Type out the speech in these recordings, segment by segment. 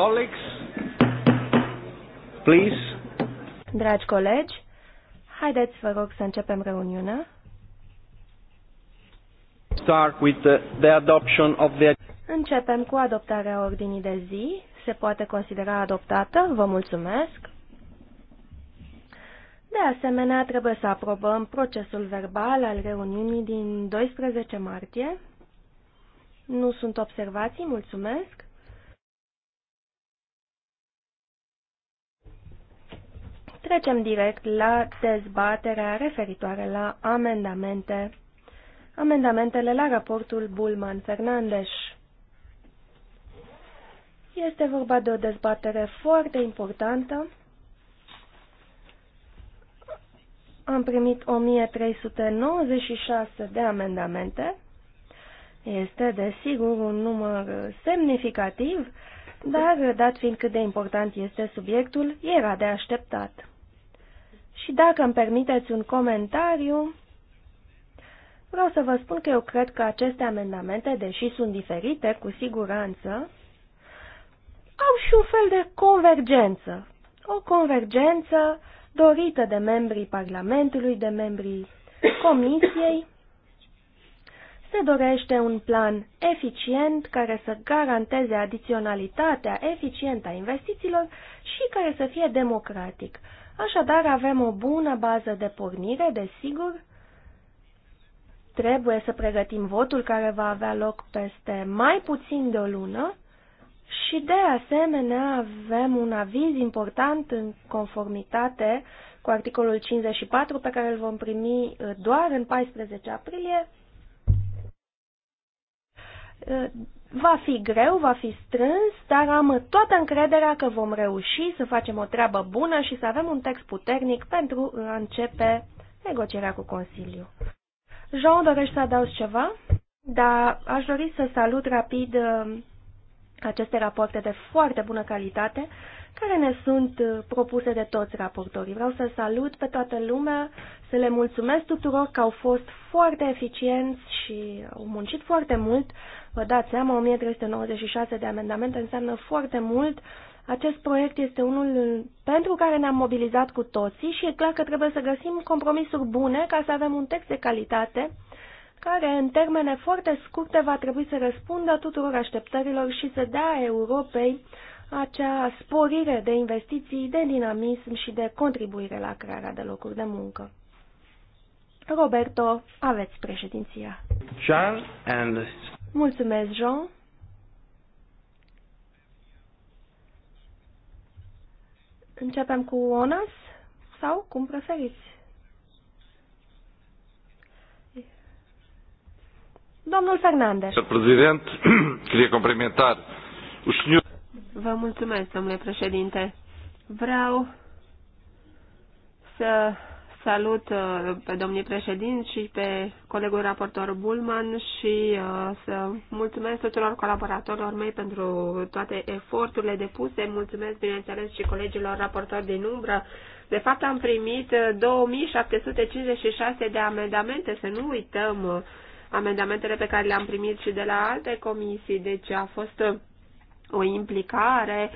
colleagues, please. Dragi colegi, haideți, vă rog, să începem reuniunea. Start with the, the adoption of the... Începem cu adoptarea ordinii de zi. Se poate considera adoptată. Vă mulțumesc. De asemenea, trebuie să aprobăm procesul verbal al reuniunii din 12 martie. Nu sunt observații, mulțumesc. Trecem direct la dezbaterea referitoare la amendamente, amendamentele la raportul Bulman-Fernandes. Este vorba de o dezbatere foarte importantă. Am primit 1396 de amendamente. Este, desigur, un număr semnificativ, dar, dat fiind cât de important este subiectul, era de așteptat. Și dacă îmi permiteți un comentariu, vreau să vă spun că eu cred că aceste amendamente, deși sunt diferite, cu siguranță, au și un fel de convergență. O convergență dorită de membrii Parlamentului, de membrii Comisiei. Se dorește un plan eficient care să garanteze adiționalitatea eficientă a investițiilor și care să fie democratic. Așadar, avem o bună bază de pornire, desigur. Trebuie să pregătim votul care va avea loc peste mai puțin de o lună și, de asemenea, avem un aviz important în conformitate cu articolul 54 pe care îl vom primi uh, doar în 14 aprilie uh, Va fi greu, va fi strâns, dar am toată încrederea că vom reuși să facem o treabă bună și să avem un text puternic pentru a începe negocierea cu Consiliu. Jean, dorești să adaugi ceva? Da, aș dori să salut rapid uh, aceste rapoarte de foarte bună calitate care ne sunt uh, propuse de toți raportorii. Vreau să salut pe toată lumea, să le mulțumesc tuturor că au fost foarte eficienți și au muncit foarte mult. Vă dați seama, 1396 de amendamente înseamnă foarte mult. Acest proiect este unul pentru care ne-am mobilizat cu toții și e clar că trebuie să găsim compromisuri bune ca să avem un text de calitate care, în termene foarte scurte, va trebui să răspundă tuturor așteptărilor și să dea Europei acea sporire de investiții, de dinamism și de contribuire la crearea de locuri de muncă. Roberto, aveți președinția. Charles and Mulțumesc, Jean. Începem cu Onas sau cum preferiți? Domnul Fernandez. Președinte, queria cumprimentar os Vă mulțumesc, domnule președinte. Vreau să Salut uh, pe domnii președinți și pe colegul raportor Bulman și uh, să mulțumesc tuturor colaboratorilor mei pentru toate eforturile depuse. Mulțumesc, bineînțeles, și colegilor raportori din umbră. De fapt, am primit 2756 uh, de amendamente, să nu uităm amendamentele pe care le-am primit și de la alte comisii, deci a fost o implicare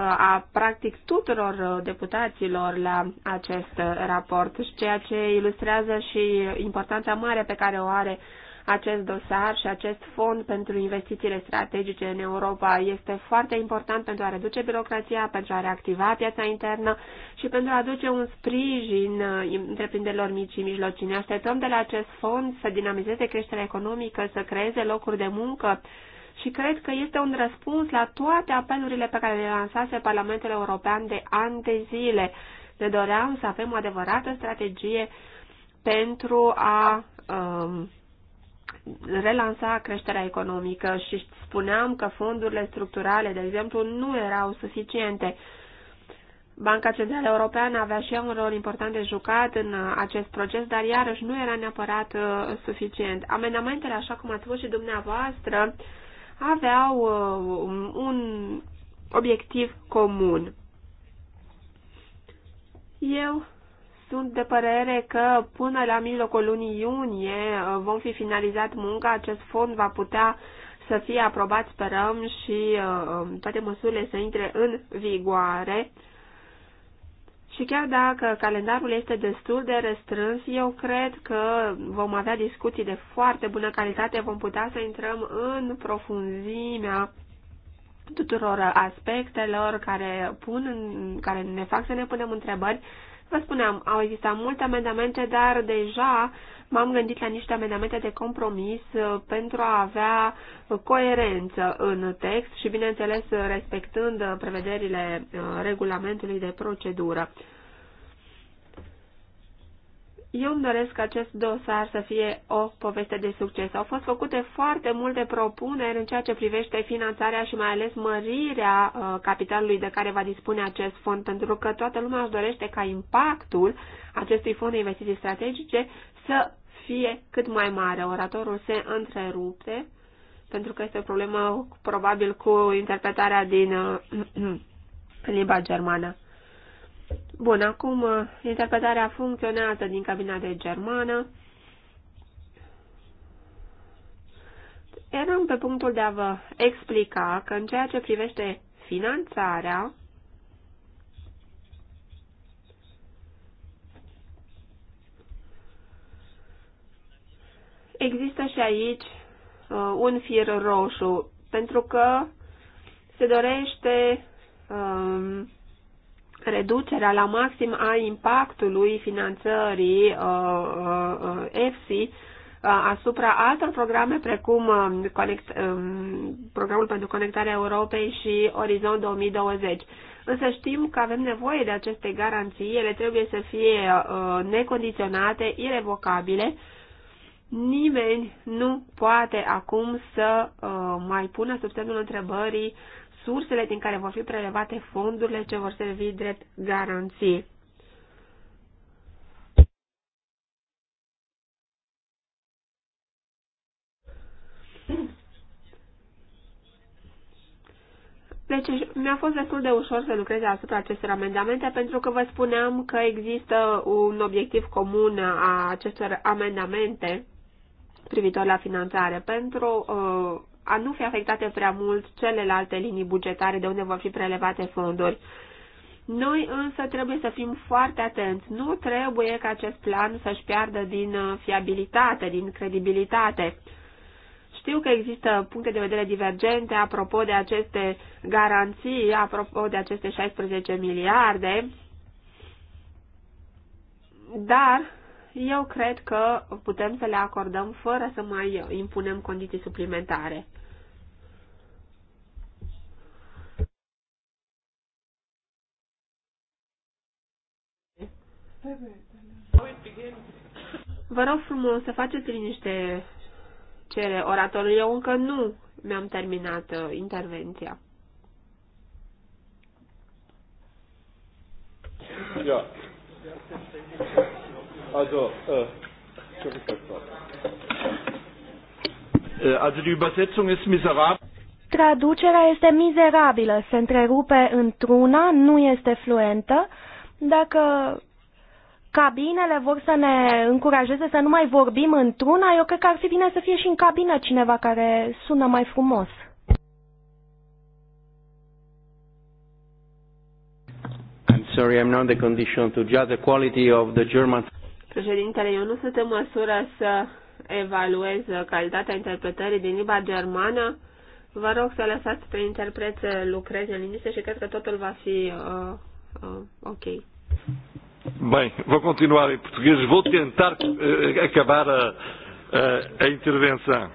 a practic tuturor uh, deputaților la acest uh, raport, ceea ce ilustrează și importanța mare pe care o are acest dosar și acest fond pentru investițiile strategice în Europa este foarte important pentru a reduce birocrația, pentru a reactiva piața internă și pentru a aduce un sprijin uh, întreprinderilor mici și mijlocii. Ne așteptăm de la acest fond să dinamizeze creșterea economică, să creeze locuri de muncă și cred că este un răspuns la toate apelurile pe care le lansase Parlamentul European de ani de zile. Ne doream să avem o adevărată strategie pentru a um, relansa creșterea economică și spuneam că fondurile structurale, de exemplu, nu erau suficiente. Banca Centrală Europeană avea și ea un rol important de jucat în uh, acest proces, dar iarăși nu era neapărat uh, suficient. Amendamentele, așa cum ați spus și dumneavoastră, uh, aveau uh, un obiectiv comun. Eu sunt de părere că până la mijlocul lunii iunie uh, vom fi finalizat munca, acest fond va putea să fie aprobat, sperăm, și uh, um, toate măsurile să intre în vigoare și chiar dacă calendarul este destul de restrâns, eu cred că vom avea discuții de foarte bună calitate, vom putea să intrăm în profunzimea tuturor aspectelor care, pun, care ne fac să ne punem întrebări. Vă spuneam, au existat multe amendamente, dar deja uh, m-am gândit la niște amendamente de compromis uh, pentru a avea coerență în text și, bineînțeles, respectând prevederile uh, regulamentului de procedură. Eu îmi doresc acest dosar să fie o poveste de succes. Au fost făcute foarte multe propuneri în ceea ce privește finanțarea și mai ales mărirea uh, capitalului de care va dispune acest fond, pentru că toată lumea își dorește ca impactul acestui fond de investiții strategice să fie cât mai mare. Oratorul se întrerupte pentru că este o problemă probabil cu interpretarea din uh, limba germană. Bun, acum uh, interpretarea funcționează din cabina de germană. Eram pe punctul de a vă explica că în ceea ce privește finanțarea, Există și aici uh, un fir roșu, pentru că se dorește um, reducerea la maxim a impactului finanțării uh, uh, EFSI uh, uh, asupra altor programe precum um, conect, um, programul pentru conectarea Europei și Orizont 2020. Însă știm că avem nevoie de aceste garanții, ele trebuie să fie uh, necondiționate, irevocabile nimeni nu poate acum să uh, mai pună sub semnul întrebării sursele din care vor fi prelevate fondurile ce vor servi drept garanții. Deci mi-a fost destul de ușor să lucrez asupra acestor amendamente pentru că vă spuneam că există un obiectiv comun a acestor amendamente privitor la finanțare pentru uh, a nu fi afectate prea mult celelalte linii bugetare de unde vor fi prelevate fonduri. Noi însă trebuie să fim foarte atenți. Nu trebuie ca acest plan să-și piardă din uh, fiabilitate, din credibilitate. Știu că există puncte de vedere divergente apropo de aceste garanții, apropo de aceste 16 miliarde, dar eu cred că putem să le acordăm fără să mai impunem condiții suplimentare. Vă rog frumos să faceți liniște cere oratorul. Eu încă nu mi-am terminat uh, intervenția. Yeah. Also, äh, äh, also die Übersetzung ist miserabel. Traducerea este mizerabilă, se întrerupe într-una, nu este fluentă. Dacă cabinele vor să ne încurajeze să nu mai vorbim într-una, eu cred că ar fi bine să fie și în cabină cineva care sună mai frumos. I'm sorry, I'm not in the condition to judge the quality of the German Președintele, eu nu sunt în măsură să evaluez calitatea interpretării din limba germană. Vă rog să lăsați pe interpret să lucreze în liniște și cred că totul va fi uh, uh, ok. Bem, vou continuar em português. Vou tentar uh, acabar uh, uh, a, a intervenção.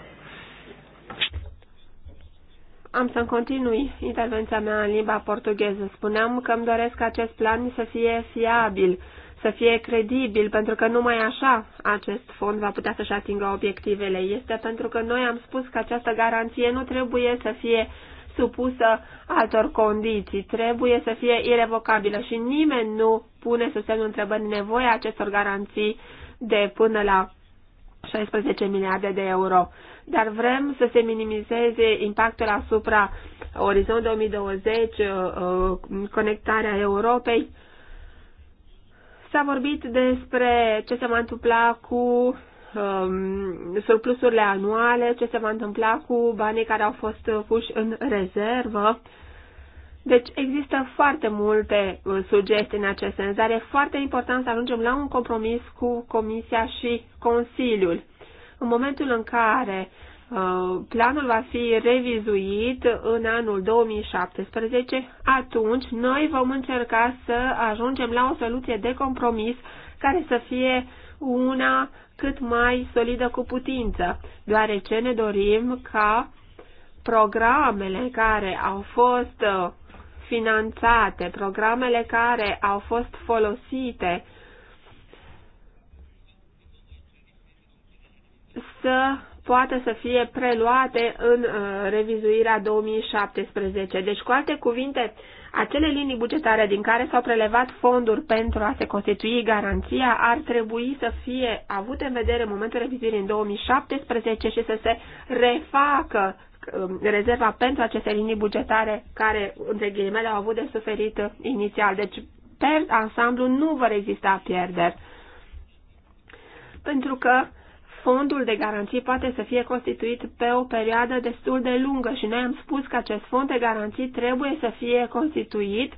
Am să continui intervenția mea în limba portugheză. Spuneam că îmi doresc acest plan să fie fiabil să fie credibil, pentru că numai așa acest fond va putea să-și atingă obiectivele. Este pentru că noi am spus că această garanție nu trebuie să fie supusă altor condiții, trebuie să fie irevocabilă și nimeni nu pune sub semnul întrebării nevoia acestor garanții de până la 16 miliarde de euro. Dar vrem să se minimizeze impactul asupra Orizont 2020, uh, uh, conectarea Europei, S-a vorbit despre ce se va întâmpla cu um, surplusurile anuale, ce se va întâmpla cu banii care au fost puși în rezervă. Deci există foarte multe uh, sugestii în acest sens, dar e foarte important să ajungem la un compromis cu Comisia și Consiliul. În momentul în care Uh, planul va fi revizuit în anul 2017. Atunci, noi vom încerca să ajungem la o soluție de compromis care să fie una cât mai solidă cu putință, deoarece ne dorim ca programele care au fost uh, finanțate, programele care au fost folosite să poată să fie preluate în uh, revizuirea 2017. Deci, cu alte cuvinte, acele linii bugetare din care s-au prelevat fonduri pentru a se constitui garanția ar trebui să fie avute în vedere în momentul revizuirii în 2017 și să se refacă um, rezerva pentru aceste linii bugetare care, între ghilimele, au avut de suferit uh, inițial. Deci, pe ansamblu, nu vor exista pierderi. Pentru că fondul de garanții poate să fie constituit pe o perioadă destul de lungă și noi am spus că acest fond de garanții trebuie să fie constituit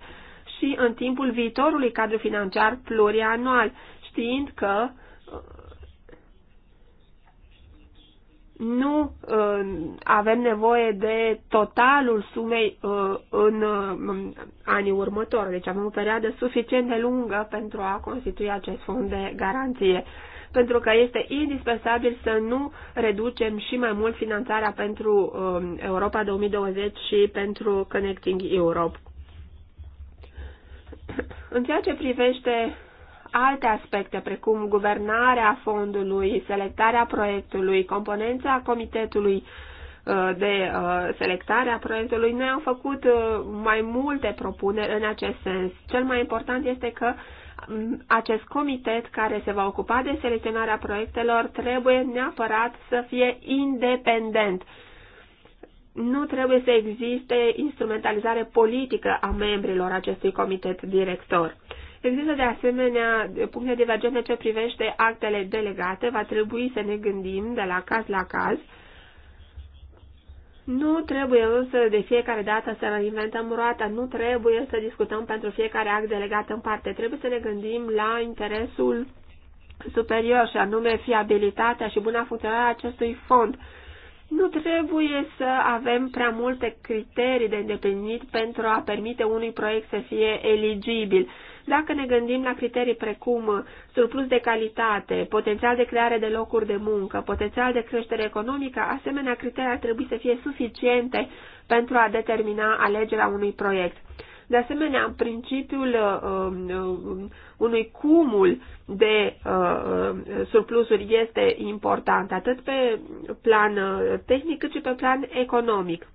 și în timpul viitorului cadru financiar plurianual, știind că uh, nu uh, avem nevoie de totalul sumei uh, în um, anii următori, deci avem o perioadă suficient de lungă pentru a constitui acest fond de garanție pentru că este indispensabil să nu reducem și mai mult finanțarea pentru um, Europa 2020 și pentru Connecting Europe. În ceea ce privește alte aspecte, precum guvernarea fondului, selectarea proiectului, componența comitetului uh, de uh, selectare a proiectului, noi am făcut uh, mai multe propuneri în acest sens. Cel mai important este că acest comitet care se va ocupa de selecționarea proiectelor trebuie neapărat să fie independent. Nu trebuie să existe instrumentalizare politică a membrilor acestui comitet director. Există de asemenea puncte divergente ce privește actele delegate. Va trebui să ne gândim de la caz la caz nu trebuie însă de fiecare dată să reinventăm roata, nu trebuie să discutăm pentru fiecare act delegat în parte. Trebuie să ne gândim la interesul superior și anume fiabilitatea și buna funcționare a acestui fond. Nu trebuie să avem prea multe criterii de îndeplinit pentru a permite unui proiect să fie eligibil. Dacă ne gândim la criterii precum uh, surplus de calitate, potențial de creare de locuri de muncă, potențial de creștere economică, asemenea criterii ar trebui să fie suficiente pentru a determina alegerea unui proiect. De asemenea, principiul uh, um, um, unui cumul de uh, uh, surplusuri este important, atât pe plan uh, tehnic cât și pe plan economic.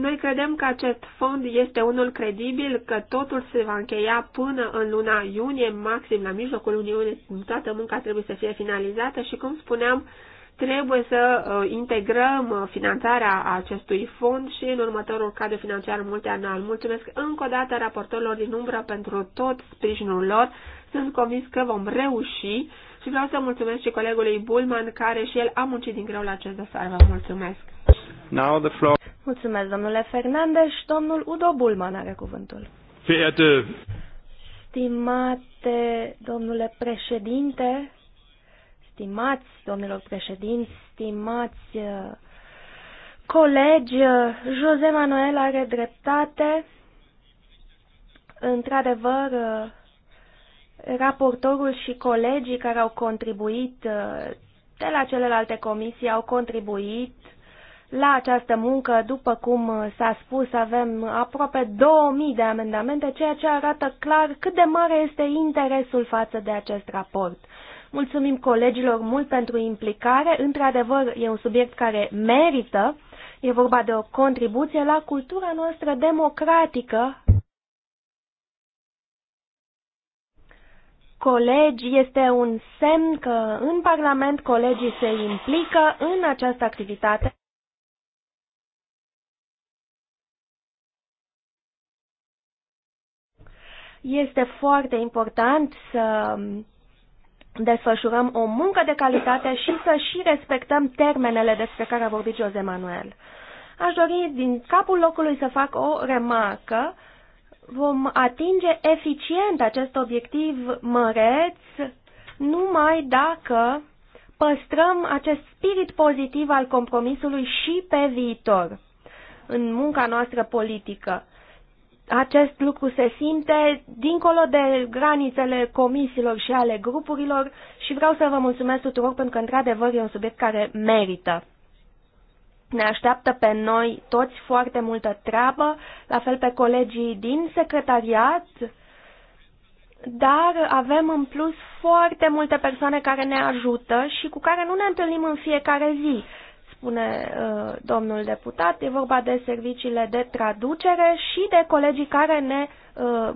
Noi credem că acest fond este unul credibil, că totul se va încheia până în luna iunie, maxim la mijlocul lunii iunie, toată munca trebuie să fie finalizată și, cum spuneam, trebuie să uh, integrăm uh, finanțarea acestui fond și în următorul cadru financiar multianual. Mulțumesc încă o dată raportorilor din umbră pentru tot sprijinul lor. Sunt convins că vom reuși și vreau să mulțumesc și colegului Bulman, care și el a muncit din greu la acest dosar. Vă mulțumesc. Now the floor. Mulțumesc, domnule Fernandez. Domnul Udo Bulman are cuvântul. Fiat. Stimate domnule președinte, stimați domnilor președinți, stimați uh, colegi, uh, Jose Manuel are dreptate. Într-adevăr, uh, Raportorul și colegii care au contribuit uh, de la celelalte comisii au contribuit la această muncă. După cum uh, s-a spus, avem aproape 2000 de amendamente, ceea ce arată clar cât de mare este interesul față de acest raport. Mulțumim colegilor mult pentru implicare. Într-adevăr, e un subiect care merită. E vorba de o contribuție la cultura noastră democratică colegi este un semn că în Parlament colegii se implică în această activitate. Este foarte important să desfășurăm o muncă de calitate și să și respectăm termenele despre care a vorbit Jose Manuel. Aș dori din capul locului să fac o remarcă vom atinge eficient acest obiectiv măreț numai dacă păstrăm acest spirit pozitiv al compromisului și pe viitor în munca noastră politică. Acest lucru se simte dincolo de granițele comisiilor și ale grupurilor și vreau să vă mulțumesc tuturor pentru că, într-adevăr, e un subiect care merită. Ne așteaptă pe noi toți foarte multă treabă, la fel pe colegii din secretariat, dar avem în plus foarte multe persoane care ne ajută și cu care nu ne întâlnim în fiecare zi, spune uh, domnul deputat. E vorba de serviciile de traducere și de colegii care ne uh,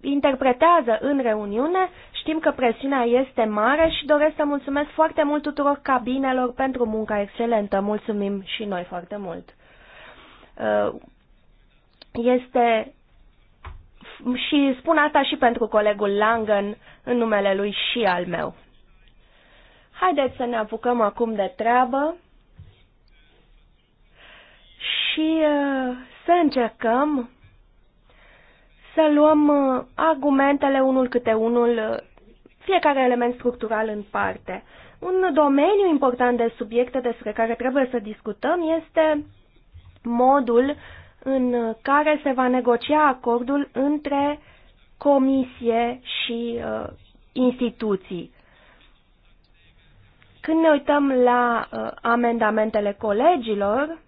interpretează în reuniune Știm că presiunea este mare și doresc să mulțumesc foarte mult tuturor cabinelor pentru munca excelentă. Mulțumim și noi foarte mult. Uh, este și spun asta și pentru colegul Langen în numele lui și al meu. Haideți să ne apucăm acum de treabă și uh, să încercăm să luăm uh, argumentele unul câte unul fiecare element structural în parte. Un domeniu important de subiecte despre care trebuie să discutăm este modul în care se va negocia acordul între comisie și uh, instituții. Când ne uităm la uh, amendamentele colegilor,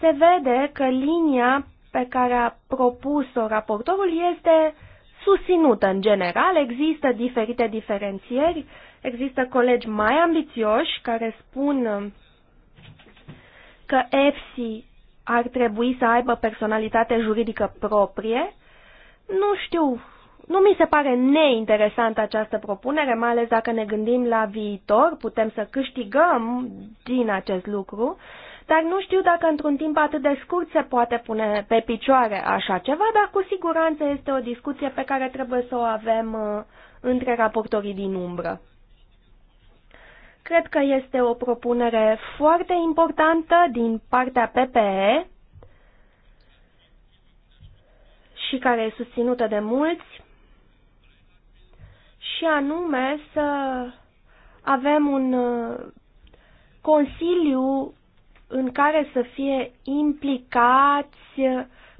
se vede că linia pe care a propus-o raportorul este susținută în general. Există diferite diferențieri, există colegi mai ambițioși care spun um, că EFSI ar trebui să aibă personalitate juridică proprie. Nu știu, nu mi se pare neinteresantă această propunere, mai ales dacă ne gândim la viitor, putem să câștigăm din acest lucru dar nu știu dacă într-un timp atât de scurt se poate pune pe picioare așa ceva, dar cu siguranță este o discuție pe care trebuie să o avem uh, între raportorii din umbră. Cred că este o propunere foarte importantă din partea PPE și care e susținută de mulți, și anume să avem un uh, Consiliu în care să fie implicați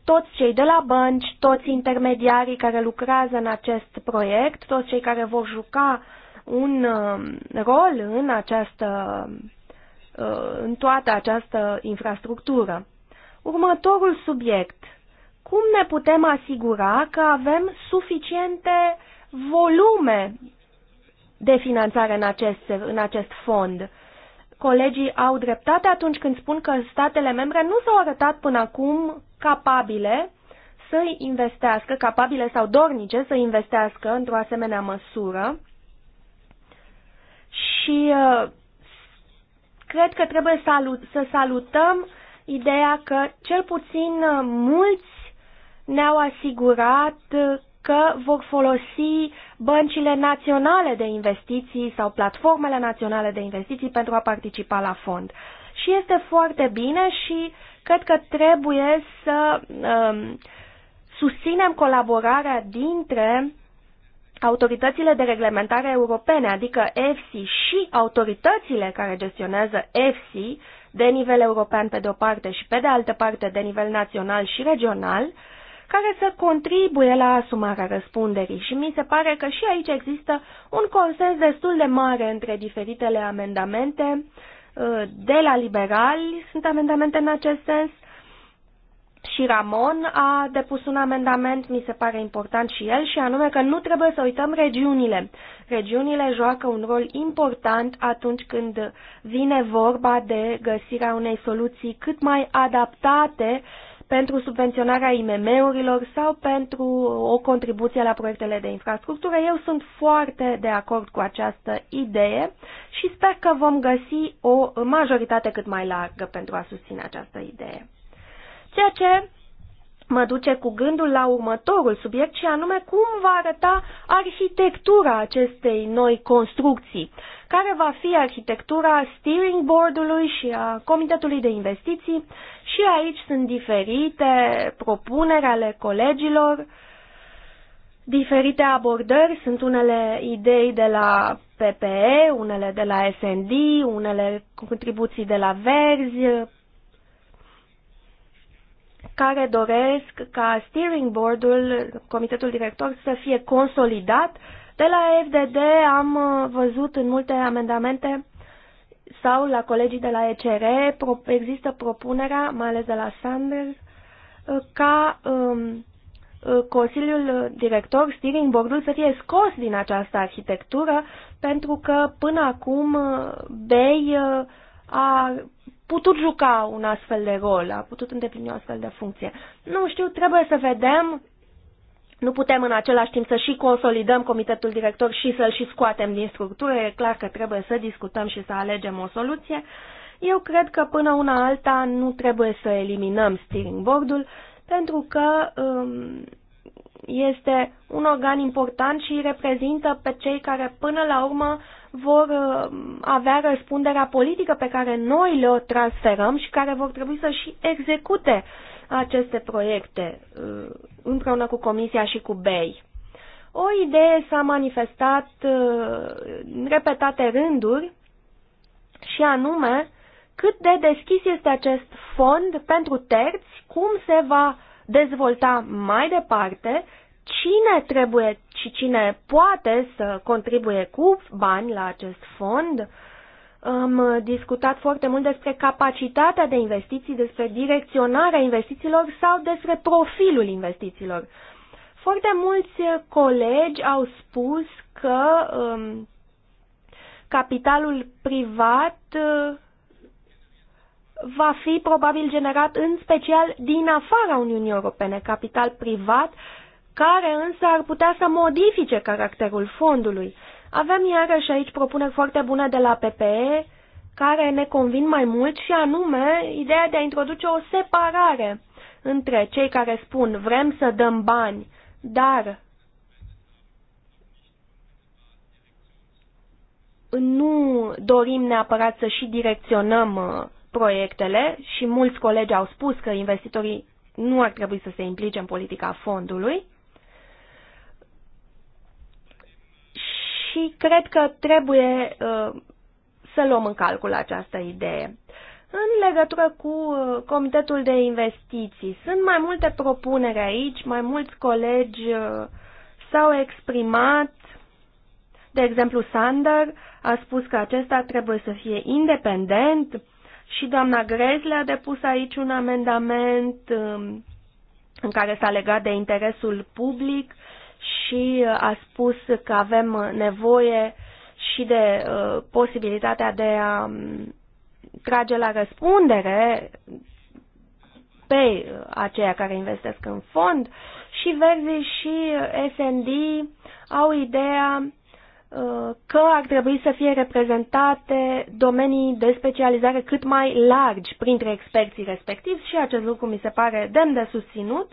toți cei de la bănci, toți intermediarii care lucrează în acest proiect, toți cei care vor juca un um, rol în această uh, în toată această infrastructură. Următorul subiect. Cum ne putem asigura că avem suficiente volume de finanțare în acest, în acest fond? Colegii au dreptate atunci când spun că statele membre nu s-au arătat până acum capabile să investească, capabile sau dornice să investească într-o asemenea măsură și uh, cred că trebuie salut, să salutăm ideea că cel puțin uh, mulți ne-au asigurat uh, că vor folosi băncile naționale de investiții sau platformele naționale de investiții pentru a participa la fond. Și este foarte bine și cred că trebuie să um, susținem colaborarea dintre autoritățile de reglementare europene, adică EFSI și autoritățile care gestionează EFSI de nivel european pe de o parte și pe de altă parte de nivel național și regional, uh, care să contribuie la asumarea răspunderii și mi se pare că și aici există un consens destul de mare între diferitele amendamente uh, de la liberali, sunt amendamente în acest sens, și Ramon a depus un amendament, mi se pare important și el, și anume că nu trebuie să uităm regiunile. Regiunile joacă un rol important atunci când vine vorba de găsirea unei soluții cât mai adaptate pentru subvenționarea IMM-urilor sau pentru o contribuție la proiectele de infrastructură. Eu sunt foarte de acord cu această idee și sper că vom găsi o majoritate cât mai largă pentru a susține această idee. Ceea ce mă duce cu gândul la următorul subiect și anume cum va arăta arhitectura acestei noi construcții. Uh, care va fi arhitectura steering board-ului și a Comitetului de Investiții și aici sunt diferite propuneri ale colegilor, diferite abordări, sunt unele idei de la PPE, unele de la S&D, unele contribuții de la Verzi, care doresc ca steering board-ul, comitetul director, să fie consolidat de la FDD am uh, văzut în multe amendamente sau la colegii de la ECR există propunerea, mai ales de la Sanders, uh, ca um, uh, Consiliul Director, Steering board să fie scos din această arhitectură, pentru că până acum BEI a putut juca un astfel de rol, a putut îndeplini o astfel de funcție. Nu știu, trebuie să vedem nu putem în același timp să și consolidăm comitetul director și să-l și scoatem din structură. E clar că trebuie să discutăm și să alegem o soluție. Eu cred că până una alta nu trebuie să eliminăm steering board-ul pentru că um, este un organ important și reprezintă pe cei care până la urmă vor um, avea răspunderea politică pe care noi le-o transferăm și care vor trebui să și execute uh, aceste proiecte uh, împreună cu Comisia și cu BEI. O idee s-a manifestat uh, în repetate rânduri și anume cât de deschis este acest fond pentru terți, cum se va dezvolta mai departe, cine trebuie și cine poate să contribuie cu bani la acest fond, am discutat foarte mult despre capacitatea de investiții, despre direcționarea investițiilor sau despre profilul investițiilor. Foarte mulți colegi au spus că um, capitalul privat uh, va fi probabil generat în special din afara Uniunii Europene, capital privat, care însă ar putea să modifice caracterul fondului. Avem iarăși aici propuneri foarte bune de la PPE, care ne convin mai mult și anume ideea de a introduce o separare între cei care spun vrem să dăm bani, dar nu dorim neapărat să și direcționăm uh, proiectele și mulți colegi au spus că investitorii nu ar trebui să se implice în politica fondului. și cred că trebuie uh, să luăm în calcul această idee. În legătură cu uh, Comitetul de Investiții, sunt mai multe propuneri aici, mai mulți colegi uh, s-au exprimat, de exemplu Sander a spus că acesta trebuie să fie independent și doamna Grezle a depus aici un amendament um, în care s-a legat de interesul public și uh, a spus că avem nevoie și de uh, posibilitatea de a um, trage la răspundere pe uh, aceia care investesc în fond și Verzi și uh, SND au ideea că ar trebui să fie reprezentate domenii de specializare cât mai largi printre experții respectivi și acest lucru mi se pare demn de susținut.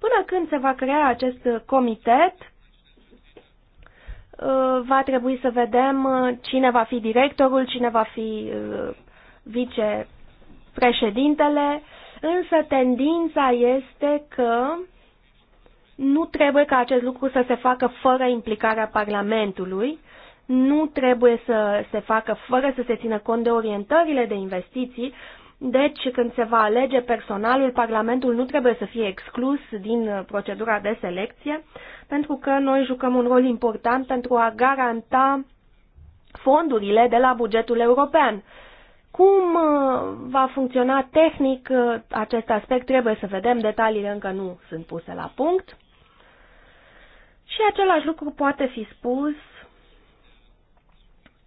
Până când se va crea acest comitet, uh, va trebui să vedem uh, cine va fi directorul, cine va fi uh, vicepreședintele, însă tendința este că nu trebuie ca acest lucru să se facă fără implicarea Parlamentului, nu trebuie să se facă fără să se țină cont de orientările de investiții deci, când se va alege personalul, Parlamentul nu trebuie să fie exclus din procedura de selecție, pentru că noi jucăm un rol important pentru a garanta fondurile de la bugetul european. Cum uh, va funcționa tehnic uh, acest aspect trebuie să vedem, detaliile încă nu sunt puse la punct. Și același lucru poate fi spus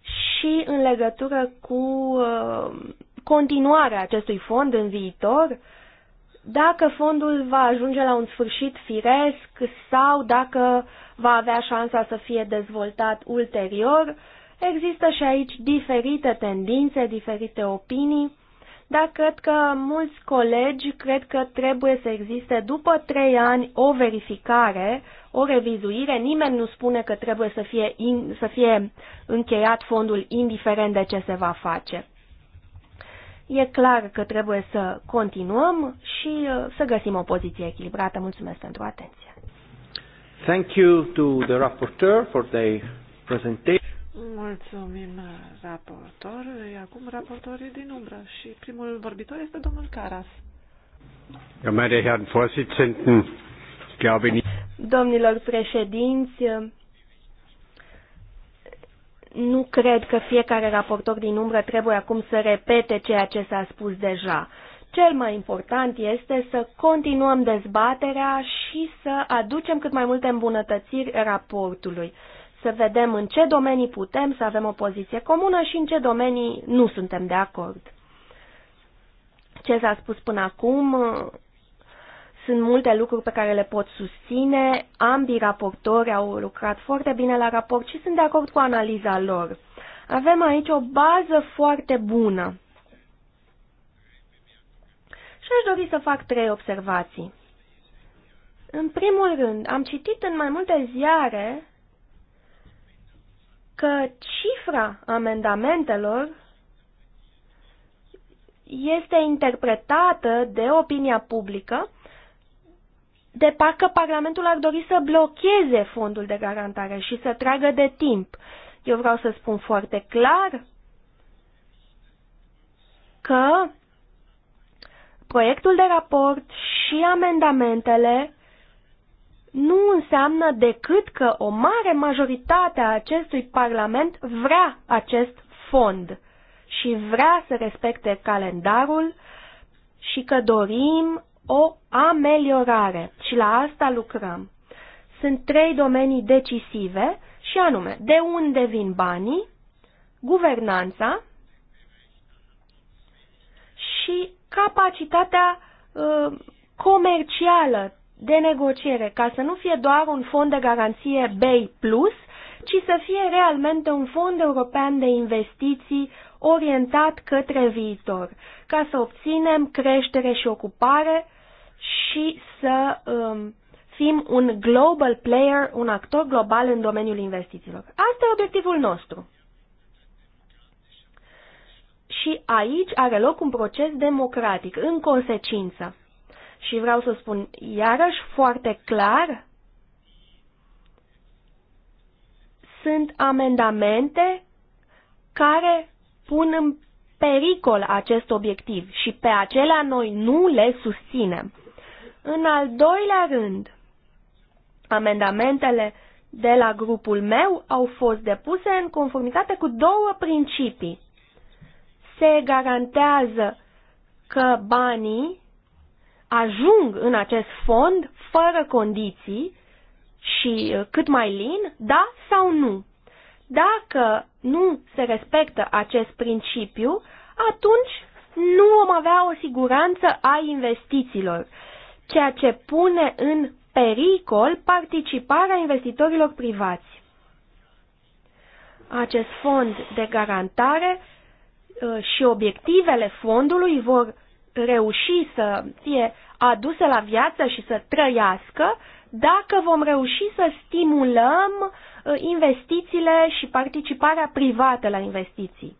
și în legătură cu uh, continuarea acestui fond în viitor, dacă fondul va ajunge la un sfârșit firesc sau dacă va avea șansa să fie dezvoltat ulterior, există și aici diferite tendințe, diferite opinii, dar cred că mulți colegi cred că trebuie să existe după trei ani o verificare, o revizuire. Nimeni nu spune că trebuie să fie, in, să fie încheiat fondul indiferent de ce se va face. E clar că trebuie să continuăm și uh, să găsim o poziție echilibrată. Mulțumesc pentru atenție. Thank you to the rapporteur for the presentation. Mulțumim raportor. Acum raportorii din umbră și primul vorbitor este domnul Caras. meine Herren Vorsitzenden, ich glaube nicht. Domnilor președinți, nu cred că fiecare raportor din umbră trebuie acum să repete ceea ce s-a spus deja. Cel mai important este să continuăm dezbaterea și să aducem cât mai multe îmbunătățiri raportului. Să vedem în ce domenii putem să avem o poziție comună și în ce domenii nu suntem de acord. Ce s-a spus până acum sunt multe lucruri pe care le pot susține. Ambii raportori au lucrat foarte bine la raport și sunt de acord cu analiza lor. Avem aici o bază foarte bună. Și aș dori să fac trei observații. În primul rând, am citit în mai multe ziare că cifra amendamentelor este interpretată de opinia publică de parcă Parlamentul ar dori să blocheze fondul de garantare și să tragă de timp. Eu vreau să spun foarte clar că proiectul de raport și amendamentele nu înseamnă decât că o mare majoritate a acestui Parlament vrea acest fond și vrea să respecte calendarul și că dorim o ameliorare și la asta lucrăm. Sunt trei domenii decisive și anume, de unde vin banii, guvernanța și capacitatea uh, comercială de negociere, ca să nu fie doar un fond de garanție BEI+, ci să fie realmente un fond european de investiții orientat către viitor, ca să obținem creștere și ocupare și să um, fim un global player, un actor global în domeniul investițiilor. Asta e obiectivul nostru. Și aici are loc un proces democratic, în consecință. Și vreau să spun iarăși foarte clar, sunt amendamente care pun în pericol acest obiectiv și pe acelea noi nu le susținem. În al doilea rând, amendamentele de la grupul meu au fost depuse în conformitate cu două principii. Se garantează că banii ajung în acest fond fără condiții și uh, cât mai lin, da sau nu. Dacă nu se respectă acest principiu, atunci nu vom avea o siguranță a investițiilor ceea ce pune în pericol participarea investitorilor privați. Acest fond de garantare uh, și obiectivele fondului vor reuși să fie aduse la viață și să trăiască dacă vom reuși să stimulăm uh, investițiile și participarea privată la investiții.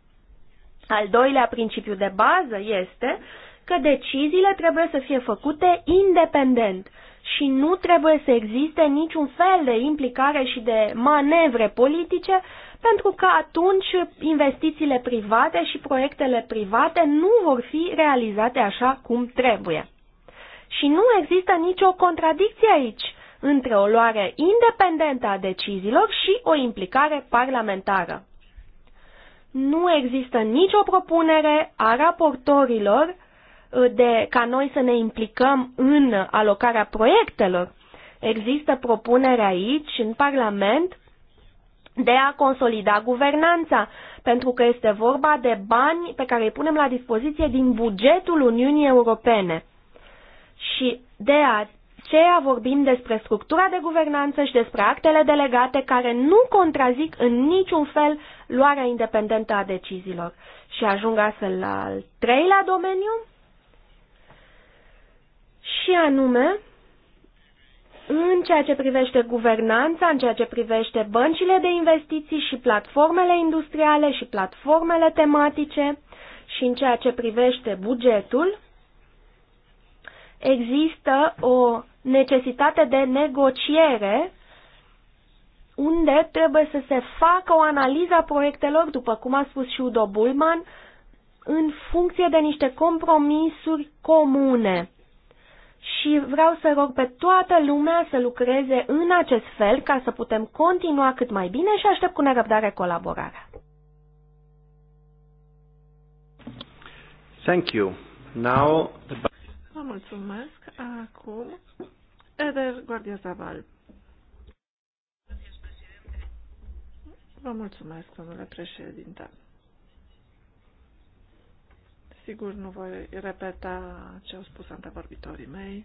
Al doilea principiu de bază este că deciziile trebuie să fie făcute independent și nu trebuie să existe niciun fel de implicare și de manevre politice, pentru că atunci investițiile private și proiectele private nu vor fi realizate așa cum trebuie. Și nu există nicio contradicție aici între o luare independentă a deciziilor și o implicare parlamentară. Nu există nicio propunere a raportorilor de ca noi să ne implicăm în alocarea proiectelor. Există propunere aici, în Parlament, de a consolida guvernanța, pentru că este vorba de bani pe care îi punem la dispoziție din bugetul Uniunii Europene. Și de aceea vorbim despre structura de guvernanță și despre actele delegate care nu contrazic în niciun fel luarea independentă a deciziilor. Și ajung astfel la al treilea domeniu, și anume în ceea ce privește guvernanța, în ceea ce privește băncile de investiții și platformele industriale și platformele tematice și în ceea ce privește bugetul, există o necesitate de negociere unde trebuie să se facă o analiză a proiectelor, după cum a spus și Udo Bulman, în funcție de niște compromisuri comune și vreau să rog pe toată lumea să lucreze în acest fel ca să putem continua cât mai bine și aștept cu nerăbdare colaborarea. Thank you. Now the... Vă mulțumesc. Acum, Eder Guardia Zaval. Vă mulțumesc, domnule președinte. Sigur, nu voi repeta ce au spus antevorbitorii mei.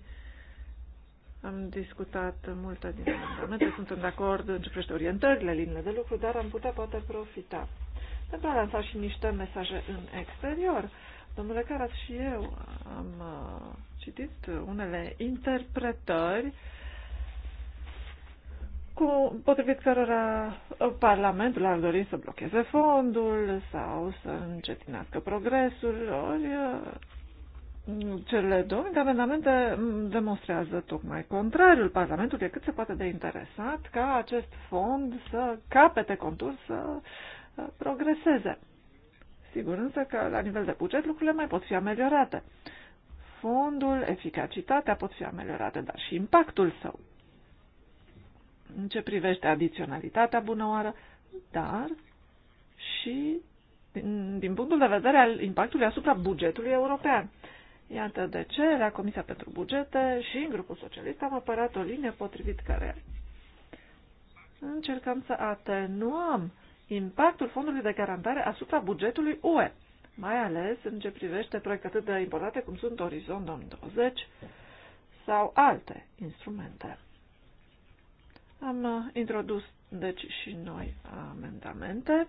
Am discutat multe din amendamente, sunt de acord în ce privește orientările, linile de lucru, dar am putea poate profita pentru a lansa și niște mesaje în exterior. Domnule Caras și eu am uh, citit unele interpretări uh, cu, potrivit cărora uh, Parlamentul ar dori să blocheze fondul sau să încetinească progresul, ori uh, cele două amendamente mm, demonstrează tocmai contrariul. Parlamentul e cât se poate de interesat ca acest fond să capete contur, să uh, progreseze. Sigur însă că la nivel de buget lucrurile mai pot fi ameliorate. Fondul, eficacitatea pot fi ameliorate, dar și impactul său în ce privește adiționalitatea bună oară, dar și din, din punctul de vedere al impactului asupra bugetului european. Iată de ce la Comisia pentru Bugete și în grupul socialist am apărat o linie potrivit care încercăm să atenuăm impactul fondului de garantare asupra bugetului UE, mai ales în ce privește proiecte atât de importante cum sunt Orizont 2020 sau alte instrumente. Am uh, introdus, deci, și noi amendamente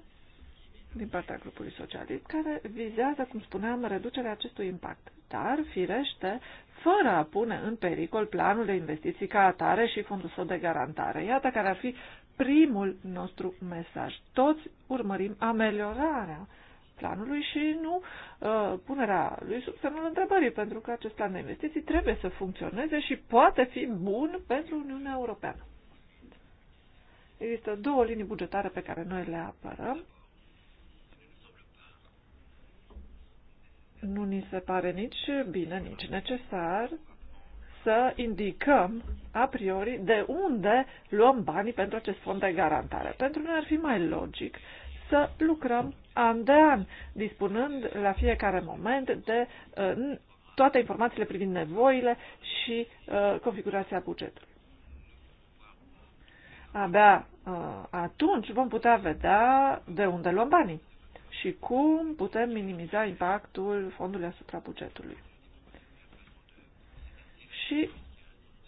din partea grupului socialist, care vizează, cum spuneam, reducerea acestui impact, dar, firește, fără a pune în pericol planul de investiții ca atare și fondul său de garantare. Iată care ar fi primul nostru mesaj. Toți urmărim ameliorarea planului și nu uh, punerea lui sub semnul întrebării, pentru că acest plan de investiții trebuie să funcționeze și poate fi bun pentru Uniunea Europeană. Există două linii bugetare pe care noi le apărăm. Nu ni se pare nici bine, nici necesar să indicăm a priori de unde luăm banii pentru acest fond de garantare. Pentru noi ar fi mai logic să lucrăm an de an, dispunând la fiecare moment de uh, toate informațiile privind nevoile și uh, configurația bugetului. Abia uh, atunci vom putea vedea de unde luăm banii și cum putem minimiza impactul fondului asupra bugetului. Și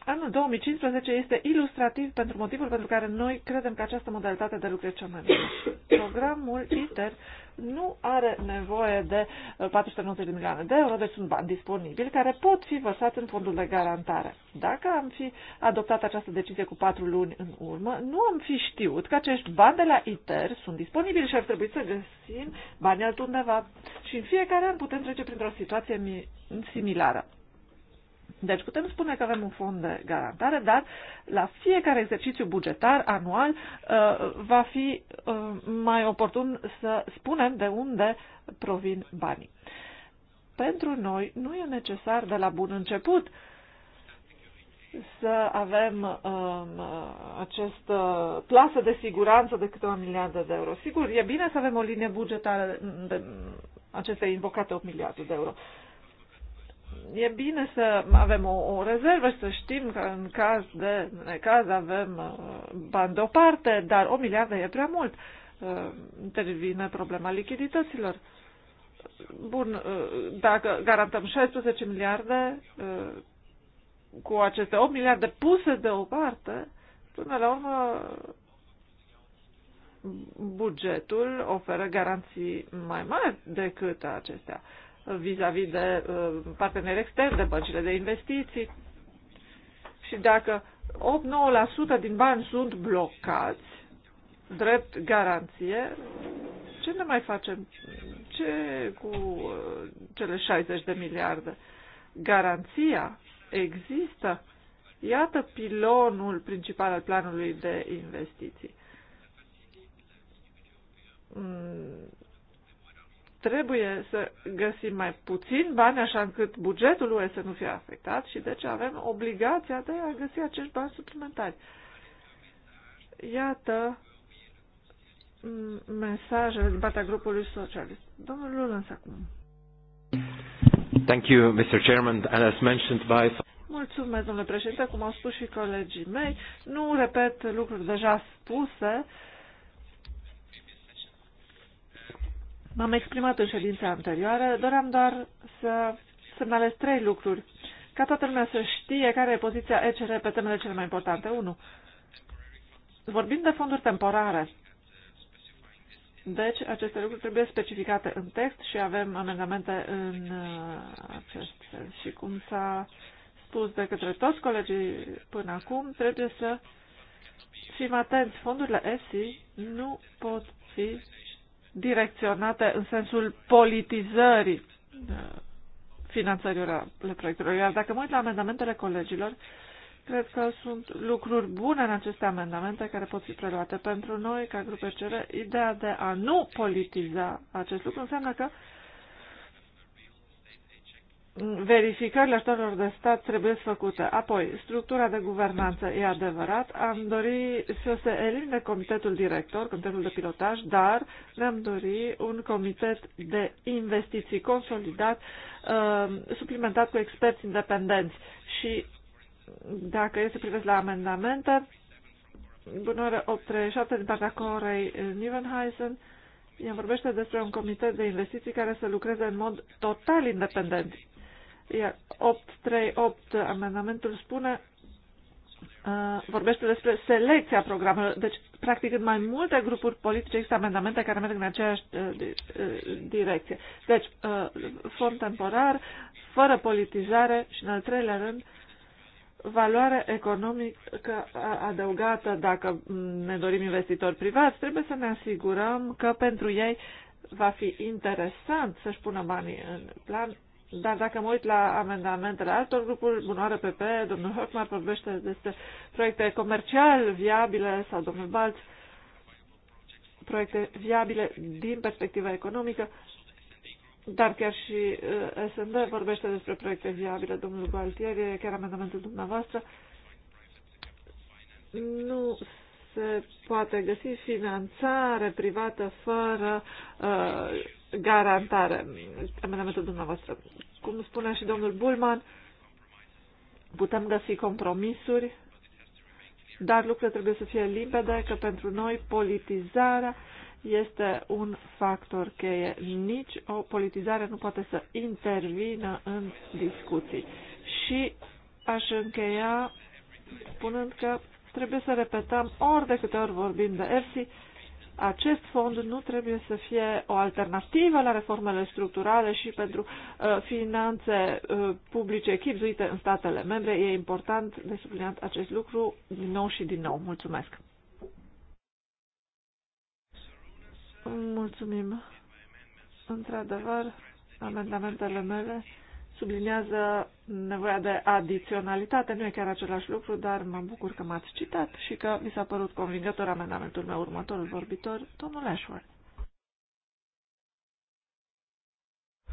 anul 2015 este ilustrativ pentru motivul pentru care noi credem că această modalitate de lucru e cea mai bună. Programul ITER nu are nevoie de 490 uh, de milioane de euro, deci sunt bani disponibili care pot fi vărsați în fondul de garantare. Dacă am fi adoptat această decizie cu patru luni în urmă, nu am fi știut că acești bani de la ITER sunt disponibili și ar trebui să găsim bani altundeva. Și în fiecare an putem trece printr-o situație similară. Deci putem spune că avem un fond de garantare, dar la fiecare exercițiu bugetar anual uh, va fi uh, mai oportun să spunem de unde provin banii. Pentru noi nu e necesar de la bun început să avem um, acest uh, plasă de siguranță de câte o miliardă de euro. Sigur, e bine să avem o linie bugetară de aceste invocate 8 miliarde de euro e bine să avem o, o rezervă și să știm că în caz de în caz avem uh, bani deoparte, dar o miliardă e prea mult. Uh, intervine problema lichidităților. Bun, uh, dacă garantăm 16 miliarde cu aceste 8 miliarde puse deoparte, până la urmă bugetul oferă garanții mai mari decât acestea vis-a-vis -vis de uh, parteneri externi, de băncile de investiții. Și dacă 8-9% din bani sunt blocați, drept garanție, ce ne mai facem? Ce cu uh, cele 60 de miliarde? Garanția există. Iată pilonul principal al planului de investiții mm, trebuie să găsim mai puțin bani, așa încât bugetul lui să nu fie afectat și deci avem obligația de a găsi acești bani suplimentari. Iată mesajele din partea grupului socialist. Domnul Lulans acum. Thank you, Mr. Chairman, and as mentioned by... Mulțumesc, domnule președinte, cum au spus și colegii mei. Nu repet lucruri deja spuse. Uh, M-am exprimat în ședința anterioară, doream doar să semnalez trei lucruri, ca toată lumea să știe care e poziția ECR pe temele cele mai importante. 1. Vorbim de fonduri temporare. Deci, aceste lucruri trebuie specificate în text și avem amendamente în uh, acest sens. Și cum s-a spus de către toți colegii până acum, trebuie să fim atenți. Fondurile ESI nu pot fi direcționate în sensul politizării uh, finanțării proiectelor. Iar dacă mă uit la amendamentele colegilor, cred că sunt lucruri bune în aceste amendamente care pot fi preluate pentru noi, ca grup ECR. Ideea de a nu politiza acest lucru înseamnă că verificările ajutorilor de stat trebuie făcute. Apoi, structura de guvernanță e adevărat. Am dori să se elimine comitetul director, comitetul de pilotaj, dar ne-am dori un comitet de investiții consolidat, uh, suplimentat cu experți independenți. Și dacă e să privesc la amendamente, oră 837 din partea Corei Nivenheisen, ea vorbește despre un comitet de investiții care să lucreze în mod total independent iar 838 amendamentul spune uh, vorbește despre selecția programelor. Deci, practic, în mai multe grupuri politice există amendamente care merg în aceeași uh, uh, direcție. Deci, fond temporar, fără politizare și, în al treilea rând, valoare economică adăugată. Dacă mm, ne dorim investitori privați, trebuie să ne asigurăm că pentru ei va fi interesant să-și pună banii în plan dar dacă mă uit la amendamentele altor grupuri, bunoară PP, domnul Hockmar vorbește despre proiecte comercial viabile sau domnul Balț, proiecte viabile din perspectiva economică, dar chiar și uh, SND vorbește despre proiecte viabile, domnul Gualtieri, chiar amendamentul dumneavoastră. Nu se poate găsi finanțare privată fără uh, garantare. Amendamentul dumneavoastră. Cum spunea și domnul Bulman, putem găsi compromisuri, dar lucrurile trebuie să fie limpede, că pentru noi politizarea este un factor cheie. Nici o politizare nu poate să intervină în discuții. Și aș încheia spunând că Trebuie să repetăm ori de câte ori vorbim de EFSI, acest fond nu trebuie să fie o alternativă la reformele structurale și pentru uh, finanțe uh, publice chipzuite în statele membre. E important de subliniat acest lucru din nou și din nou. Mulțumesc! Mulțumim! Într-adevăr, amendamentele mele sublinează nevoia de adiționalitate. Nu e chiar același lucru, dar mă bucur că m-ați citat și că mi s-a părut convingător amendamentul meu următorul vorbitor, domnul Ashworth.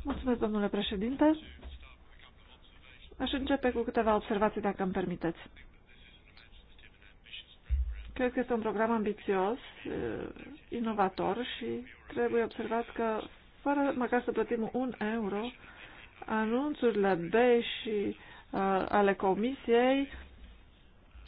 Mulțumesc, domnule președinte. Aș începe cu câteva observații, dacă îmi permiteți. Cred că este un program ambițios, inovator și trebuie observat că, fără măcar să plătim un euro, anunțurile B și uh, ale Comisiei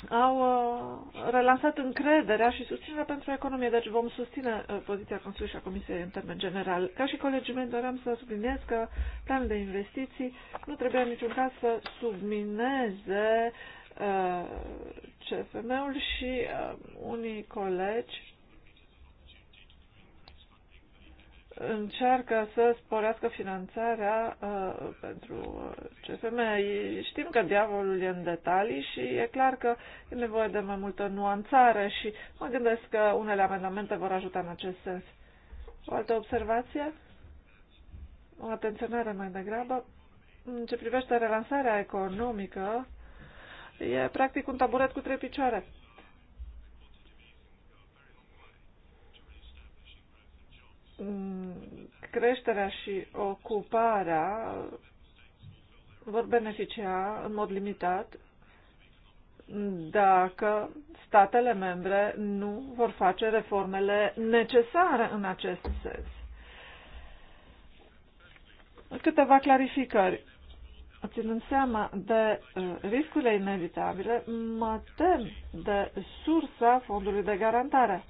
au uh, relansat încrederea și susținerea pentru economie, deci vom susține uh, poziția Consiliului și a Comisiei în termen general. Ca și colegii mei, doream să subliniez că planul de investiții nu trebuia în niciun caz să submineze uh, CFM-ul și uh, unii colegi încearcă să sporească finanțarea uh, pentru uh, CFM. Știm că diavolul e în detalii și e clar că e nevoie de mai multă nuanțare și mă gândesc că unele amendamente vor ajuta în acest sens. O altă observație? O atenționare mai degrabă? În ce privește relansarea economică, e practic un taburet cu trei picioare. Mm, creșterea și ocuparea vor beneficia în mod limitat dacă statele membre nu vor face reformele necesare în acest sens. Câteva clarificări. Ținând seama de uh, riscurile inevitabile, mă tem de sursa fondului de garantare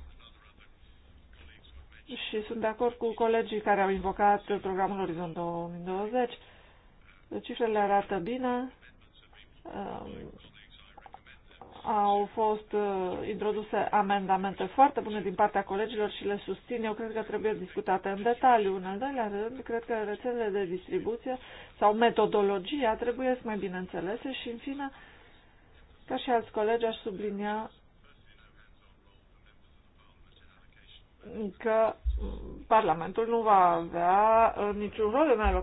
și sunt de acord cu colegii care au invocat programul Orizont 2020. Cifrele arată bine. Um, au fost uh, introduse amendamente foarte bune din partea colegilor și le susțin. Eu cred că trebuie discutate în detaliu. În al doilea rând, cred că rețelele de distribuție sau metodologia trebuie să mai bine înțelese și, în fine, ca și alți colegi, aș sublinia că Parlamentul nu va avea uh, niciun rol în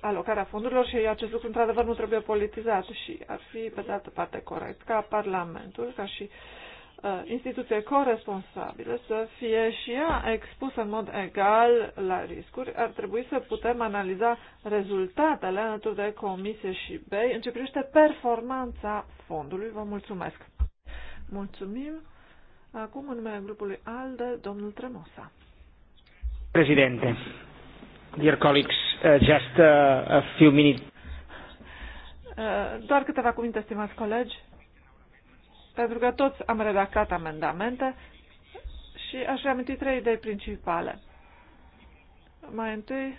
alocarea fondurilor și acest lucru, într-adevăr, nu trebuie politizat și ar fi, pe de altă parte, corect ca Parlamentul, ca și uh, instituție corresponsabilă să fie și ea expusă în mod egal la riscuri. Ar trebui să putem analiza rezultatele alături de Comisie și BEI în ce privește performanța fondului. Vă mulțumesc! Mulțumim! Acum, în numele grupului ALDE, domnul Tremosa. Președinte, dear colleagues, uh, just uh, a few minutes. Uh, doar câteva cuvinte, stimați colegi, pentru că toți am redactat amendamente și aș reaminti trei idei principale. Mai întâi,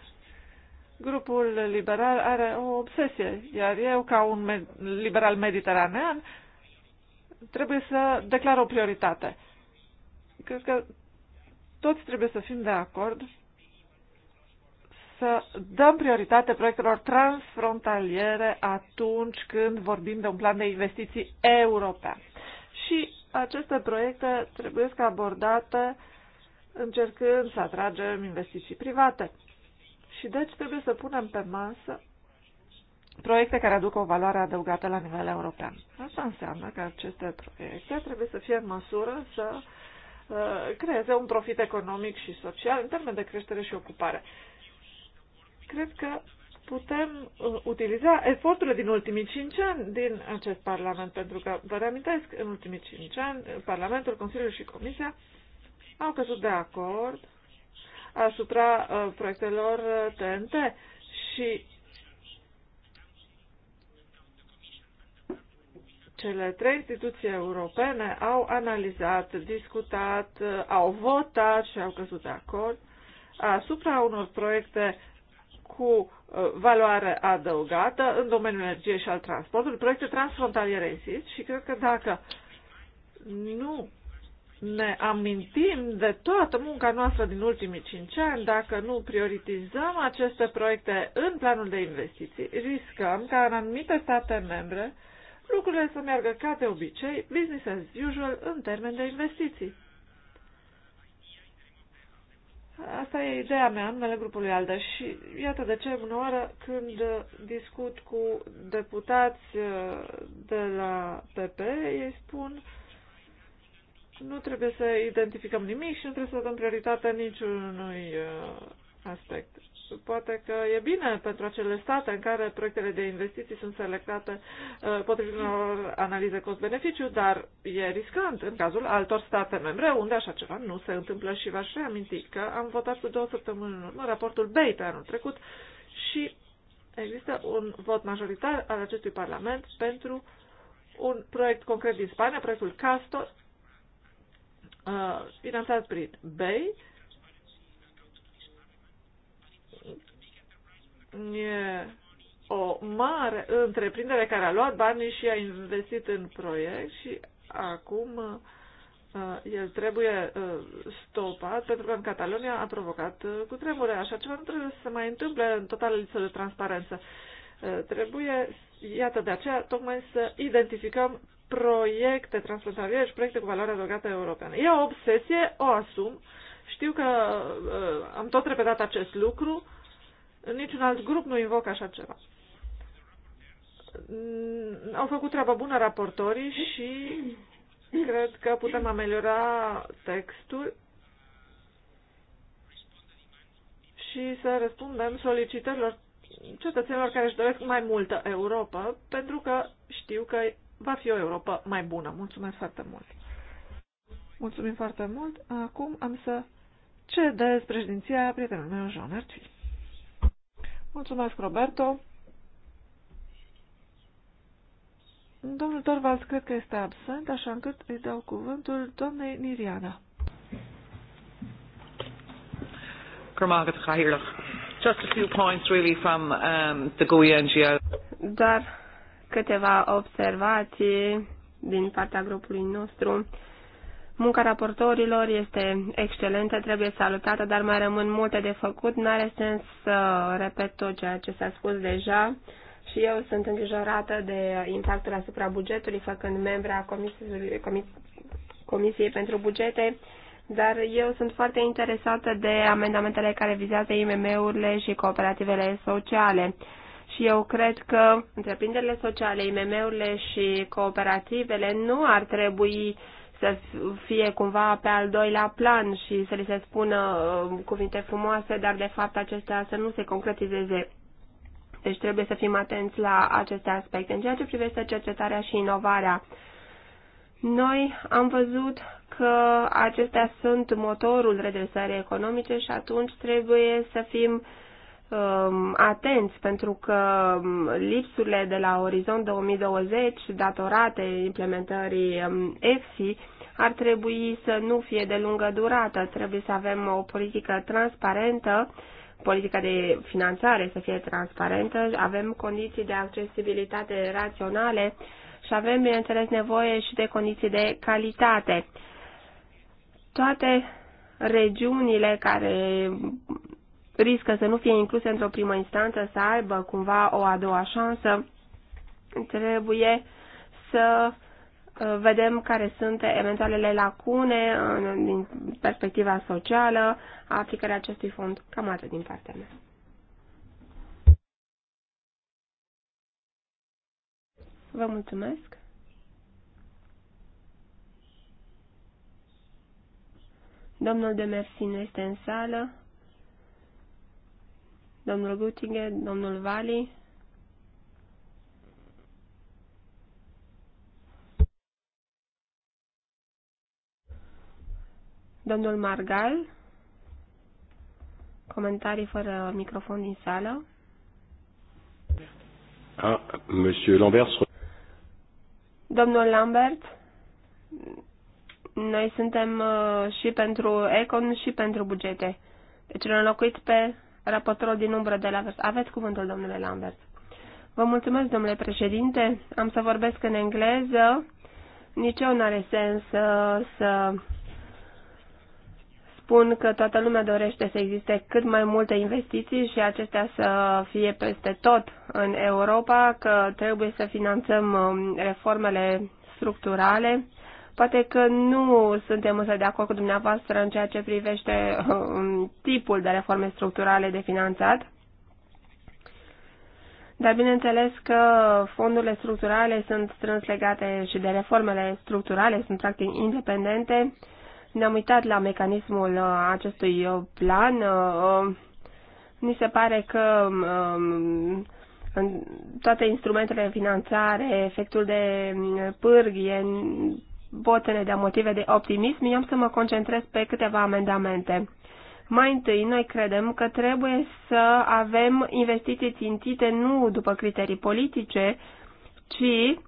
grupul liberal are o obsesie, iar eu, ca un me- liberal mediteranean, trebuie să declară o prioritate. Cred că toți trebuie să fim de acord să dăm prioritate proiectelor transfrontaliere atunci când vorbim de un plan de investiții european. Și aceste proiecte trebuie să abordate încercând să atragem investiții private. Și deci trebuie să punem pe masă proiecte care aduc o valoare adăugată la nivel european. Asta înseamnă că aceste proiecte trebuie să fie în măsură să uh, creeze un profit economic și social în termen de creștere și ocupare. Cred că putem uh, utiliza eforturile din ultimii cinci ani din acest Parlament, pentru că, vă reamintesc, în ultimii cinci ani, Parlamentul, Consiliul și Comisia au căzut de acord asupra uh, proiectelor TNT și Cele trei instituții europene au analizat, discutat, uh, au votat și au căzut de acord asupra unor proiecte cu uh, valoare adăugată în domeniul energiei și al transportului, proiecte transfrontaliere exist și cred că dacă nu ne amintim de toată munca noastră din ultimii cinci ani, dacă nu prioritizăm aceste proiecte în planul de investiții, riscăm ca în anumite state membre lucrurile să meargă ca de obicei, business as usual, în termen de investiții. Asta e ideea mea în numele grupului ALDE și iată de ce în oară când discut cu deputați uh, de la PP, ei spun nu trebuie să identificăm nimic și nu trebuie să dăm prioritate niciunui uh, aspect. Poate că e bine pentru acele state în care proiectele de investiții sunt selectate uh, potrivit unor analize cost-beneficiu, dar e riscant în cazul altor state membre unde așa ceva nu se întâmplă și v-aș reaminti că am votat cu două săptămâni în urmă raportul BEI pe anul trecut și există un vot majoritar al acestui Parlament pentru un proiect concret din Spania, proiectul Castor, uh, finanțat prin BEI, E o mare întreprindere care a luat banii și a investit în proiect și acum uh, el trebuie uh, stopat pentru că în Catalonia a provocat uh, cu tremure. Așa ceva nu trebuie să se mai întâmple în totală lipsă de transparență. Trebuie, iată, de aceea tocmai să identificăm proiecte transfrontaliere și proiecte cu valoare adăugată europeană. E o obsesie, o asum. Știu că uh, am tot repetat acest lucru, Niciun alt grup nu invocă așa ceva. Au făcut treaba bună raportorii și cred că putem ameliora textul și să răspundem solicitărilor cetățenilor care își doresc mai multă Europa, pentru că știu că va fi o Europa mai bună. Mulțumesc foarte mult! Mulțumim foarte mult! Acum am să cedez președinția prietenului meu, Jean Artui. Mulțumesc, Roberto. Domnul Torvalds cred că este absent, așa încât îi dau cuvântul doamnei Niriana. Just a few points really from um, the GUI NGO. Dar câteva observații din partea grupului nostru. Munca raportorilor este excelentă, trebuie salutată, dar mai rămân multe de făcut. N-are sens să repet tot ceea ce s-a spus deja și eu sunt îngrijorată de impactul asupra bugetului, făcând membra Comisiei, Comis Comisiei pentru Bugete, dar eu sunt foarte interesată de amendamentele care vizează IMM-urile și cooperativele sociale. Și eu cred că întreprinderile sociale, IMM-urile și cooperativele nu ar trebui uh, să fie cumva pe al doilea plan și să li se spună uh, cuvinte frumoase, dar de fapt acestea să nu se concretizeze. Deci trebuie să fim atenți la aceste aspecte. În ceea ce privește cercetarea și inovarea, noi am văzut că acestea sunt motorul redresării economice și atunci trebuie să fim um, atenți pentru că um, lipsurile de la orizont 2020 datorate implementării um, EFSI ar trebui să nu fie de lungă durată. Trebuie să avem o politică transparentă, politica de finanțare să fie transparentă, avem condiții de accesibilitate raționale și avem, bineînțeles, nevoie și de condiții de calitate. Toate regiunile care riscă să nu fie incluse într-o primă instanță, să aibă cumva o a doua șansă, trebuie să vedem care sunt eventualele lacune din perspectiva socială a aplicării acestui fond. Cam atât din partea mea. Vă mulțumesc. Domnul de Mersi nu este în sală. Domnul Guttige, domnul Vali. Domnul Margal, comentarii fără microfon din sală. Ah, Monsieur Lambert. Domnul Lambert, noi suntem uh, și pentru Econ și pentru bugete. Deci l-am locuit pe raportorul din umbră de la vers. Aveți cuvântul, domnule Lambert. Vă mulțumesc, domnule președinte. Am să vorbesc în engleză. Nici eu n-are sens uh, să spun că toată lumea dorește să existe cât mai multe investiții și acestea să fie peste tot în Europa, că trebuie să finanțăm um, reformele structurale. Poate că nu suntem însă de acord cu dumneavoastră în ceea ce privește um, tipul de reforme structurale de finanțat. Dar bineînțeles că fondurile structurale sunt strâns legate și de reformele structurale, sunt practic independente ne-am uitat la mecanismul uh, acestui uh, plan. Uh, ni se pare că um, toate instrumentele de finanțare, efectul de mm, pârghie, pot să ne dea motive de optimism, eu am să mă concentrez pe câteva amendamente. Mai întâi, noi credem că trebuie să avem investiții țintite nu după criterii politice, ci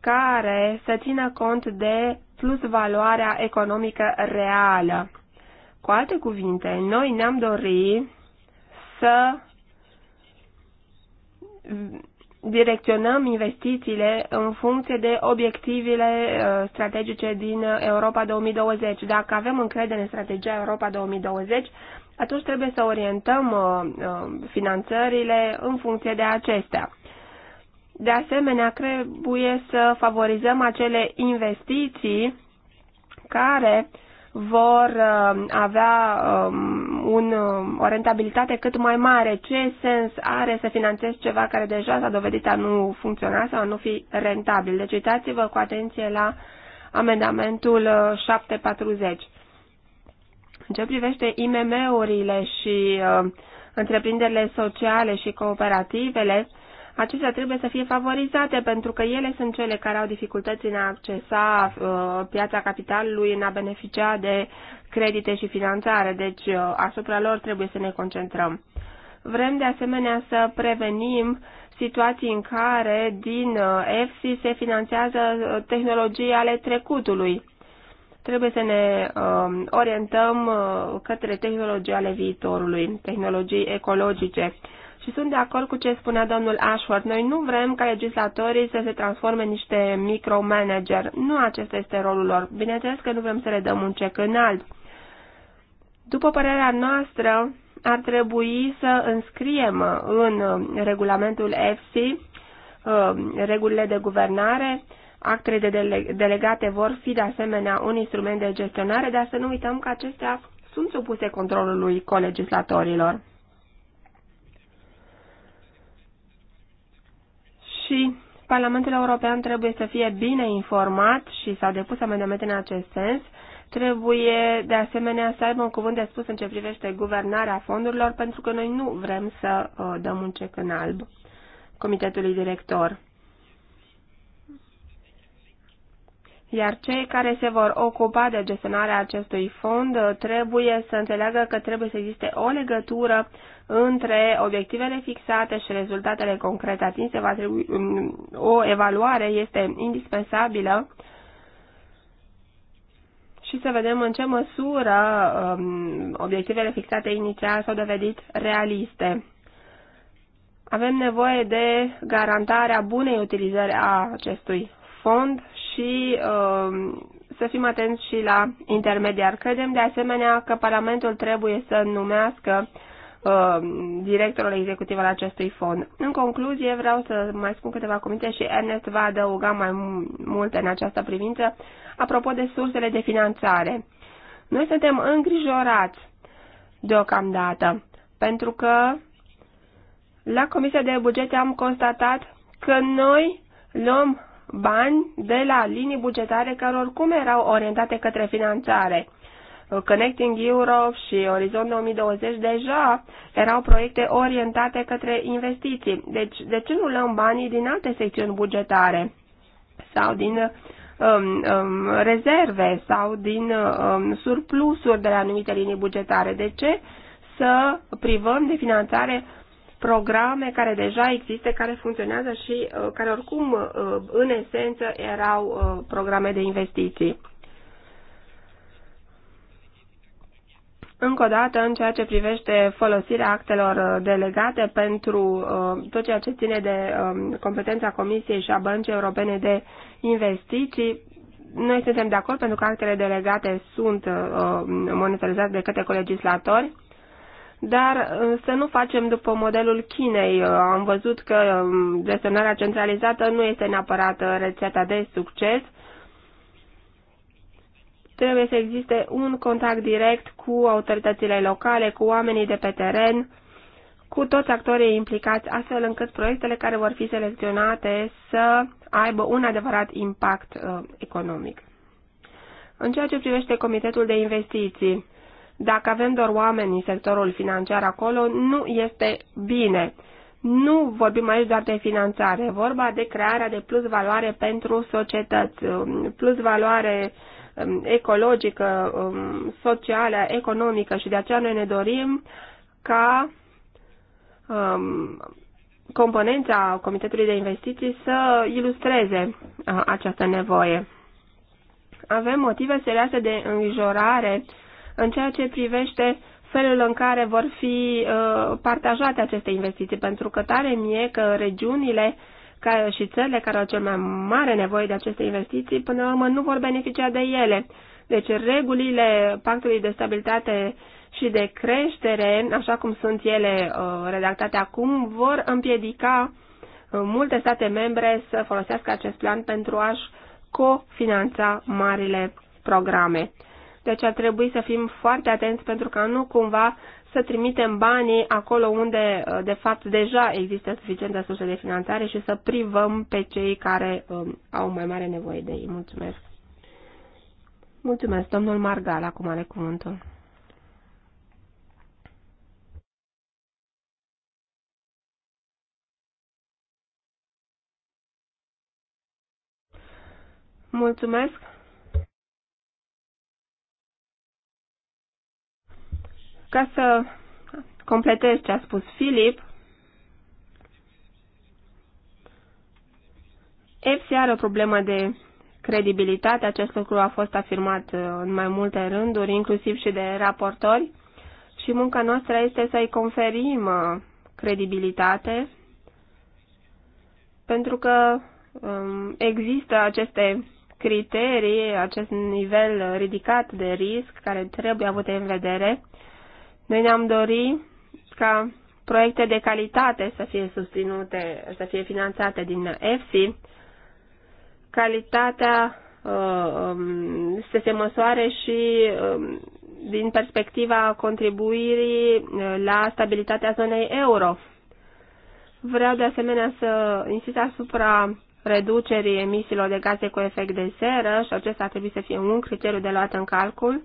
care să țină cont de plus valoarea economică reală. Cu alte cuvinte, noi ne-am dorit să direcționăm investițiile în funcție de obiectivele uh, strategice din Europa 2020. Dacă avem încredere în strategia Europa 2020, atunci trebuie să orientăm uh, uh, finanțările în funcție de acestea. De asemenea, trebuie să favorizăm acele investiții care vor uh, avea um, un, um, o rentabilitate cât mai mare. Ce sens are să finanțezi ceva care deja s-a dovedit a nu funcționa sau a nu fi rentabil? Deci uitați-vă cu atenție la amendamentul 740. Uh, În ce privește IMM-urile și uh, întreprinderile sociale și cooperativele, uh, acestea trebuie să fie favorizate pentru că ele sunt cele care au dificultăți în a accesa uh, piața capitalului, în a beneficia de credite și finanțare, deci uh, asupra lor trebuie să ne concentrăm. Vrem de asemenea să prevenim situații în care din EFSI uh, se finanțează uh, tehnologii ale trecutului. Trebuie să ne um, uh, orientăm către tehnologii ale viitorului, tehnologii ecologice și sunt de acord cu ce spunea domnul Ashworth. Noi nu vrem ca legislatorii să se transforme în niște micromanager. Nu acesta este rolul lor. Bineînțeles că nu vrem să le dăm un cec în După părerea noastră, ar trebui să înscriem în uh, regulamentul FC uh, regulile de guvernare. Actele de delegate vor fi de asemenea un instrument de gestionare, dar să nu uităm că acestea sunt supuse controlului colegislatorilor. și Parlamentul European trebuie să fie bine informat și s a depus amendamente în acest sens. Trebuie, de asemenea, să aibă un cuvânt de spus în ce privește guvernarea fondurilor, pentru că noi nu vrem să uh, dăm un cec în alb comitetului director. Iar cei care se vor ocupa de gestionarea acestui fond uh, trebuie să înțeleagă că trebuie să existe o legătură între obiectivele fixate și rezultatele concrete atinse, va trebui, o evaluare este indispensabilă și să vedem în ce măsură um, obiectivele fixate inițial s-au dovedit realiste. Avem nevoie de garantarea bunei utilizări a acestui fond și um, să fim atenți și la intermediar. Credem de asemenea că Parlamentul trebuie să numească Um, directorul executiv al acestui fond. În concluzie, vreau să mai spun câteva cuvinte și Ernest va adăuga mai multe în această privință, apropo de sursele de finanțare. Noi suntem îngrijorați deocamdată, pentru că la Comisia de Bugete am constatat că noi luăm bani de la linii bugetare care oricum erau orientate către finanțare. Connecting Europe și Orizont 2020 deja erau proiecte orientate către investiții. Deci, de ce nu luăm banii din alte secțiuni bugetare sau din um, um, rezerve sau din um, surplusuri de la anumite linii bugetare? De ce să privăm de finanțare programe care deja există, care funcționează și uh, care oricum, uh, în esență, erau uh, programe de investiții? Încă o dată, în ceea ce privește folosirea actelor uh, delegate pentru uh, tot ceea ce ține de um, competența Comisiei și a Băncii Europene de Investiții, noi suntem de acord pentru că actele delegate sunt uh, um, monitorizate de către colegislatori, dar să nu facem după modelul Chinei. Am văzut că um, gestionarea centralizată nu este neapărat rețeta de succes, trebuie să existe un contact direct cu autoritățile locale, cu oamenii de pe teren, cu toți actorii implicați, astfel încât proiectele care vor fi selecționate să aibă un adevărat impact uh, economic. În ceea ce privește Comitetul de Investiții, dacă avem doar oameni în sectorul financiar acolo, nu este bine. Nu vorbim aici doar de finanțare, vorba de crearea de plus valoare pentru societăți, um, plus valoare uh, Um, ecologică, um, socială, economică și de aceea noi ne dorim ca um, componența Comitetului de Investiții să ilustreze uh, această nevoie. Avem motive serioase de îngrijorare în ceea ce privește felul în care vor fi uh, partajate aceste investiții, pentru că tare mie că regiunile care, și țările care au cel mai mare nevoie de aceste investiții, până la urmă nu vor beneficia de ele. Deci regulile Pactului de Stabilitate și de Creștere, așa cum sunt ele uh, redactate acum, vor împiedica uh, multe state membre să folosească acest plan pentru a-și cofinanța marile programe. Deci ar trebui să fim foarte atenți pentru ca nu cumva să trimitem banii acolo unde, uh, de fapt, deja există suficientă surse de finanțare și să privăm pe cei care um, au mai mare nevoie de ei. Mulțumesc. Mulțumesc, domnul Margal, acum are cuvântul. Mulțumesc. Ca să completez ce a spus Filip, EFSI are o problemă de credibilitate. Acest lucru a fost afirmat uh, în mai multe rânduri, inclusiv și de raportori. Și munca noastră este să-i conferim uh, credibilitate, pentru că um, există aceste criterii, acest nivel ridicat de risc care trebuie avut în vedere noi ne-am dorit ca proiecte de calitate să fie susținute, să fie finanțate din EFSI, calitatea uh, um, să se măsoare și um, din perspectiva contribuirii uh, la stabilitatea zonei euro. Vreau de asemenea să insist asupra reducerii emisiilor de gaze cu efect de seră și acesta ar trebui să fie un criteriu de luat în calcul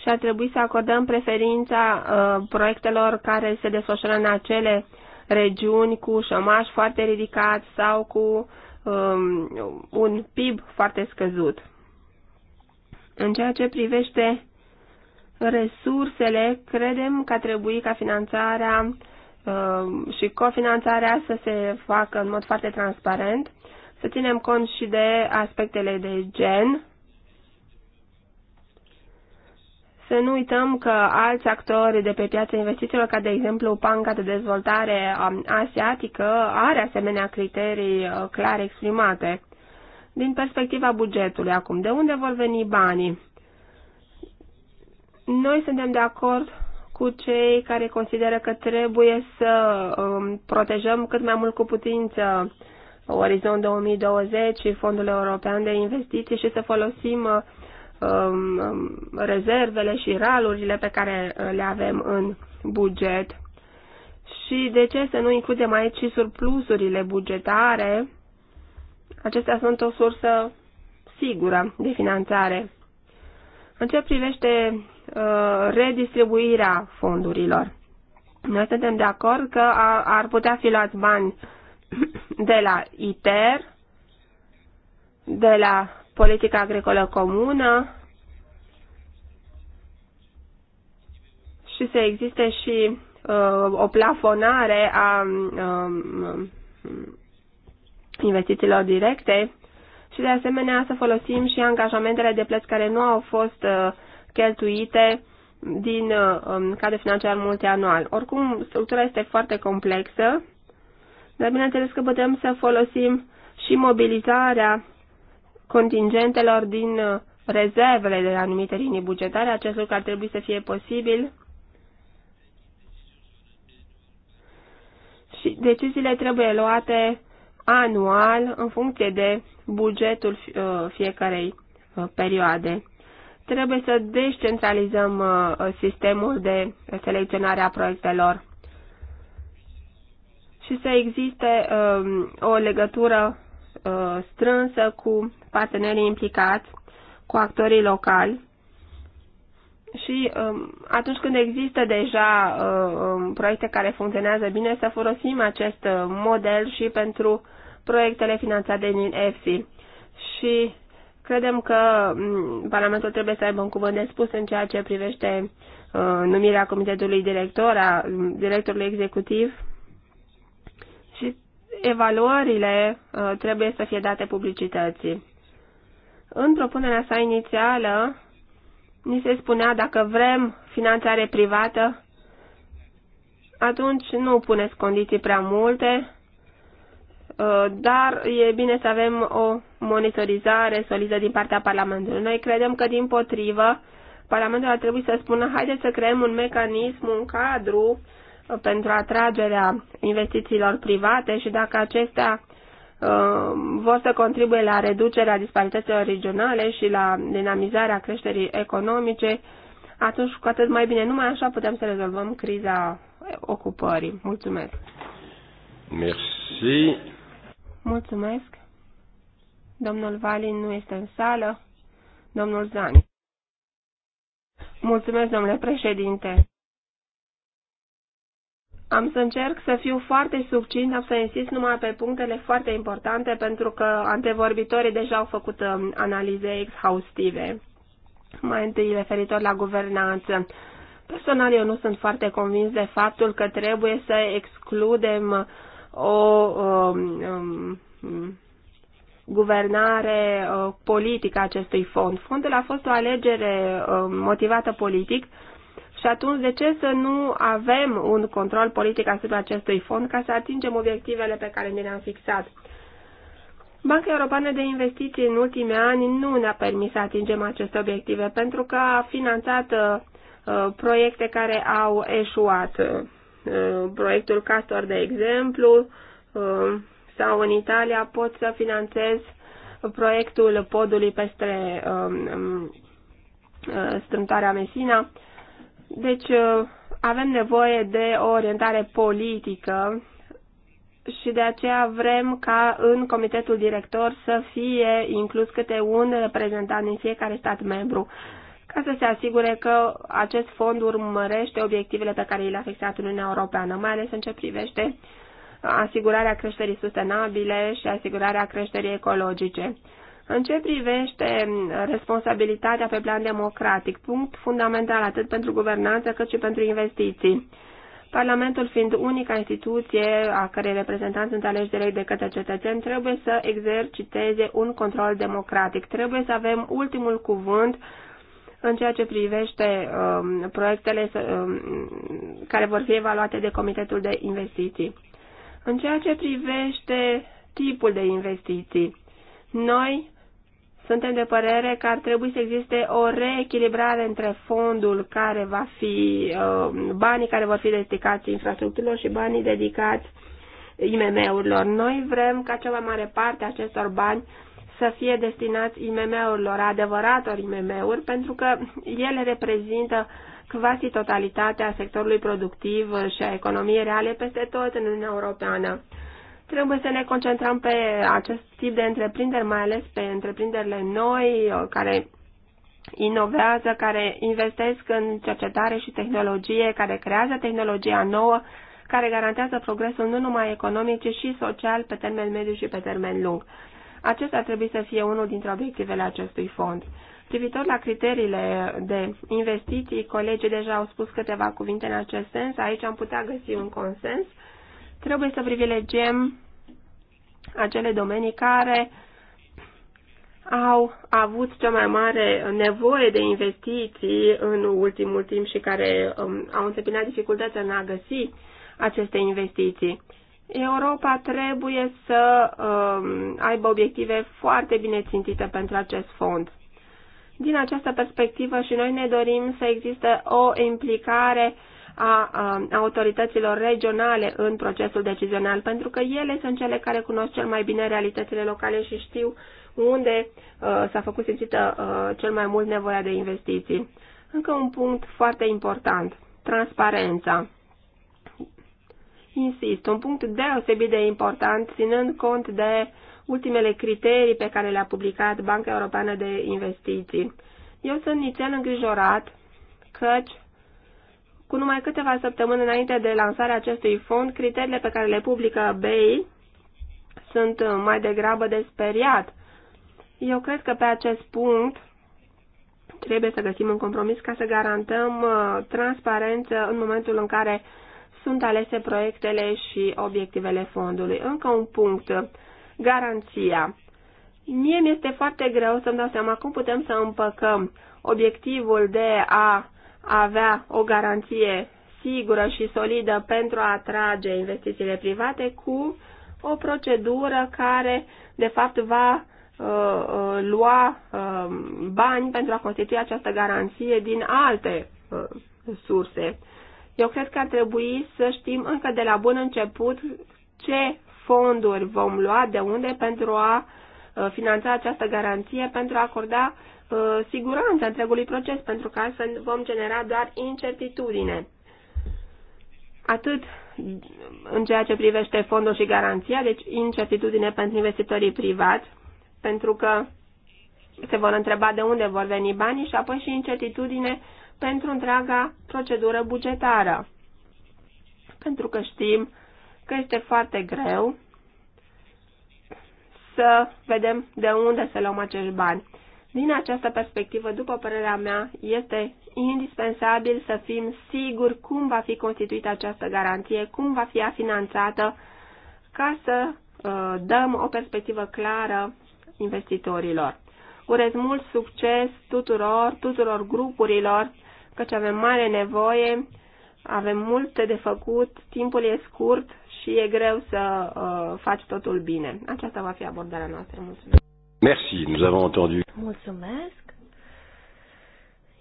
și ar trebui să acordăm preferința uh, proiectelor care se desfășoară în acele regiuni cu șomaș foarte ridicat sau cu um, un PIB foarte scăzut. În ceea ce privește resursele, credem că trebuie ca finanțarea um, și cofinanțarea să se facă în mod foarte transparent, să ținem cont și de aspectele de gen, Să nu uităm că alți actori de pe piața investițiilor, ca de exemplu Banca de Dezvoltare um, Asiatică, are asemenea criterii uh, clar exprimate. Din perspectiva bugetului acum, de unde vor veni banii? Noi suntem de acord cu cei care consideră că trebuie să um, protejăm cât mai mult cu putință Orizont 2020 și Fondul European de Investiții și să folosim uh, Um, um, rezervele și ralurile pe care uh, le avem în buget. Și de ce să nu includem aici și surplusurile bugetare? Acestea sunt o sursă sigură de finanțare. În ce privește uh, redistribuirea fondurilor? Noi suntem de acord că ar putea fi luați bani de la ITER, de la politica agricolă comună și să existe și uh, o plafonare a uh, investițiilor directe și de asemenea să folosim și angajamentele de plăți care nu au fost uh, cheltuite din uh, um, cadre financiar multianual. Oricum, structura este foarte complexă, dar bineînțeles că putem să folosim și mobilizarea contingentelor din uh, rezervele de anumite linii bugetare. Acest lucru ar trebui să fie posibil și deciziile trebuie luate anual în funcție de bugetul uh, fiecarei uh, perioade. Trebuie să descentralizăm sistemul de selecționare a proiectelor și să existe um, o legătură strânsă cu partenerii implicați, cu actorii locali. Și um, atunci când există deja uh, um, proiecte care funcționează bine, să folosim acest uh, model și pentru proiectele finanțate din EFSI. Și credem că um, Parlamentul trebuie să aibă un cuvânt de spus în ceea ce privește uh, numirea comitetului director, a directorului executiv și evaluările trebuie să fie date publicității. În propunerea sa inițială, ni se spunea dacă vrem finanțare privată, atunci nu puneți condiții prea multe, uh, dar e bine să avem o monitorizare solidă din partea Parlamentului. Noi credem că, din potrivă, Parlamentul ar trebui să spună haideți să creăm un mecanism, un cadru uh, pentru atragerea investițiilor private și dacă acestea Um, vor să contribuie la reducerea disparităților regionale și la dinamizarea creșterii economice, atunci cu atât mai bine. Numai așa putem să rezolvăm criza ocupării. Mulțumesc! Merci! Mulțumesc! Domnul Valin nu este în sală. Domnul Zani. Mulțumesc, domnule președinte! Am să încerc să fiu foarte succint, am să insist numai pe punctele foarte importante, pentru că antevorbitorii deja au făcut um, analize exhaustive. Mai întâi referitor la guvernanță. Personal eu nu sunt foarte convins de faptul că trebuie să excludem o um, um, guvernare uh, politică a acestui fond. Fondul a fost o alegere uh, motivată politic, uh, și atunci, de ce să nu avem un control politic asupra acestui fond ca să atingem obiectivele pe care ne le-am fixat? Banca Europeană de Investiții în ultimii ani nu ne-a permis să atingem aceste obiective pentru că a finanțat uh, proiecte care au eșuat. Uh, proiectul Castor, de exemplu, uh, sau în Italia pot să finanțez proiectul podului peste um, um uh, strâmtarea Messina deci uh, avem nevoie de o orientare politică și de aceea vrem ca în comitetul director să fie inclus câte un reprezentant din fiecare stat membru ca să se asigure că acest fond urmărește obiectivele pe care le-a fixat Uniunea Europeană, mai ales în ce privește asigurarea creșterii sustenabile și asigurarea creșterii ecologice. În ce privește responsabilitatea pe plan democratic, punct fundamental atât pentru guvernanță cât și pentru investiții. Parlamentul fiind unica instituție a cărei reprezentanți sunt aleși direct de către cetățeni, trebuie să exerciteze un control democratic. Trebuie să avem ultimul cuvânt în ceea ce privește um, proiectele um, care vor fi evaluate de Comitetul de Investiții. În ceea ce privește tipul de investiții, noi suntem de părere că ar trebui să existe o reechilibrare între fondul care va fi, uh, banii care vor fi dedicați infrastructurilor și banii dedicați IMM-urilor. Noi vrem ca cea mai mare parte a acestor bani să fie destinați IMM-urilor, adevărator IMM-uri, pentru că ele reprezintă quasi totalitatea sectorului productiv și a economiei reale peste tot în Uniunea Europeană. Trebuie să ne concentrăm pe acest tip de întreprinderi, mai ales pe întreprinderile noi uh, care inovează, care investesc în cercetare și tehnologie, care creează tehnologia nouă, care garantează progresul nu numai economic, ci și social pe termen mediu și pe termen lung. Acesta trebuie să fie unul dintre obiectivele acestui fond. Privitor la criteriile de investiții, colegii deja au spus câteva cuvinte în acest sens. Aici am putea găsi un consens. Trebuie să privilegiem acele domenii care au avut cea mai mare nevoie de investiții în ultimul timp și care um, au întâmpinat dificultăți în a găsi aceste investiții. Europa trebuie să um, aibă obiective foarte bine țintite pentru acest fond. Din această perspectivă și noi ne dorim să există o implicare a autorităților regionale în procesul decizional, pentru că ele sunt cele care cunosc cel mai bine realitățile locale și știu unde uh, s-a făcut simțită uh, cel mai mult nevoia de investiții. Încă un punct foarte important, transparența. Insist, un punct deosebit de important, ținând cont de ultimele criterii pe care le-a publicat Banca Europeană de Investiții. Eu sunt nițel îngrijorat căci cu numai câteva săptămâni înainte de lansarea acestui fond, criteriile pe care le publică BEI sunt mai degrabă de speriat. Eu cred că pe acest punct trebuie să găsim un compromis ca să garantăm uh, transparență în momentul în care sunt alese proiectele și obiectivele fondului. Încă un punct, garanția. Mie mi-este foarte greu să-mi dau seama cum putem să împăcăm obiectivul de a avea o garanție sigură și solidă pentru a atrage investițiile private cu o procedură care, de fapt, va uh, uh lua uh, bani pentru a constitui această garanție din alte uh, surse. Eu cred că ar trebui să știm încă de la bun început ce fonduri vom lua, de unde, pentru a uh, finanța această garanție, pentru a acorda Uh, siguranța întregului proces, pentru că altfel vom genera doar incertitudine. Atât în ceea ce privește fondul și garanția, deci incertitudine pentru investitorii privați, pentru că se vor întreba de unde vor veni banii și apoi și incertitudine pentru întreaga procedură bugetară. Pentru că știm că este foarte greu să vedem de unde să luăm acești bani. Din această perspectivă, după părerea mea, este indispensabil să fim siguri cum va fi constituită această garanție, cum va fi finanțată, ca să uh, dăm o perspectivă clară investitorilor. Urez mult succes tuturor, tuturor grupurilor, căci avem mare nevoie, avem multe de făcut, timpul e scurt și e greu să uh, faci totul bine. Aceasta va fi abordarea noastră. Mulțumesc! Merci, nous avons entendu. Mulțumesc.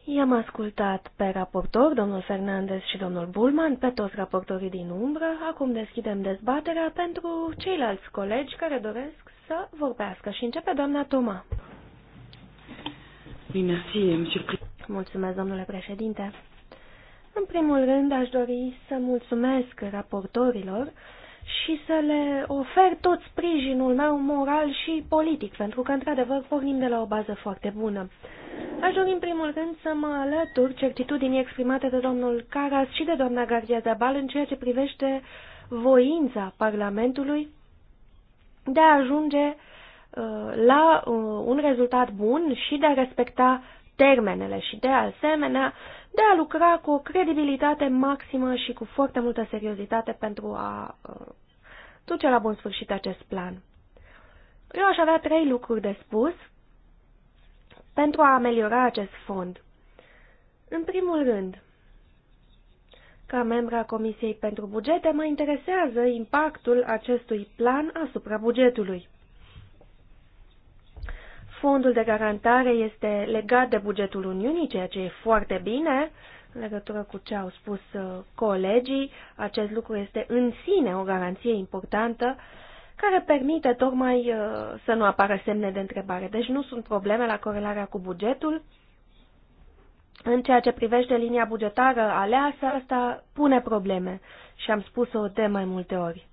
I-am ascultat pe raportor, domnul Fernandez și domnul Bulman, pe toți raportorii din umbră. Acum deschidem dezbaterea pentru ceilalți colegi care doresc să vorbească. Și începe doamna Toma. Mulțumesc, domnule președinte. În primul rând, aș dori să mulțumesc raportorilor și să le ofer tot sprijinul meu moral și politic, pentru că, într-adevăr, pornim de la o bază foarte bună. Aș dori, în primul rând, să mă alătur certitudinii exprimate de domnul Caras și de doamna Gardia Zabal în ceea ce privește voința Parlamentului de a ajunge uh, la uh, un rezultat bun și de a respecta termenele și, de asemenea, de a lucra cu o credibilitate maximă și cu foarte multă seriozitate pentru a uh, duce la bun sfârșit acest plan. Eu aș avea trei lucruri de spus pentru a ameliora acest fond. În primul rând, ca membra Comisiei pentru Bugete, mă interesează impactul acestui plan asupra bugetului. Fondul de garantare este legat de bugetul Uniunii, ceea ce e foarte bine. În legătură cu ce au spus uh, colegii, acest lucru este în sine o garanție importantă care permite tocmai uh, să nu apară semne de întrebare. Deci nu sunt probleme la corelarea cu bugetul. În ceea ce privește linia bugetară aleasă, asta pune probleme și am spus-o de mai multe ori.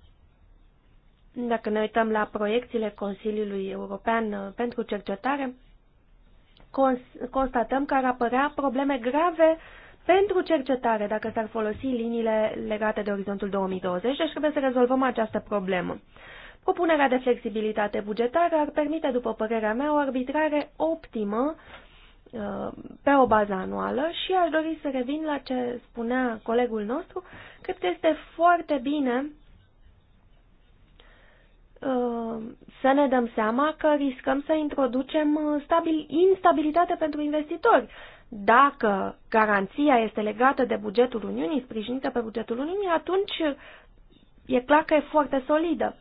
Dacă ne uităm la proiecțiile Consiliului European uh, pentru cercetare, constatăm că ar apărea probleme grave pentru cercetare dacă s-ar folosi liniile legate de orizontul 2020, deci trebuie să rezolvăm această problemă. Propunerea de flexibilitate bugetară ar permite, după părerea mea, o arbitrare optimă uh, pe o bază anuală și aș dori să revin la ce spunea colegul nostru. Cred că este foarte bine Uh, să ne dăm seama că riscăm să introducem uh, stabil instabilitate pentru investitori. Dacă garanția este legată de bugetul Uniunii, sprijinită pe bugetul Uniunii, atunci e clar că e foarte solidă.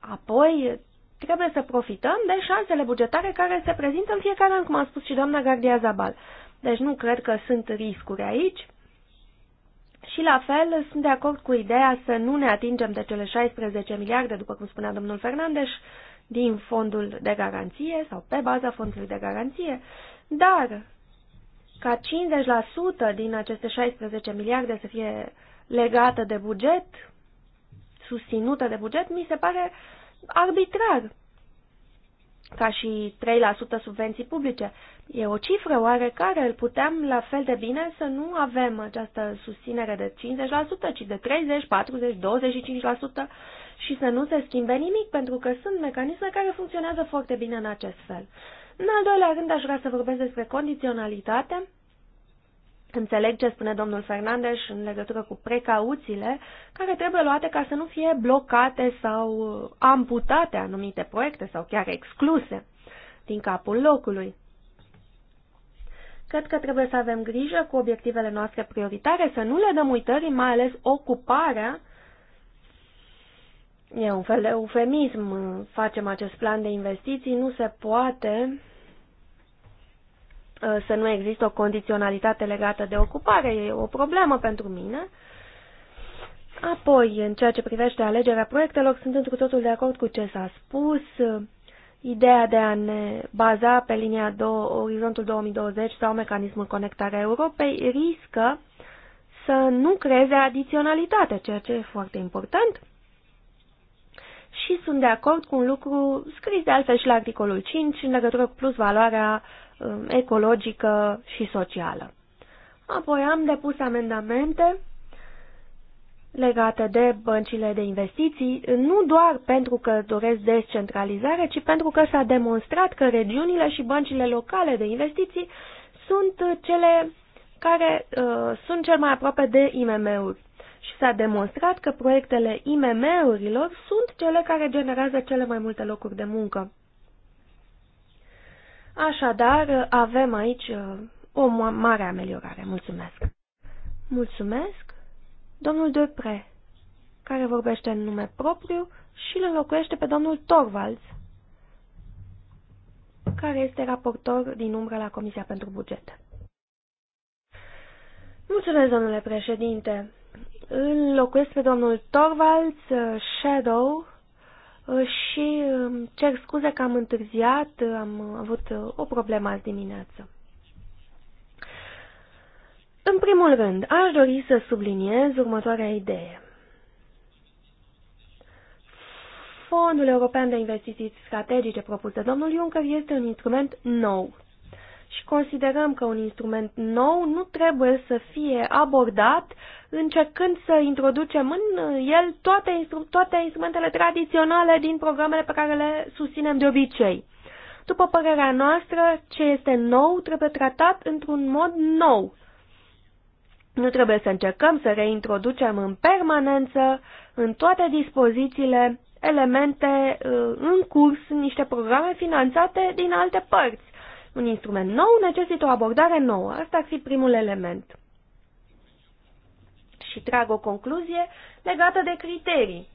Apoi, trebuie să profităm de șansele bugetare care se prezintă în fiecare an, cum a spus și doamna Gardia Zabal. Deci nu cred că sunt riscuri aici. Și la fel, sunt de acord cu ideea să nu ne atingem de cele 16 miliarde, după cum spunea domnul Fernandes, din fondul de garanție sau pe baza fondului de garanție, dar ca 50% din aceste 16 miliarde să fie legată de buget, susținută de buget, mi se pare arbitrar ca și 3% subvenții publice. E o cifră oarecare, îl puteam la fel de bine să nu avem această susținere de 50%, ci de 30, 40, 25% și să nu se schimbe nimic, pentru că sunt mecanisme care funcționează foarte bine în acest fel. În al doilea rând, aș vrea să vorbesc despre condiționalitate. Înțeleg ce spune domnul Fernandes în legătură cu precauțiile care trebuie luate ca să nu fie blocate sau amputate anumite proiecte sau chiar excluse din capul locului. Cred că trebuie să avem grijă cu obiectivele noastre prioritare, să nu le dăm uitării, mai ales ocuparea. E un fel de eufemism, facem acest plan de investiții, nu se poate Uh, să nu există o condiționalitate legată de ocupare e o problemă pentru mine. Apoi, în ceea ce privește alegerea proiectelor, sunt într totul de acord cu ce s-a spus. Ideea de a ne baza pe linia 2, Orizontul 2020 sau mecanismul conectarea Europei riscă să nu creeze adiționalitate, ceea ce e foarte important. Și sunt de acord cu un lucru scris de altfel și la articolul 5 în legătură cu plus valoarea uh, Um, ecologică și socială. Apoi am depus amendamente legate de băncile de investiții, nu doar pentru că doresc descentralizare, ci pentru că s-a demonstrat că regiunile și băncile locale de investiții sunt cele care uh, sunt cel mai aproape de IMM-uri. Și s-a demonstrat că proiectele IMM-urilor sunt cele care generează cele mai multe locuri de muncă. Așadar, avem aici uh, o mare ameliorare. Mulțumesc! Mulțumesc! Domnul Depre, care vorbește în nume propriu și îl înlocuiește pe domnul Torvalds, care este raportor din umbră la Comisia pentru Buget. Mulțumesc, domnule președinte! Îl locuiesc pe domnul Torvalds, uh, Shadow, Uh, și um, cer scuze că am întârziat, uh, am avut uh, o problemă azi dimineață. În primul rând, aș dori să subliniez următoarea idee. Fondul European de Investiții Strategice propus de domnul Juncker este un instrument nou și considerăm că un instrument nou nu trebuie să fie abordat încercând să introducem în el toate, instru- toate instrumentele tradiționale din programele pe care le susținem de obicei. După părerea noastră, ce este nou trebuie tratat într-un mod nou. Nu trebuie să încercăm să reintroducem în permanență, în toate dispozițiile, elemente uh, în curs, niște programe finanțate din alte părți. Un instrument nou necesită o abordare nouă. Asta ar fi primul element și trag o concluzie legată de criterii.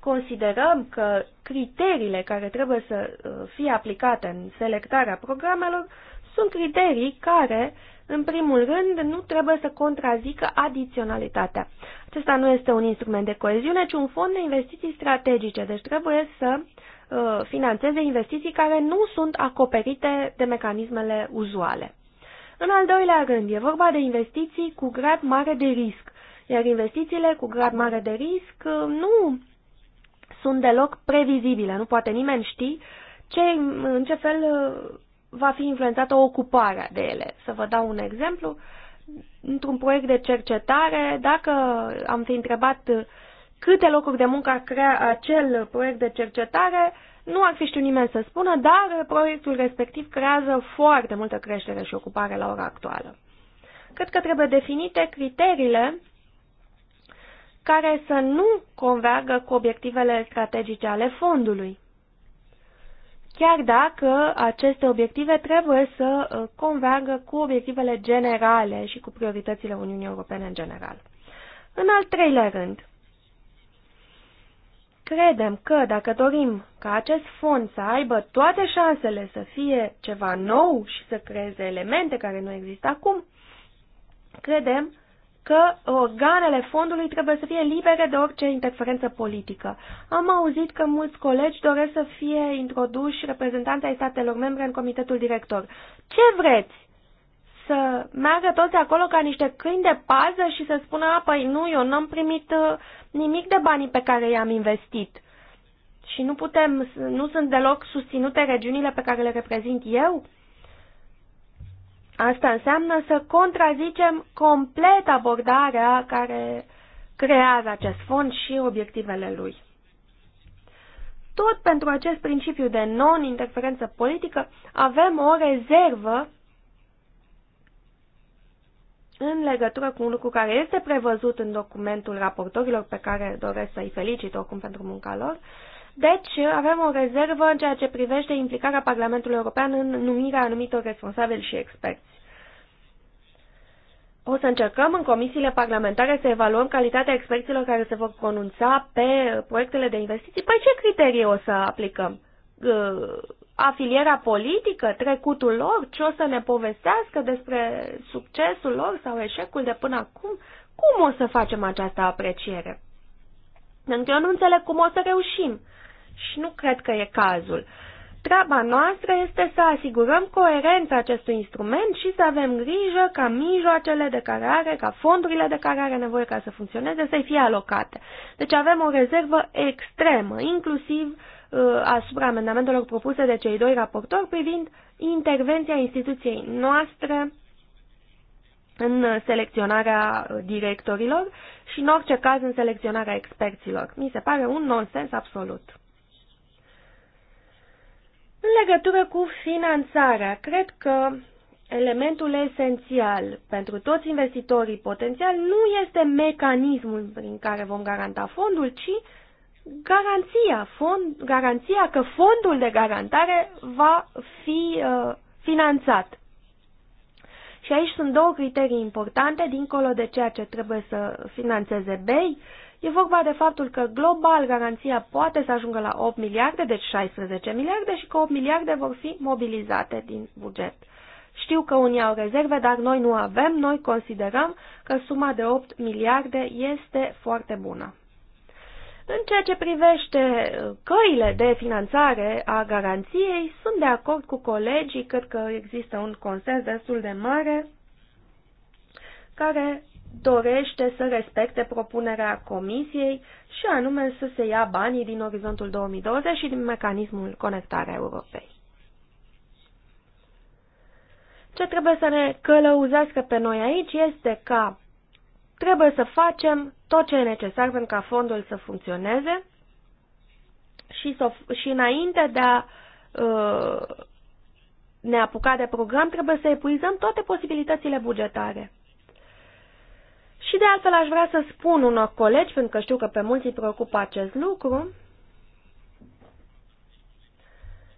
Considerăm că criteriile care trebuie să uh, fie aplicate în selectarea programelor sunt criterii care, în primul rând, nu trebuie să contrazică adiționalitatea. Acesta nu este un instrument de coeziune, ci un fond de investiții strategice, deci trebuie să uh, financeze investiții care nu sunt acoperite de mecanismele uzuale. În al doilea rând, e vorba de investiții cu grad mare de risc, iar investițiile cu grad mare de risc uh, nu sunt deloc previzibile. Nu poate nimeni ști ce, în ce fel uh, va fi influențată ocuparea de ele. Să vă dau un exemplu. Într-un proiect de cercetare, dacă am fi întrebat uh, câte locuri de muncă ar crea acel proiect de cercetare, nu ar fi știut nimeni să spună, dar proiectul respectiv creează foarte multă creștere și ocupare la ora actuală. Cred că trebuie definite criteriile care să nu convergă cu obiectivele strategice ale fondului. Chiar dacă aceste obiective trebuie să uh, convergă cu obiectivele generale și cu prioritățile Uniunii Europene în general. În al treilea rând, Credem că dacă dorim ca acest fond să aibă toate șansele să fie ceva nou și să creeze elemente care nu există acum, credem că organele uh, fondului trebuie să fie libere de orice interferență politică. Am auzit că mulți colegi doresc să fie introduși reprezentanții ai statelor membre în comitetul director. Ce vreți? Să meargă toți acolo ca niște câini de pază și să spună, a, păi nu, eu n-am primit uh, nimic de banii pe care i-am investit. Și nu putem, nu sunt deloc susținute regiunile pe care le reprezint eu? Asta înseamnă să contrazicem complet abordarea care creează acest fond și obiectivele lui. Tot pentru acest principiu de non-interferență politică avem o rezervă în legătură cu un lucru care este prevăzut în documentul raportorilor pe care doresc să-i felicit oricum pentru munca lor, uh, deci, avem o rezervă în ceea ce privește implicarea Parlamentului European în numirea anumitor responsabili și experți. O să încercăm în comisiile parlamentare să evaluăm calitatea experților care se vor pronunța pe proiectele de investiții. Păi ce criterii o să aplicăm? Ă, Afilierea politică, trecutul lor, ce o să ne povestească despre succesul lor sau eșecul de până acum? Cum o să facem această apreciere? Pentru că eu nu înțeleg cum o să reușim. Și nu cred că e cazul. Treaba noastră este să asigurăm coerența acestui instrument și să avem grijă ca mijloacele de care are, ca fondurile de care are nevoie ca să funcționeze, să-i fie alocate. Deci avem o rezervă extremă, inclusiv uh, asupra amendamentelor propuse de cei doi raportori privind intervenția instituției noastre în selecționarea uh, directorilor și în orice caz în selecționarea experților. Mi se pare un nonsens absolut. În legătură cu finanțarea, cred că elementul esențial pentru toți investitorii potențiali nu este mecanismul prin care vom garanta fondul, ci garanția, fond, garanția că fondul de garantare va fi uh, finanțat. Și aici sunt două criterii importante, dincolo de ceea ce trebuie să financeze BEI, uh, E vorba de faptul că global garanția poate să ajungă la 8 miliarde, deci 16 miliarde și că 8 miliarde vor fi mobilizate din buget. Știu că unii au rezerve, dar noi nu avem, noi considerăm că suma de 8 miliarde este foarte bună. În ceea ce privește uh, căile de finanțare a garanției, sunt de acord cu colegii, cred că există un consens destul de mare care dorește să respecte propunerea Comisiei și anume să se ia banii din orizontul 2020 și din mecanismul conectarea Europei. Ce trebuie să ne călăuzească pe noi aici este ca trebuie să facem tot ce e necesar pentru ca fondul să funcționeze și, să, și înainte de a uh, ne apuca de program, trebuie să epuizăm toate posibilitățile bugetare. Și de altfel aș vrea să spun unor colegi, pentru că știu că pe mulți îi preocupă acest lucru,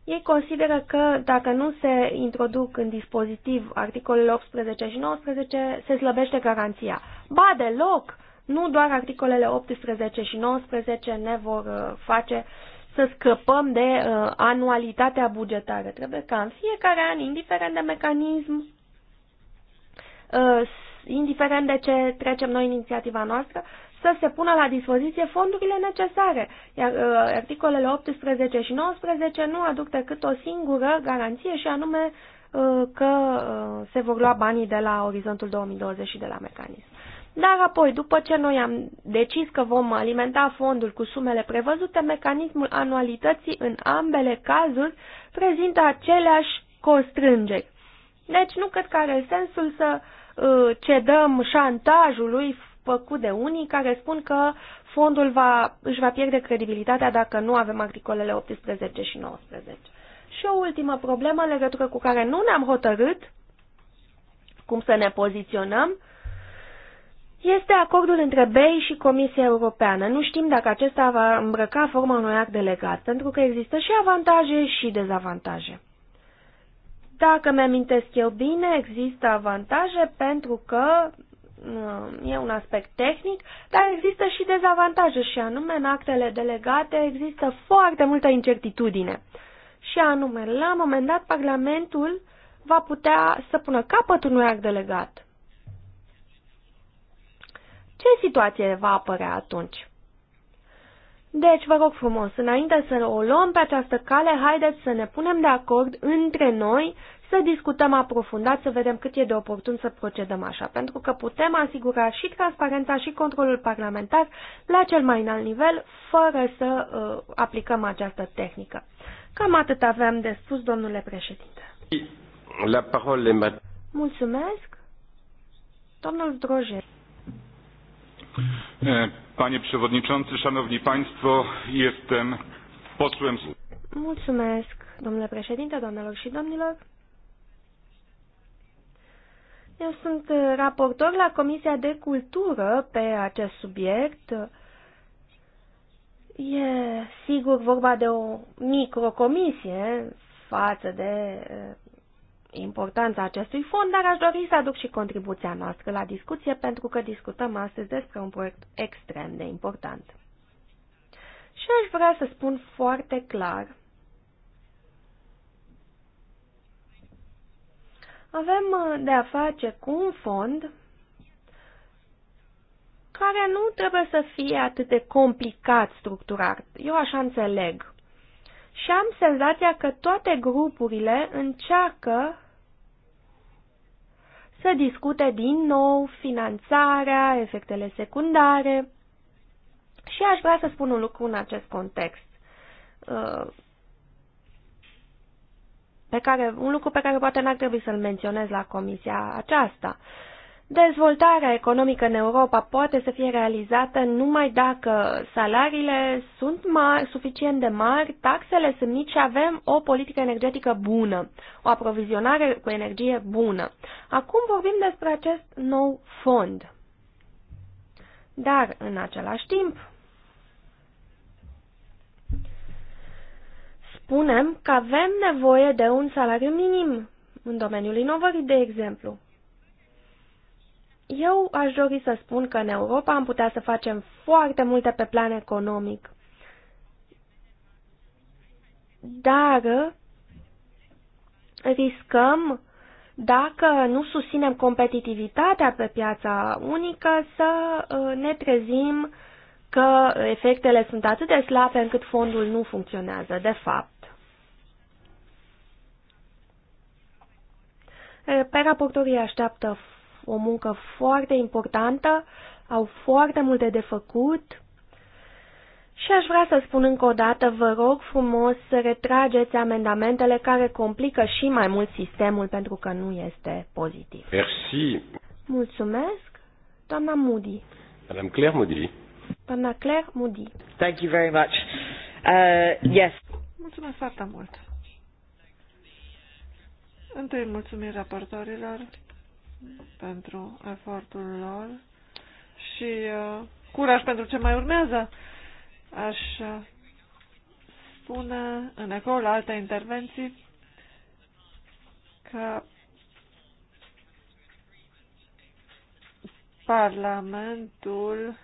ei consideră că dacă nu se introduc în dispozitiv articolele 18 și 19, se slăbește garanția. Ba deloc! Nu doar articolele 18 și 19 ne vor uh, face să scăpăm de uh, anualitatea bugetară. Trebuie ca în fiecare an, indiferent de mecanism, uh, indiferent de ce trecem noi inițiativa noastră, să se pună la dispoziție fondurile necesare, iar uh, articolele 18 și 19 nu aduc decât o singură garanție și anume uh, că uh, se vor lua banii de la Orizontul 2020 și de la mecanism. Dar apoi, după ce noi am decis că vom alimenta fondul cu sumele prevăzute, mecanismul anualității în ambele cazuri prezintă aceleași constrângeri. Deci nu cred că are sensul să uh, Uh, cedăm șantajului făcut de unii care spun că fondul va, își va pierde credibilitatea dacă nu avem articolele 18 și 19. Și o ultimă problemă în legătură cu care nu ne-am hotărât cum să ne poziționăm este acordul între BEI și Comisia Europeană. Nu știm dacă acesta va îmbrăca forma unui act delegat, pentru că există și avantaje și dezavantaje. Dacă mi-amintesc eu bine, există avantaje pentru că um, e un aspect tehnic, dar există și dezavantaje și anume în actele delegate există foarte multă incertitudine. Și anume, la un moment dat, Parlamentul va putea să pună capăt unui act delegat. Ce situație va apărea atunci? Deci, vă rog frumos, înainte să o luăm pe această cale, haideți să ne punem de acord între noi, să discutăm aprofundat, să vedem cât e de oportun să procedăm așa, pentru că putem asigura și transparența și controlul parlamentar la cel mai înalt nivel, fără să uh, aplicăm această tehnică. Cam atât aveam de spus, domnule președinte. La parole Mulțumesc. Domnul Droje. Eh, Panie Przewodniczący, Szanowni Państwo, jestem posłem... Mulțumesc, domnule președinte, doamnelor și domnilor. Eu sunt raportor la Comisia de Cultură pe acest subiect. E sigur vorba de o microcomisie față de importanța acestui fond, dar aș dori să aduc și contribuția noastră la discuție, pentru că discutăm astăzi despre un proiect extrem de important. Și aș vrea să spun foarte clar. Avem uh, de a face cu un fond care nu trebuie să fie atât de complicat structurat. Eu așa înțeleg și am senzația că toate grupurile încearcă să discute din nou finanțarea, efectele secundare și aș vrea să spun un lucru în acest context. Uh, pe care, un lucru pe care poate n-ar trebui să-l menționez la comisia aceasta. Uh, Dezvoltarea economică în Europa poate să fie realizată numai dacă salariile sunt mari, suficient de mari, taxele sunt mici și avem o politică energetică bună, o aprovizionare cu energie bună. Acum vorbim despre acest nou fond. Dar, în același timp, spunem că avem nevoie de un salariu minim în domeniul inovării, de exemplu eu aș dori să spun că în Europa am putea să facem foarte multe pe plan economic. Dar riscăm, dacă nu susținem competitivitatea pe piața unică, să ă, ne trezim că efectele sunt atât de slabe încât fondul nu funcționează, de fapt. Pe raportorii așteaptă o muncă foarte importantă, au foarte multe de făcut. Și aș vrea să spun încă o dată, vă rog frumos să retrageți amendamentele care complică și mai mult sistemul pentru că nu este pozitiv. Merci. Mulțumesc. Doamna Moody. Madame Claire Moody. Doamna Claire Moody. Thank you very much. Uh, yes. Mulțumesc foarte mult. Întâi mulțumim raportorilor pentru efortul lor și uh, curaj pentru ce mai urmează. Aș uh, spune în ecou la alte intervenții că Parlamentul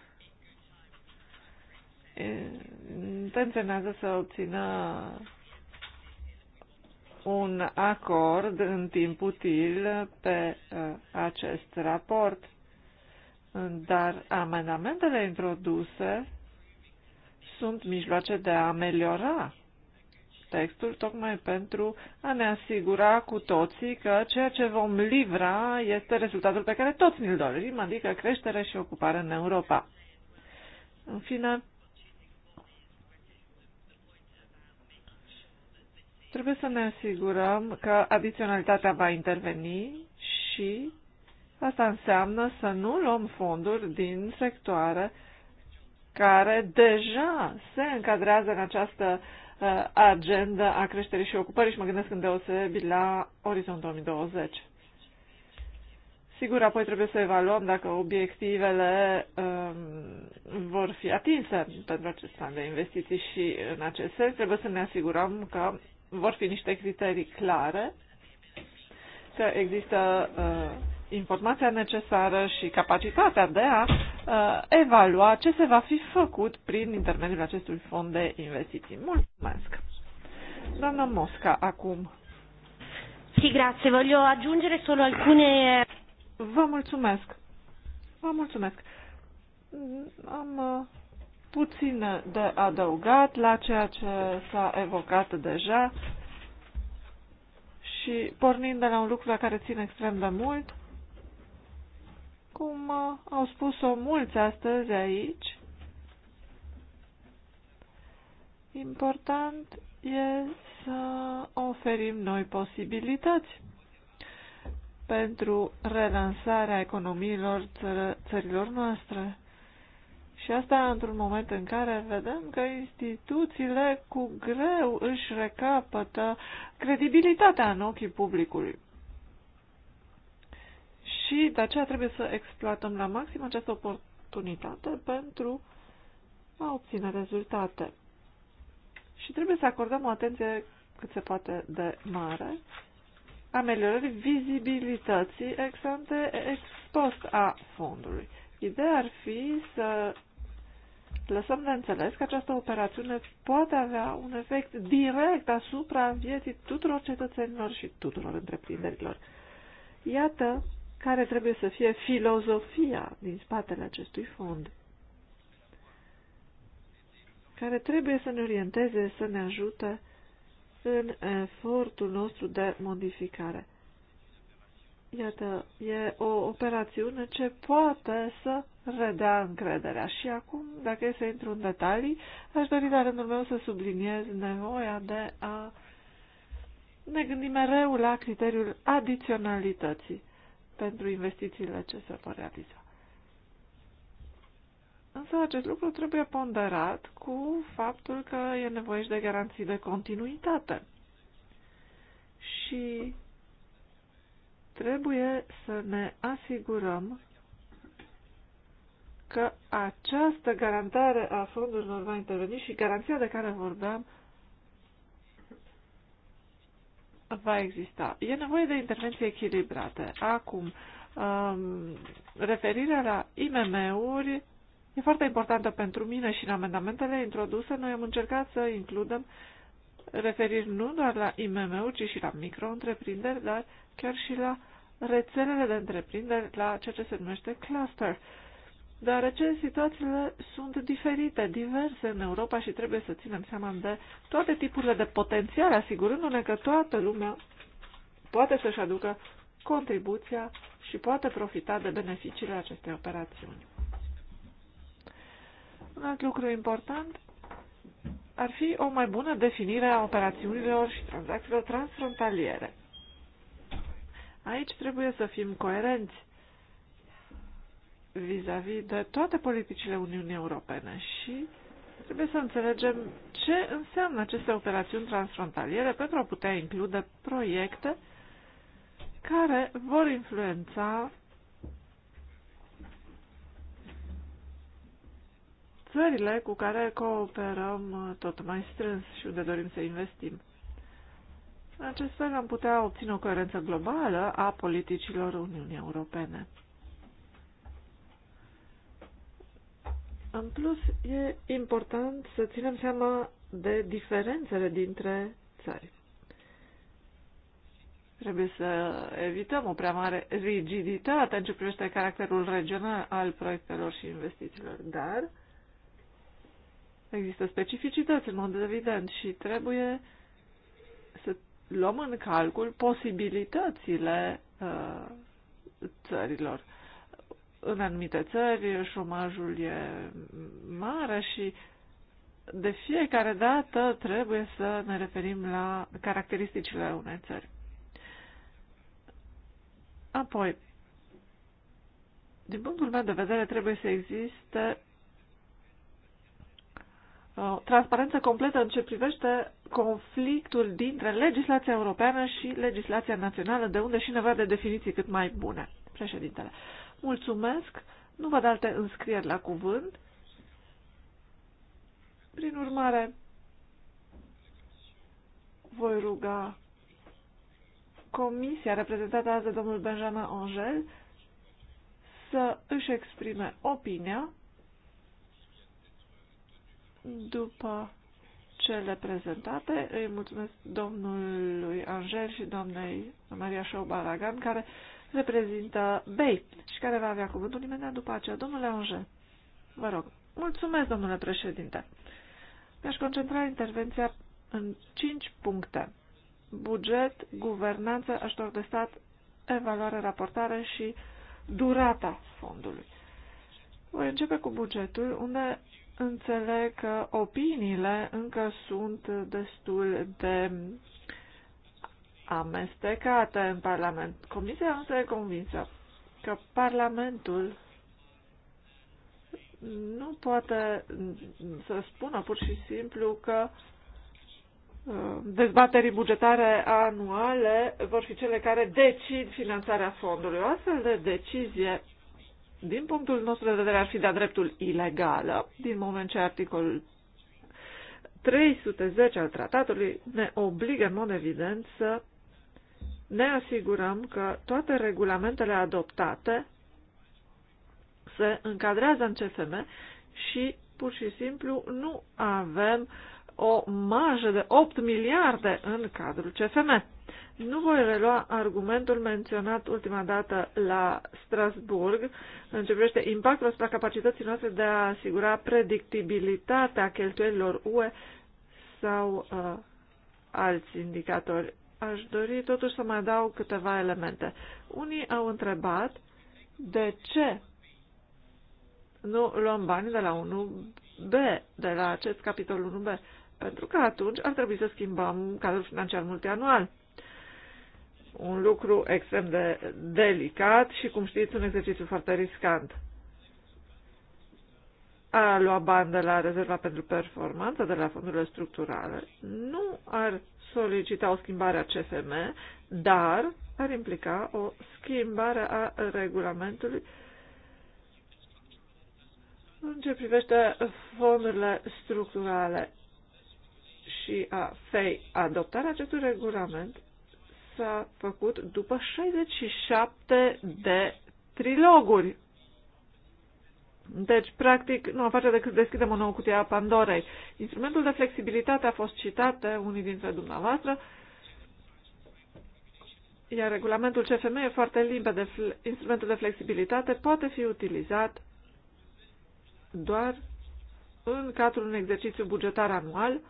eh, intenționează să obțină un acord în timp util pe uh, acest raport, dar amendamentele introduse sunt mijloace de a ameliora textul tocmai pentru a ne asigura cu toții că ceea ce vom livra este rezultatul pe care toți ne-l dorim, adică creștere și ocupare în Europa. În fine, Trebuie să ne asigurăm că adiționalitatea va interveni și asta înseamnă să nu luăm fonduri din sectoare care deja se încadrează în această uh, agenda a creșterii și ocupării și mă gândesc îndeosebi la Orizont 2020. Sigur, apoi trebuie să evaluăm dacă obiectivele um, vor fi atinse pentru acest plan de investiții și în acest sens trebuie să ne asigurăm că vor fi niște criterii clare, că există uh, informația necesară și capacitatea de a uh, evalua ce se va fi făcut prin intermediul acestui fond de investiții. Mulțumesc! Doamna Mosca, acum. Sì, grazie. Voglio aggiungere solo alcune... Vă mulțumesc. Vă mulțumesc. Am uh, puțin de adăugat la ceea ce s-a evocat deja și pornind de la un lucru la care țin extrem de mult, cum au spus-o mulți astăzi aici, important e să oferim noi posibilități pentru relansarea economiilor țărilor noastre. Și asta într-un moment în care vedem că instituțiile cu greu își recapătă credibilitatea în ochii publicului. Și de aceea trebuie să exploatăm la maxim această oportunitate pentru a obține rezultate. Și trebuie să acordăm o atenție cât se poate de mare ameliorării vizibilității ex ante ex post a fondului. Ideea ar fi să lăsăm de înțeles că această operațiune poate avea un efect direct asupra vieții tuturor cetățenilor și tuturor întreprinderilor. Iată care trebuie să fie filozofia din spatele acestui fond, care trebuie să ne orienteze, să ne ajute în efortul nostru de modificare. Iată, e o operațiune ce poate să redea încrederea. Și acum, dacă e să intru în detalii, aș dori la rândul meu să subliniez nevoia de a ne gândi mereu la criteriul adiționalității pentru investițiile ce se vor realiza. Însă acest lucru trebuie ponderat cu faptul că e nevoie și de garanții de continuitate. Și Trebuie să ne asigurăm că această garantare a fondurilor va interveni și garanția de care vorbeam va exista. E nevoie de intervenții echilibrate. Acum, um, referirea la IMM-uri e foarte importantă pentru mine și în amendamentele introduse noi am încercat să includem referiri nu doar la IMM-uri, ci și la micro-întreprinderi, dar chiar și la rețelele de întreprinderi la ceea ce se numește cluster, deoarece situațiile sunt diferite, diverse în Europa și trebuie să ținem seama de toate tipurile de potențial, asigurându-ne că toată lumea poate să-și aducă contribuția și poate profita de beneficiile acestei operațiuni. Un alt lucru important ar fi o mai bună definire a operațiunilor și tranzacțiilor transfrontaliere. Aici trebuie să fim coerenți vis-a-vis -vis de toate politicile Uniunii Europene și trebuie să înțelegem ce înseamnă aceste operațiuni transfrontaliere pentru a putea include proiecte care vor influența țările cu care cooperăm tot mai strâns și unde dorim să investim. În acest fel am putea obține o coerență globală a politicilor Uniunii Europene. În plus, e important să ținem seama de diferențele dintre țări. Trebuie să evităm o prea mare rigiditate în ce privește caracterul regional al proiectelor și investițiilor, dar există specificități în mod evident și trebuie să luăm în calcul posibilitățile uh, țărilor. În anumite țări șomajul e mare și de fiecare dată trebuie să ne referim la caracteristicile unei țări. Apoi, din punctul meu de vedere, trebuie să existe Uh, transparență completă în ce privește conflictul dintre legislația europeană și legislația națională, de unde și nevoia de definiții cât mai bune. Președintele, mulțumesc, nu văd alte înscrieri la cuvânt. Prin urmare, voi ruga comisia reprezentată azi de domnul Benjamin Angel să își exprime opinia după cele prezentate, îi mulțumesc domnului Angel și doamnei Maria Șobaragan, care reprezintă BEI și care va avea cuvântul imediat după aceea. Domnule Angel, vă rog. Mulțumesc, domnule președinte. Mi-aș concentra intervenția în cinci puncte. Buget, guvernanță, ajutor de stat, evaluare, raportare și durata fondului. Voi începe cu bugetul, unde înțeleg că opiniile încă sunt destul de amestecate în Parlament. Comisia însă e convinsă că Parlamentul nu poate să spună pur și simplu că uh, dezbaterii bugetare anuale vor fi cele care decid finanțarea fondului. O astfel de decizie din punctul nostru de vedere, ar fi de-a dreptul ilegală, din moment ce articolul 310 al tratatului ne obligă în mod evident să ne asigurăm că toate regulamentele adoptate se încadrează în CFM și pur și simplu nu avem uh, o marjă de 8 miliarde în cadrul CFM. Nu voi relua argumentul menționat ultima dată la Strasburg în ce privește impactul asupra capacității noastre de a asigura predictibilitatea cheltuielilor UE sau uh, alți indicatori. Aș dori totuși să mai dau câteva elemente. Unii au întrebat de ce nu luăm bani de la 1B, de la acest capitol 1B. Pentru că atunci ar trebui să schimbăm cadrul financiar multianual. Un lucru extrem de delicat și, cum știți, un exercițiu foarte riscant. A lua bani de la rezerva pentru performanță, de la fondurile structurale, nu ar solicita o schimbare a CFM, dar ar implica o schimbare a regulamentului în ce privește fondurile structurale și a FEI, adoptarea acestui regulament s-a făcut după 67 de triloguri. Deci, practic, nu am face decât deschidem o nouă cutie a Pandorei. Instrumentul de flexibilitate a fost citat de unii dintre dumneavoastră, iar regulamentul CFM e foarte limpede. Instrumentul de flexibilitate poate fi utilizat doar în cadrul unui exercițiu bugetar anual,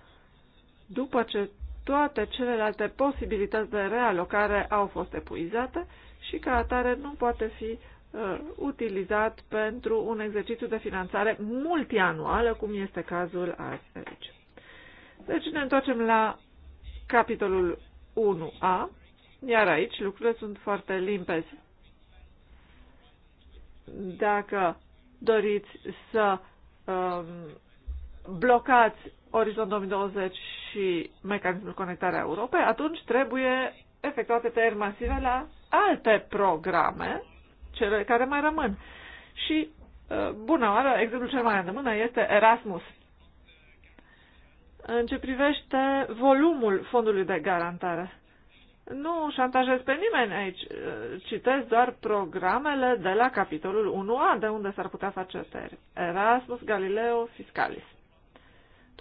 după ce toate celelalte posibilități de realocare au fost epuizate și ca atare nu poate fi uh, utilizat pentru un exercițiu de finanțare multianuală, cum este cazul azi aici. Deci ne întoarcem la capitolul 1a, iar aici lucrurile sunt foarte limpezi. Dacă doriți să um, blocați Orizont 2020 și mecanismul conectarea Europei, atunci trebuie efectuate tăieri masive la alte programe, cele care mai rămân. Și, ă, bună oară, exemplul cel mai îndemână este Erasmus. În ce privește volumul fondului de garantare, nu șantajez pe nimeni aici, ă, citesc doar programele de la capitolul 1A, de unde s-ar putea face tăieri. Erasmus, Galileo, Fiscalis.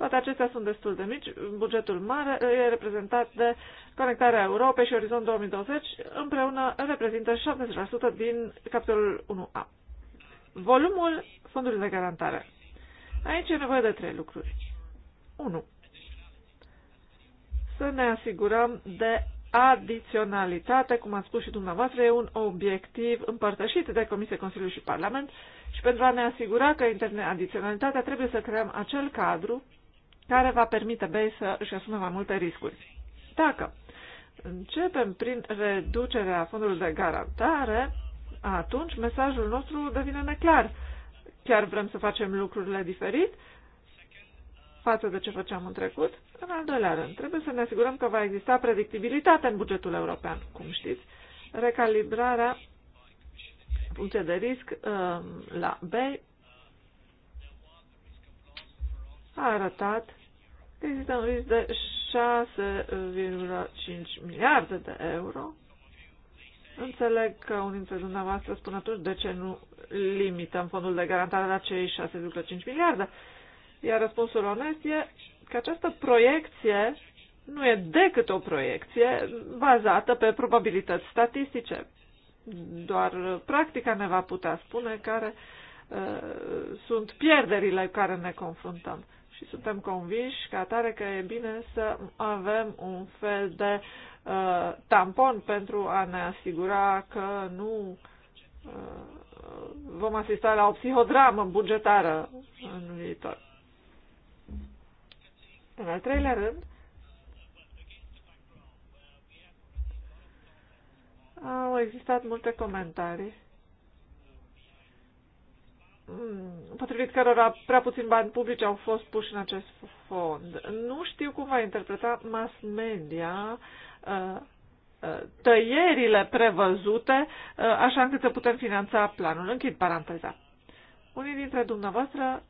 Toate acestea sunt destul de mici. Bugetul mare e reprezentat de Conectarea Europei și Orizont 2020, împreună reprezintă 70% din capitolul 1A. Volumul fondului de garantare. Aici e nevoie de trei lucruri. 1. Să ne asigurăm de adiționalitate, cum ați spus și dumneavoastră, e un obiectiv împărtășit de Comisie, Consiliu și Parlament și pentru a ne asigura că adiționalitatea trebuie să creăm acel cadru care va permite BEI să își asume mai multe riscuri. Dacă începem prin reducerea fondului de garantare, atunci mesajul nostru devine neclar. Chiar vrem să facem lucrurile diferit față de ce făceam în trecut? În al doilea rând, trebuie să ne asigurăm că va exista predictibilitate în bugetul european. Cum știți, recalibrarea funcție de risc um, la B a arătat Există un risc de 6,5 miliarde de euro. Înțeleg că unii dintre dumneavoastră spun atunci de ce nu limităm fondul de garantare la cei 6,5 miliarde. Iar răspunsul onest e că această proiecție nu e decât o proiecție bazată pe probabilități statistice. Doar uh, practica ne va putea spune care uh, sunt pierderile care ne confruntăm și suntem convinși ca atare că e bine să avem un fel de uh, tampon pentru a ne asigura că nu uh, vom asista la o psihodramă bugetară în viitor. În al treilea rând, au existat multe comentarii Mm, potrivit cărora prea puțin bani publici au fost puși în acest fond. Nu știu cum va interpreta mass media uh, uh, tăierile prevăzute, uh, așa încât să putem finanța planul. Închid paranteza. Unii dintre dumneavoastră,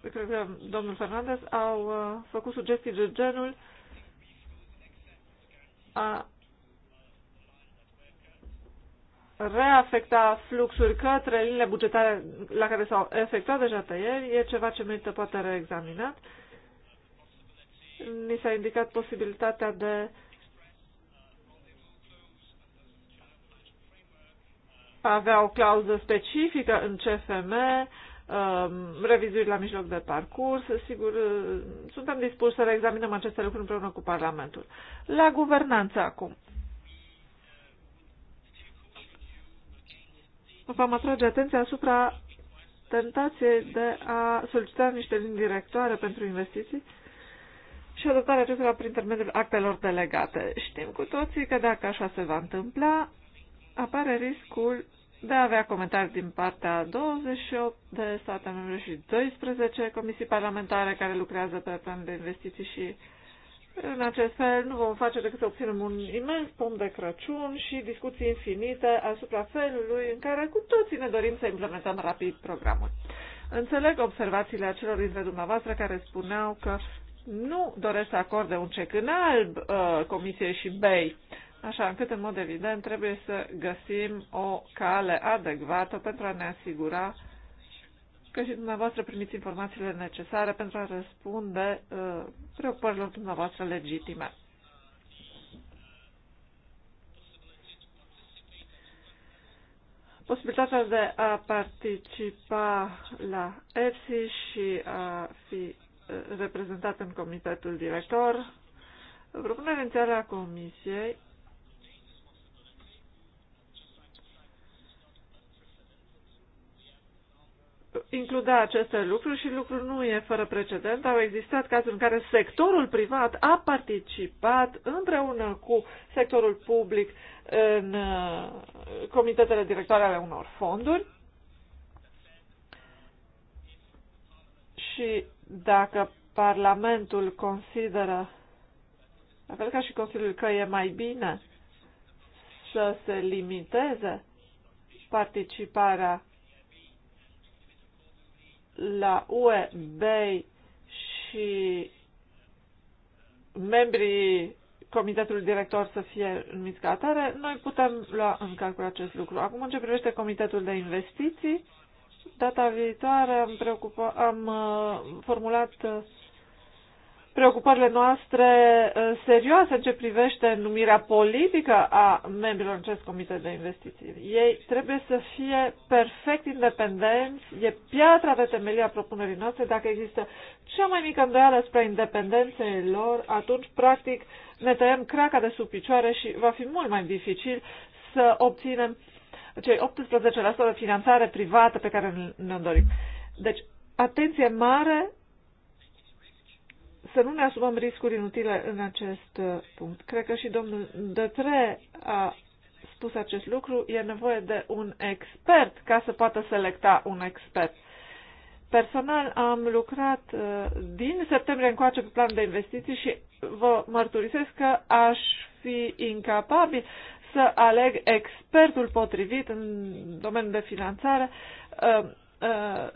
cred că domnul Fernandez, au făcut sugestii de genul a reafecta fluxuri către linile bugetare la care s-au efectuat deja tăieri e ceva ce merită poate reexaminat. Ni s-a indicat posibilitatea de a avea o clauză specifică în CFM, um, revizuiri la mijloc de parcurs. Sigur, uh, suntem dispuși să reexaminăm aceste lucruri împreună cu Parlamentul. La guvernanță acum. v-am atrage atenția asupra tentației de a solicita niște linii directoare pentru investiții și adoptarea acestora prin intermediul actelor delegate. Știm cu toții că dacă așa se va întâmpla, apare riscul de a avea comentarii din partea 28 de state membre și 12 comisii parlamentare care lucrează pe plan de investiții și în acest fel nu vom face decât să obținem un imens pom de Crăciun și discuții infinite asupra felului în care cu toții ne dorim să implementăm rapid programul. Înțeleg observațiile acelor dintre dumneavoastră care spuneau că nu doresc să acorde un cec în alb uh, Comisiei și BEI, așa încât, în mod evident, trebuie să găsim o cale adecvată pentru a ne asigura că și dumneavoastră primiți informațiile necesare pentru a răspunde uh, preocupărilor dumneavoastră legitime. Posibilitatea de a participa la EFSI și a fi uh, reprezentat în comitetul director. Propunerea inițială a Comisiei includea aceste lucruri și lucrul nu e fără precedent. Au existat cazuri în care sectorul privat a participat împreună cu sectorul public în uh, comitetele directoare ale unor fonduri și dacă Parlamentul consideră, la fel ca și Consiliul, că e mai bine să se limiteze participarea la UE, BEI și membrii comitetului director să fie numiți ca atare, noi putem lua în calcul acest lucru. Acum, în ce privește comitetul de investiții, data viitoare am, preocupa, am uh, formulat uh, preocupările noastre uh, serioase în ce privește numirea politică a membrilor în acest comitet de investiții. Ei trebuie să fie perfect independenți, e piatra de temelie a propunerii noastre. Dacă există cea mai mică îndoială spre independenței lor, atunci, practic, ne tăiem craca de sub picioare și va fi mult mai dificil să obținem cei 18% de finanțare privată pe care ne-o dorim. Deci, atenție mare să nu ne asumăm riscuri inutile în acest uh, punct. Cred că și domnul Dătre a spus acest lucru, e nevoie de un expert ca să poată selecta un expert. Personal am lucrat uh, din septembrie încoace pe plan de investiții și vă mărturisesc că aș fi incapabil să aleg expertul potrivit în domeniul de finanțare. Uh,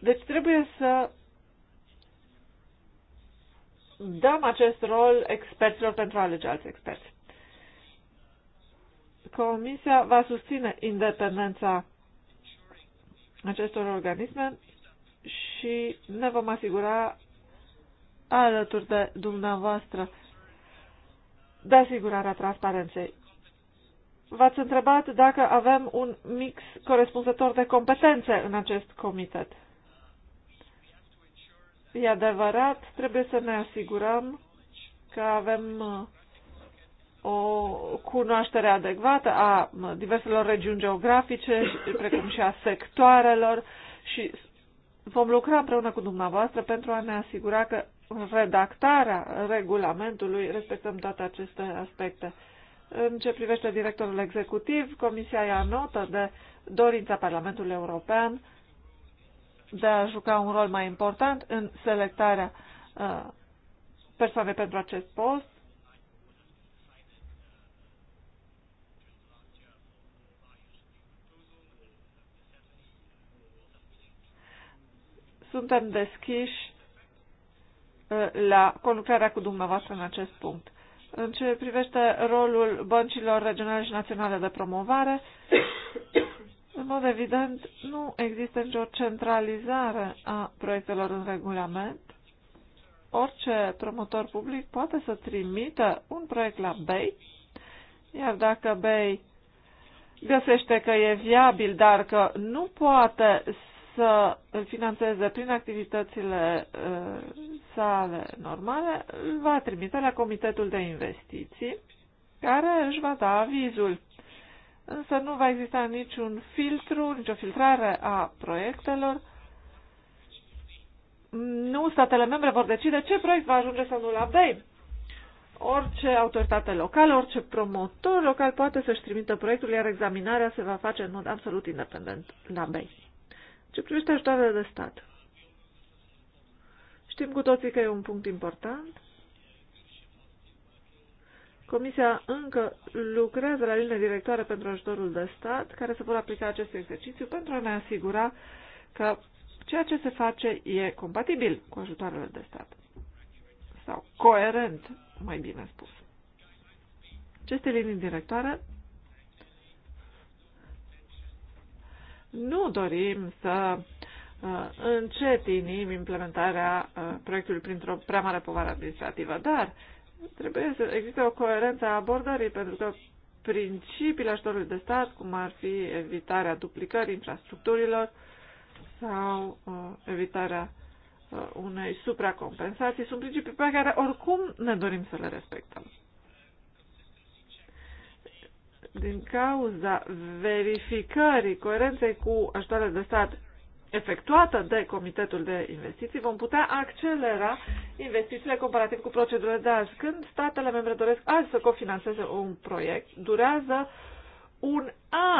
deci trebuie să dăm acest rol experților pentru a alege alți experți. Comisia va susține independența acestor organisme și ne vom asigura alături de dumneavoastră de asigurarea transparenței. V-ați întrebat dacă avem un mix corespunzător de competențe în acest comitet. E adevărat, trebuie să ne asigurăm că avem uh, o cunoaștere adecvată a uh, diverselor regiuni geografice, precum și a sectoarelor și vom lucra împreună cu dumneavoastră pentru a ne asigura că redactarea regulamentului respectăm toate aceste aspecte. În ce privește directorul executiv, Comisia ia notă de dorința Parlamentului European de a juca un rol mai important în selectarea uh, persoanei pentru acest post. Suntem deschiși uh, la conlucrarea cu dumneavoastră în acest punct. În ce privește rolul băncilor regionale și naționale de promovare, în mod evident, nu există nicio centralizare a proiectelor în regulament. Orice promotor public poate să trimită un proiect la BEI, iar dacă BEI găsește că e viabil, dar că nu poate să îl financeze prin activitățile uh, sale normale, îl va trimite la Comitetul de Investiții, care își va da avizul însă nu va exista niciun filtru, nicio filtrare a proiectelor. Nu statele membre vor decide ce proiect va ajunge sau nu la BEI. Orice autoritate locală, orice promotor local poate să-și trimită proiectul, iar examinarea se va face în mod absolut independent la BEI. Ce privește ajutoarele de stat? Știm cu toții că e un punct important Comisia încă lucrează la linia directoare pentru ajutorul de stat care se vor aplica acest exercițiu pentru a ne asigura că ceea ce se face e compatibil cu ajutoarele de stat sau coerent, mai bine spus. Aceste linii directoare nu dorim să uh, încetinim implementarea uh, proiectului printr-o prea mare povară administrativă, dar Trebuie să existe o coerență a abordării, pentru că principiile ajutorului de stat, cum ar fi evitarea duplicării infrastructurilor sau uh, evitarea uh, unei supracompensații, sunt principii pe care oricum ne dorim să le respectăm. Din cauza verificării coerenței cu ajutoarele de stat efectuată de Comitetul de Investiții, vom putea accelera investițiile comparativ cu procedurile de azi. Când statele membre doresc azi să cofinanțeze un proiect, durează un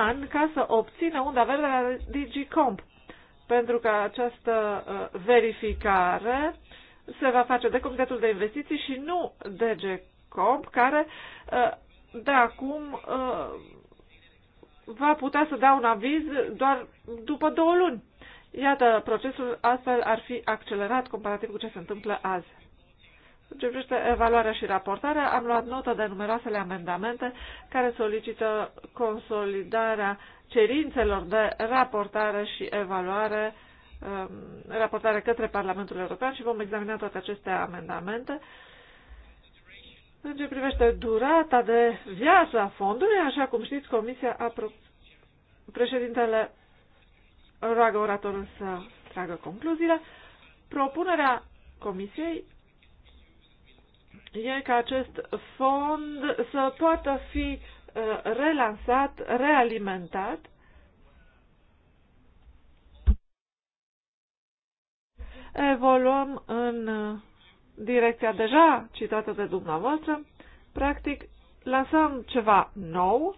an ca să obțină un verde la DigiComp, pentru că această uh, verificare se va face de Comitetul de Investiții și nu DGComp, care uh, de acum uh, va putea să dea un aviz doar după două luni. Iată, procesul astfel ar fi accelerat comparativ cu ce se întâmplă azi. În ce privește evaluarea și raportarea, am luat notă de numeroasele amendamente care solicită consolidarea cerințelor de raportare și evaluare um, raportare către Parlamentul European și vom examina toate aceste amendamente. În ce privește durata de viață a fondului, așa cum știți, Comisia a președintele roagă oratorul să tragă concluziile. Propunerea Comisiei e ca acest fond să poată fi uh, relansat, realimentat evoluăm în uh, direcția deja citată de dumneavoastră. Practic, lansăm ceva nou,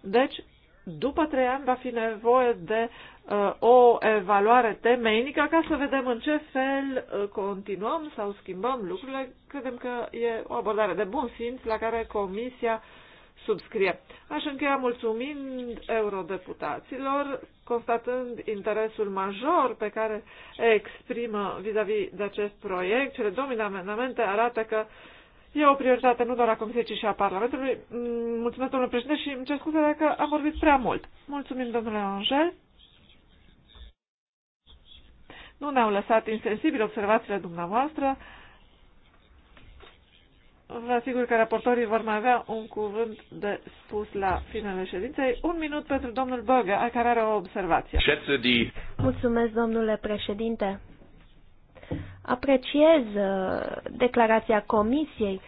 deci după trei ani va fi nevoie de uh, o evaluare temeinică ca să vedem în ce fel uh, continuăm sau schimbăm lucrurile. Credem că e o abordare de bun simț la care Comisia subscrie. Aș încheia mulțumind eurodeputaților, constatând interesul major pe care exprimă vis-a-vis -vis de acest proiect. Cele două amendamente arată că uh, E o prioritate nu doar a Comisiei, ci și a Parlamentului. Mm, mulțumesc, domnule președinte, și îmi cer scuze dacă am vorbit prea mult. Mulțumim, domnule Angel. Nu ne-au lăsat insensibili observațiile dumneavoastră. Vă asigur că raportorii vor mai avea un cuvânt de spus la finele ședinței. Un minut pentru domnul Băgă, care are o observație. Mulțumesc, domnule președinte. Apreciez uh, declarația Comisiei,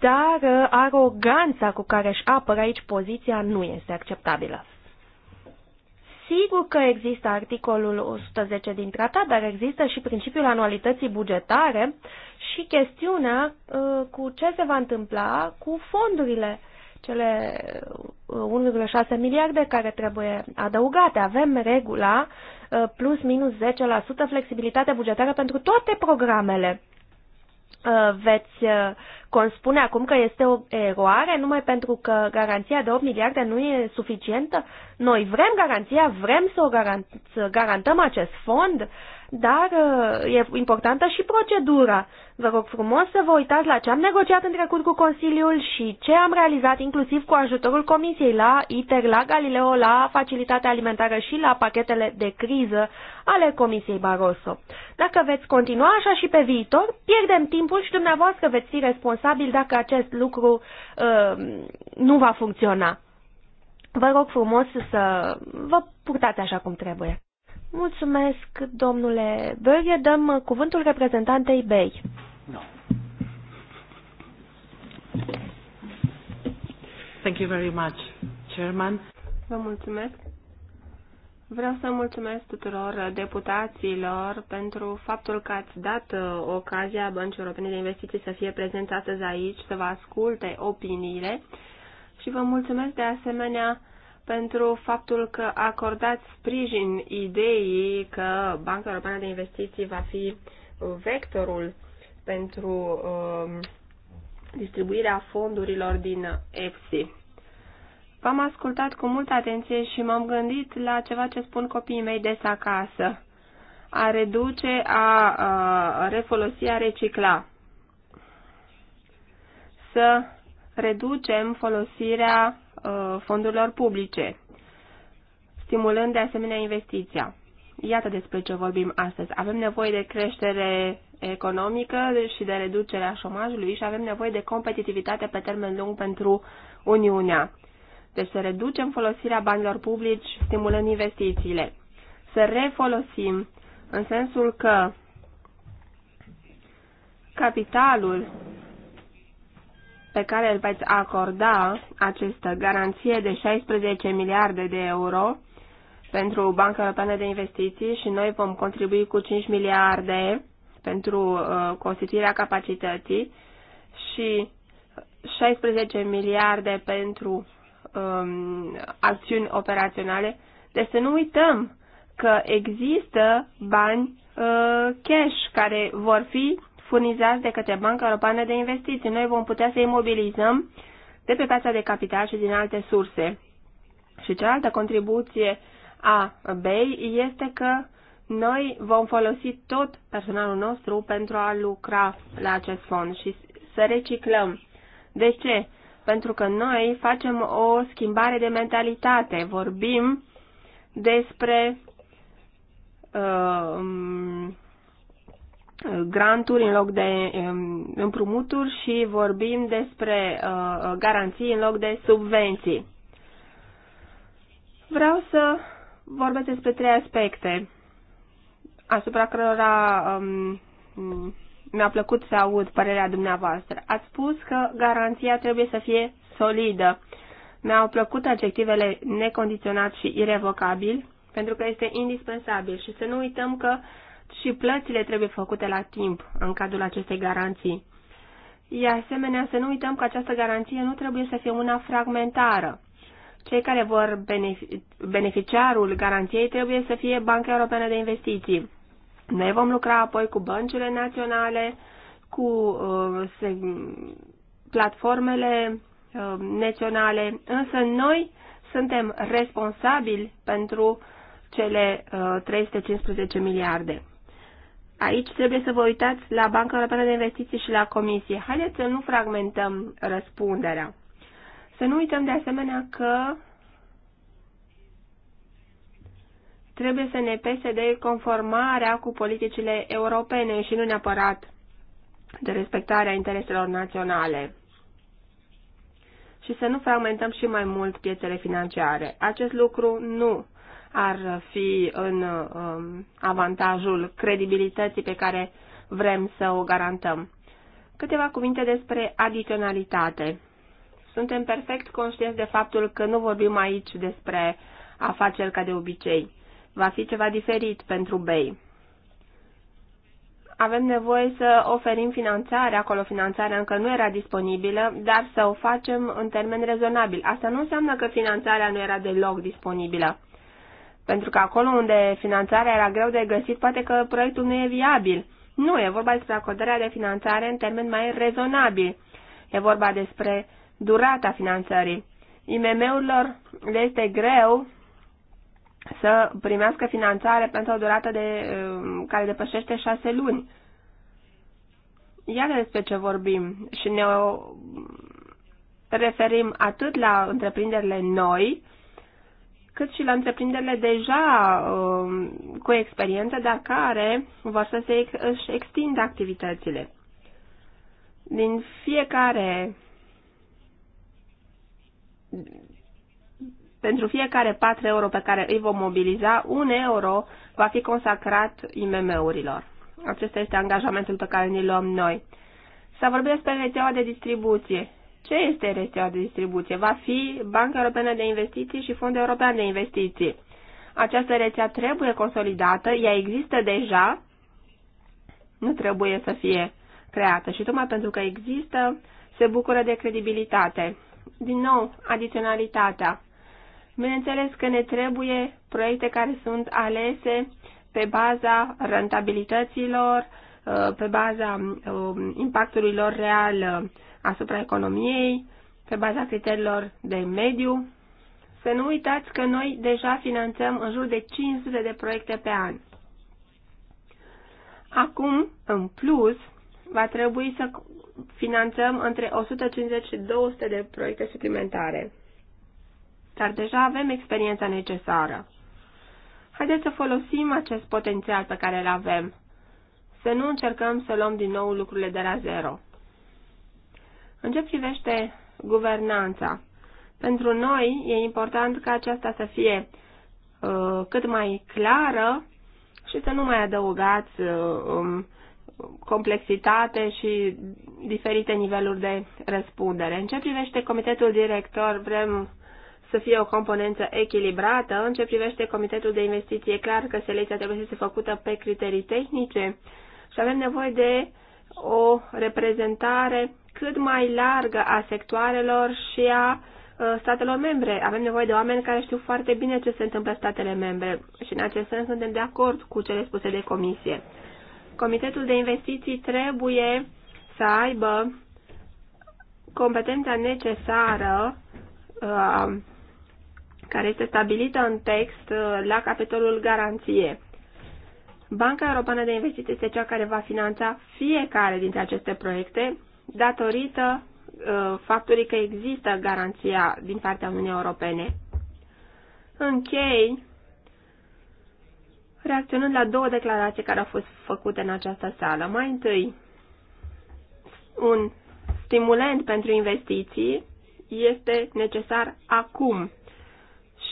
dar uh, aroganța cu care își apără aici poziția nu este acceptabilă. Sigur că există articolul 110 din tratat, dar există și principiul anualității bugetare și chestiunea uh, cu ce se va întâmpla cu fondurile, cele 1,6 miliarde care trebuie adăugate. Avem regula Uh, plus minus 10% flexibilitate bugetară pentru toate programele. Uh, veți uh, conspune acum că este o eroare numai pentru că garanția de 8 miliarde nu e suficientă? Noi vrem garanția, vrem să, o garant, să garantăm acest fond, dar uh, e importantă și procedura. Vă rog frumos să vă uitați la ce am negociat în trecut cu Consiliul și ce am realizat inclusiv cu ajutorul Comisiei la ITER, la Galileo, la Facilitatea Alimentară și la pachetele de criză ale Comisiei Barroso. Dacă veți continua așa și pe viitor, pierdem timpul și dumneavoastră veți fi responsabil dacă acest lucru uh, nu va funcționa. Vă rog frumos să vă purtați așa cum trebuie. Mulțumesc, domnule Böge. Dăm uh, cuvântul reprezentantei BEI. No. Thank you very much, Chairman. Vă mulțumesc. Vreau să mulțumesc tuturor deputaților pentru faptul că ați dat uh, ocazia Băncii Europene de Investiții să fie prezentată astăzi aici, să vă asculte opiniile și vă mulțumesc de asemenea pentru faptul că acordați sprijin ideii că Banca Europeană de Investiții va fi vectorul pentru uh, distribuirea fondurilor din Epsi. V-am ascultat cu multă atenție și m-am gândit la ceva ce spun copiii mei des acasă. A reduce, a, a refolosi, a recicla. Să reducem folosirea Uh, fondurilor publice, stimulând de asemenea investiția. Iată despre ce vorbim astăzi. Avem nevoie de creștere economică și de reducerea șomajului și avem nevoie de competitivitate pe termen lung pentru Uniunea. Deci să reducem folosirea banilor publici, stimulând investițiile. Să refolosim în sensul că capitalul pe care îl veți acorda această garanție de 16 miliarde de euro pentru Banca Europeană de Investiții și noi vom contribui cu 5 miliarde pentru uh, constituirea capacității și 16 miliarde pentru um, acțiuni operaționale. Deci să nu uităm că există bani uh, cash care vor fi furnizați de către Banca Europeană de Investiții. Noi vom putea să imobilizăm de pe piața de capital și din alte surse. Și cealaltă contribuție a BEI este că noi vom folosi tot personalul nostru pentru a lucra la acest fond și să reciclăm. De ce? Pentru că noi facem o schimbare de mentalitate. Vorbim despre uh, granturi în loc de um, împrumuturi și vorbim despre uh, garanții în loc de subvenții. Vreau să vorbesc despre trei aspecte asupra cărora um, mi-a plăcut să aud părerea dumneavoastră. Ați spus că garanția trebuie să fie solidă. Mi-au plăcut adjectivele necondiționat și irevocabil, pentru că este indispensabil. Și să nu uităm că uh, și plățile trebuie făcute la timp în cadrul acestei garanții. de asemenea să nu uităm că această garanție nu trebuie să fie una fragmentară. Cei care vor benefic beneficiarul garanției trebuie să fie Banca Europeană de Investiții. Noi vom lucra apoi cu băncile naționale, cu uh, se, platformele uh, naționale, însă noi suntem responsabili pentru cele uh, 315 miliarde. Aici trebuie să vă uitați la Banca Europeană de Investiții și la Comisie. Haideți să nu fragmentăm răspunderea. Să nu uităm de asemenea că trebuie să ne pese de conformarea cu politicile europene și nu neapărat de respectarea intereselor naționale. Și să nu fragmentăm și mai mult piețele financiare. Acest lucru nu ar fi în um, avantajul credibilității pe care vrem să o garantăm. Câteva cuvinte despre adiționalitate. Suntem perfect conștienți de faptul că nu vorbim aici despre afaceri ca de obicei. Va fi ceva diferit pentru BEI. Avem nevoie să oferim finanțare, acolo finanțarea încă nu era disponibilă, dar să o facem în termen rezonabil. Asta nu înseamnă că finanțarea nu era deloc disponibilă. Pentru că acolo unde finanțarea era greu de găsit, poate că proiectul nu e viabil. Nu, e vorba despre acordarea de finanțare în termen mai rezonabil. E vorba despre durata finanțării. IMM-urilor le este greu să primească finanțare pentru o durată de, um, care depășește șase luni. Iată despre ce vorbim și ne referim atât la întreprinderile noi, cât și la întreprinderile deja uh, cu experiență, dar care vor să se, își extindă activitățile. Din fiecare pentru fiecare 4 euro pe care îi vom mobiliza, 1 euro va fi consacrat IMM-urilor. Acesta este angajamentul pe care ne luăm noi. S-a vorbit despre rețeaua de distribuție. Ce este rețeaua de distribuție? Va fi Banca Europeană de Investiții și Fondul European de Investiții. Această rețea trebuie consolidată, ea există deja, nu trebuie să fie creată și tocmai pentru că există, se bucură de credibilitate. Din nou, adiționalitatea. Bineînțeles că ne trebuie proiecte care sunt alese pe baza rentabilităților, pe baza um, impactului lor real asupra economiei, pe baza criteriilor de mediu. Să nu uitați că noi deja finanțăm în jur de 500 de proiecte pe an. Acum, în plus, va trebui să finanțăm între 150 și 200 de proiecte suplimentare. Dar deja avem experiența necesară. Haideți să folosim acest potențial pe care îl avem. Să nu încercăm să luăm din nou lucrurile de la zero. În ce privește guvernanța? Pentru noi e important ca aceasta să fie uh, cât mai clară și să nu mai adăugați uh, um, complexitate și diferite niveluri de răspundere. În ce privește comitetul director, vrem să fie o componență echilibrată. În ce privește comitetul de investiții, e clar că selecția trebuie să fie făcută pe criterii tehnice și avem nevoie de o reprezentare cât mai largă a sectoarelor și a uh, statelor membre. Avem nevoie de oameni care știu foarte bine ce se întâmplă în statele membre și în acest sens suntem de acord cu cele spuse de comisie. Comitetul de investiții trebuie să aibă competența necesară uh, care este stabilită în text uh, la capitolul garanție. Banca Europeană de Investiții este cea care va finanța fiecare dintre aceste proiecte datorită uh, faptului că există garanția din partea Uniunii Europene. Închei reacționând la două declarații care au fost făcute în această sală. Mai întâi, un stimulent pentru investiții este necesar acum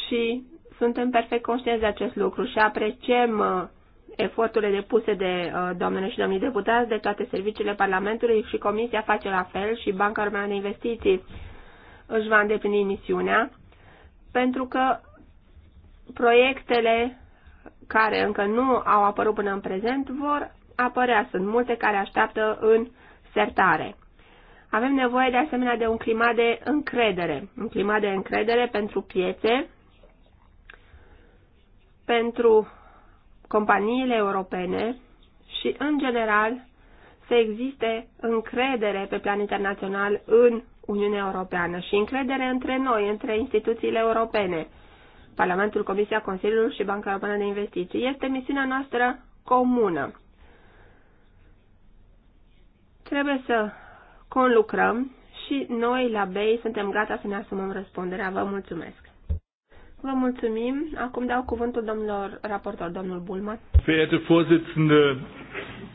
și suntem perfect conștienți de acest lucru și apreciem uh, eforturile depuse de uh, doamnele și domnii deputați, de toate serviciile Parlamentului și Comisia face la fel și Banca Română de Investiții își va îndeplini misiunea, pentru că proiectele care încă nu au apărut până în prezent vor apărea. Sunt multe care așteaptă în sertare. Avem nevoie de asemenea de un climat de încredere, un climat de încredere pentru piețe, pentru companiile europene și, în general, să existe încredere pe plan internațional în Uniunea Europeană și încredere între noi, între instituțiile europene, Parlamentul, Comisia, Consiliul și Banca Europeană de Investiții. Este misiunea noastră comună. Trebuie să conlucrăm și noi la BEI suntem gata să ne asumăm răspunderea. Vă mulțumesc! Vă mulțumim. Acum dau cuvântul domnilor raportor, domnul Bulman. Verehrte Vorsitzende,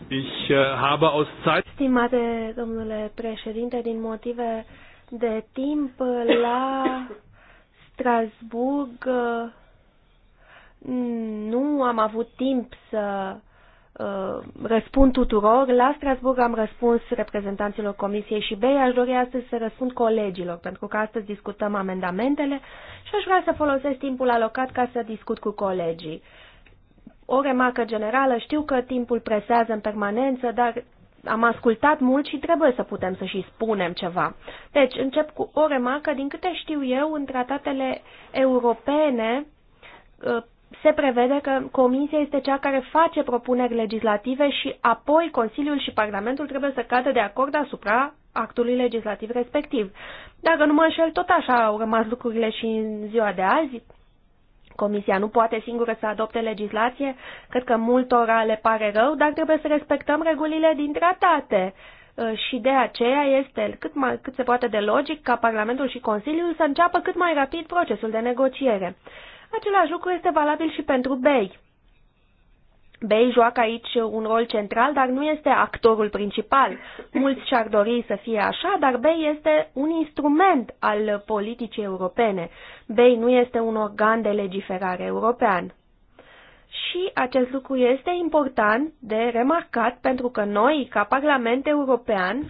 ich äh, habe aus Zeit... Stimate domnule președinte, din motive de timp la Strasburg mm, nu am avut timp să Uh, răspund tuturor. La Strasburg am răspuns reprezentanților Comisiei și BEI. Aș dori astăzi să răspund colegilor, pentru că astăzi discutăm amendamentele și aș vrea să folosesc timpul alocat ca să discut cu colegii. O remarcă generală, știu că timpul presează în permanență, dar am ascultat mult și trebuie să putem să și spunem ceva. Deci, încep cu o remarcă. Din câte știu eu, în tratatele europene, uh, se prevede că Comisia este cea care face propuneri legislative și apoi Consiliul și Parlamentul trebuie să cadă de acord asupra actului legislativ respectiv. Dacă nu mă înșel, tot așa au rămas lucrurile și în ziua de azi. Comisia nu poate singură să adopte legislație, cred că multora le pare rău, dar trebuie să respectăm regulile din tratate. Uh, și de aceea este cât, mai, cât se poate de logic ca Parlamentul și Consiliul să înceapă cât mai rapid procesul de negociere. Același lucru este valabil și pentru BEI. BEI joacă aici un rol central, dar nu este actorul principal. Mulți și-ar dori să fie așa, dar BEI este un instrument al politicii europene. BEI nu este un organ de legiferare european. Și acest lucru este important de remarcat pentru că noi, ca Parlament European,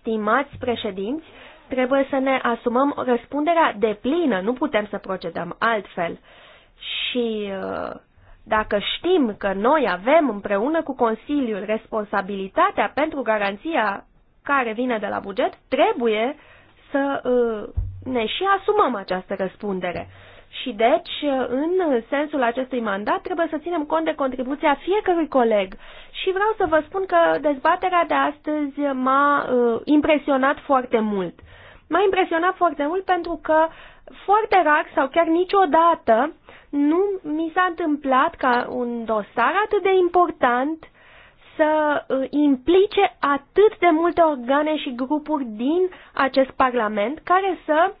stimați președinți, Trebuie să ne asumăm răspunderea deplină, nu putem să procedăm altfel. Și uh, dacă știm că noi avem împreună cu Consiliul responsabilitatea pentru garanția care vine de la buget, trebuie să uh, ne și asumăm această răspundere. Și deci, uh, în sensul acestui mandat, trebuie să ținem cont de contribuția fiecărui coleg. Și vreau să vă spun că dezbaterea de astăzi m-a uh, impresionat foarte mult m-a impresionat foarte mult pentru că foarte rar sau chiar niciodată nu mi s-a întâmplat ca un dosar atât de important să uh, implice atât de multe organe și grupuri din acest Parlament care să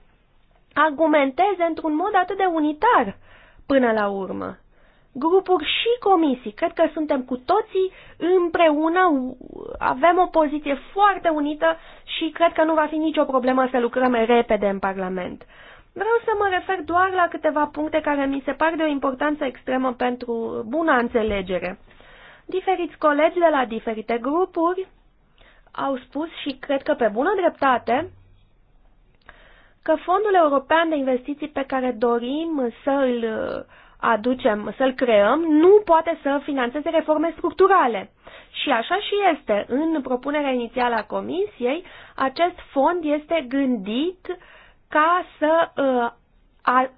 argumenteze într-un mod atât de unitar până la urmă grupuri și comisii. Cred că suntem cu toții împreună, avem o poziție foarte unită și cred că nu va fi nicio problemă să lucrăm repede în Parlament. Vreau să mă refer doar la câteva puncte care mi se par de o importanță extremă pentru buna înțelegere. Diferiți colegi de la diferite grupuri au spus și cred că pe bună dreptate că fondul european de investiții pe care dorim să îl aducem, să-l creăm, nu poate să financeze reforme structurale. Și așa și este. În propunerea inițială a Comisiei, acest fond este gândit ca să uh, a,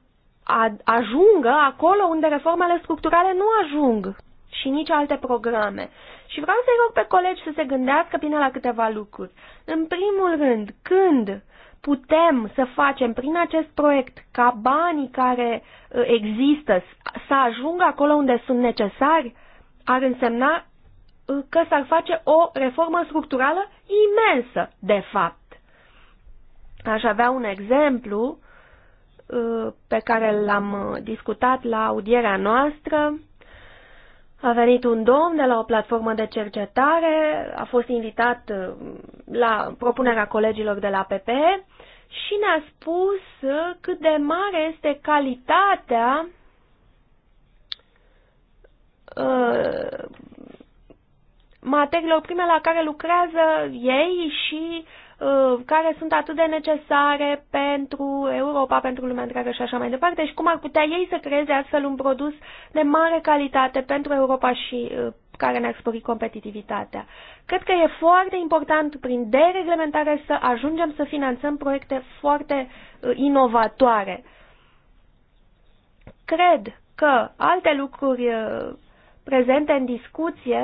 a, ajungă acolo unde reformele structurale nu ajung și nici alte programe. Și vreau să-i rog pe colegi să se gândească bine la câteva lucruri. În primul rând, când putem să facem prin acest proiect ca banii care uh, există să ajungă acolo unde sunt necesari, ar însemna uh, că s-ar face o reformă structurală imensă, de fapt. Aș avea un exemplu uh, pe care l-am discutat la audierea noastră. A venit un domn de la o platformă de cercetare, a fost invitat la propunerea colegilor de la PPE și ne-a spus uh, cât de mare este calitatea uh, materiilor prime la care lucrează ei și uh, care sunt atât de necesare pentru Europa, pentru lumea întreagă și așa mai departe și cum ar putea ei să creeze astfel un produs de mare calitate pentru Europa și uh, care ne-ar spori competitivitatea. Cred că e foarte important prin dereglementare să ajungem să finanțăm proiecte foarte uh, inovatoare. Cred că alte lucruri uh, prezente în discuție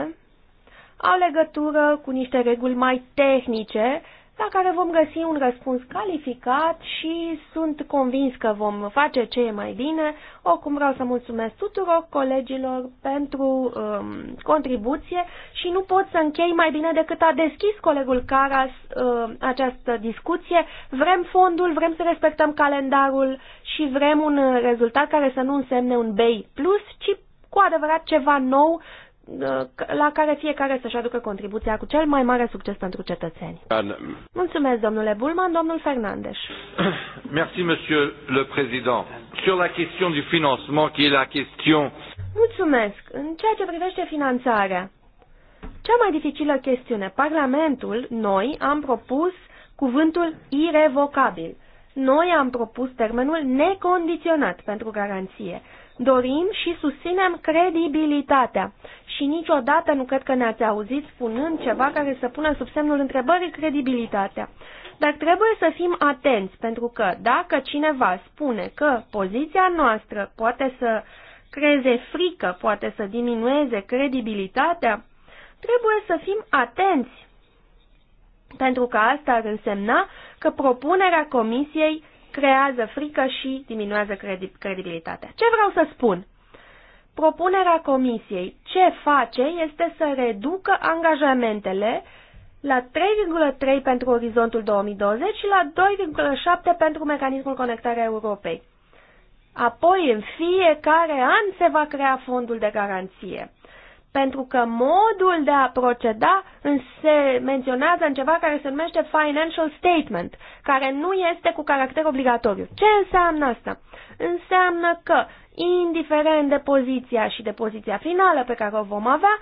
au legătură cu niște reguli mai tehnice la care vom găsi un răspuns calificat și sunt convins că vom face ce e mai bine. Oricum vreau să mulțumesc tuturor colegilor pentru um, contribuție și nu pot să închei mai bine decât a deschis colegul Caras uh, această discuție. Vrem fondul, vrem să respectăm calendarul și vrem un rezultat care să nu însemne un BEI plus, ci cu adevărat ceva nou la care fiecare să-și aducă contribuția cu cel mai mare succes pentru cetățeni. Mulțumesc, domnule Bulman, domnul Fernandes. Merci, monsieur le président. Sur la question du financement, qui est la question... Mulțumesc. În ceea ce privește finanțarea, cea mai dificilă chestiune, Parlamentul, noi am propus cuvântul irrevocabil. Noi am propus termenul necondiționat pentru garanție dorim și susținem credibilitatea. Și niciodată nu cred că ne-ați auzit spunând ceva care să pună sub semnul întrebării credibilitatea. Dar trebuie să fim atenți, pentru că dacă cineva spune că poziția noastră poate să creeze frică, poate să diminueze credibilitatea, trebuie să fim atenți, pentru că asta ar însemna că propunerea Comisiei creează frică și diminuează credibilitatea. Ce vreau să spun? Propunerea comisiei ce face este să reducă angajamentele la 3,3 pentru orizontul 2020 și la 2,7 pentru mecanismul conectarea Europei. Apoi, în fiecare an, se va crea fondul de garanție pentru că modul de a proceda se menționează în ceva care se numește financial statement, care nu este cu caracter obligatoriu. Ce înseamnă asta? Înseamnă că, indiferent de poziția și de poziția finală pe care o vom avea,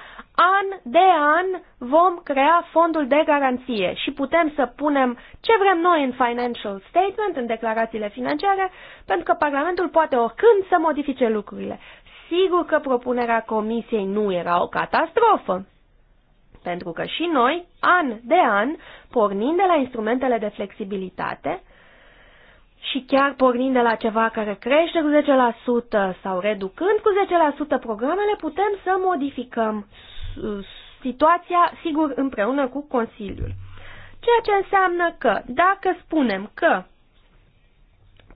an de an vom crea fondul de garanție și putem să punem ce vrem noi în financial statement, în declarațiile financiare, pentru că Parlamentul poate oricând să modifice lucrurile. Sigur că propunerea comisiei nu era o catastrofă, pentru că și noi, an de an, pornind de la instrumentele de flexibilitate și chiar pornind de la ceva care crește cu 10% sau reducând cu 10% programele, putem să modificăm situația, sigur, împreună cu Consiliul. Ceea ce înseamnă că, dacă spunem că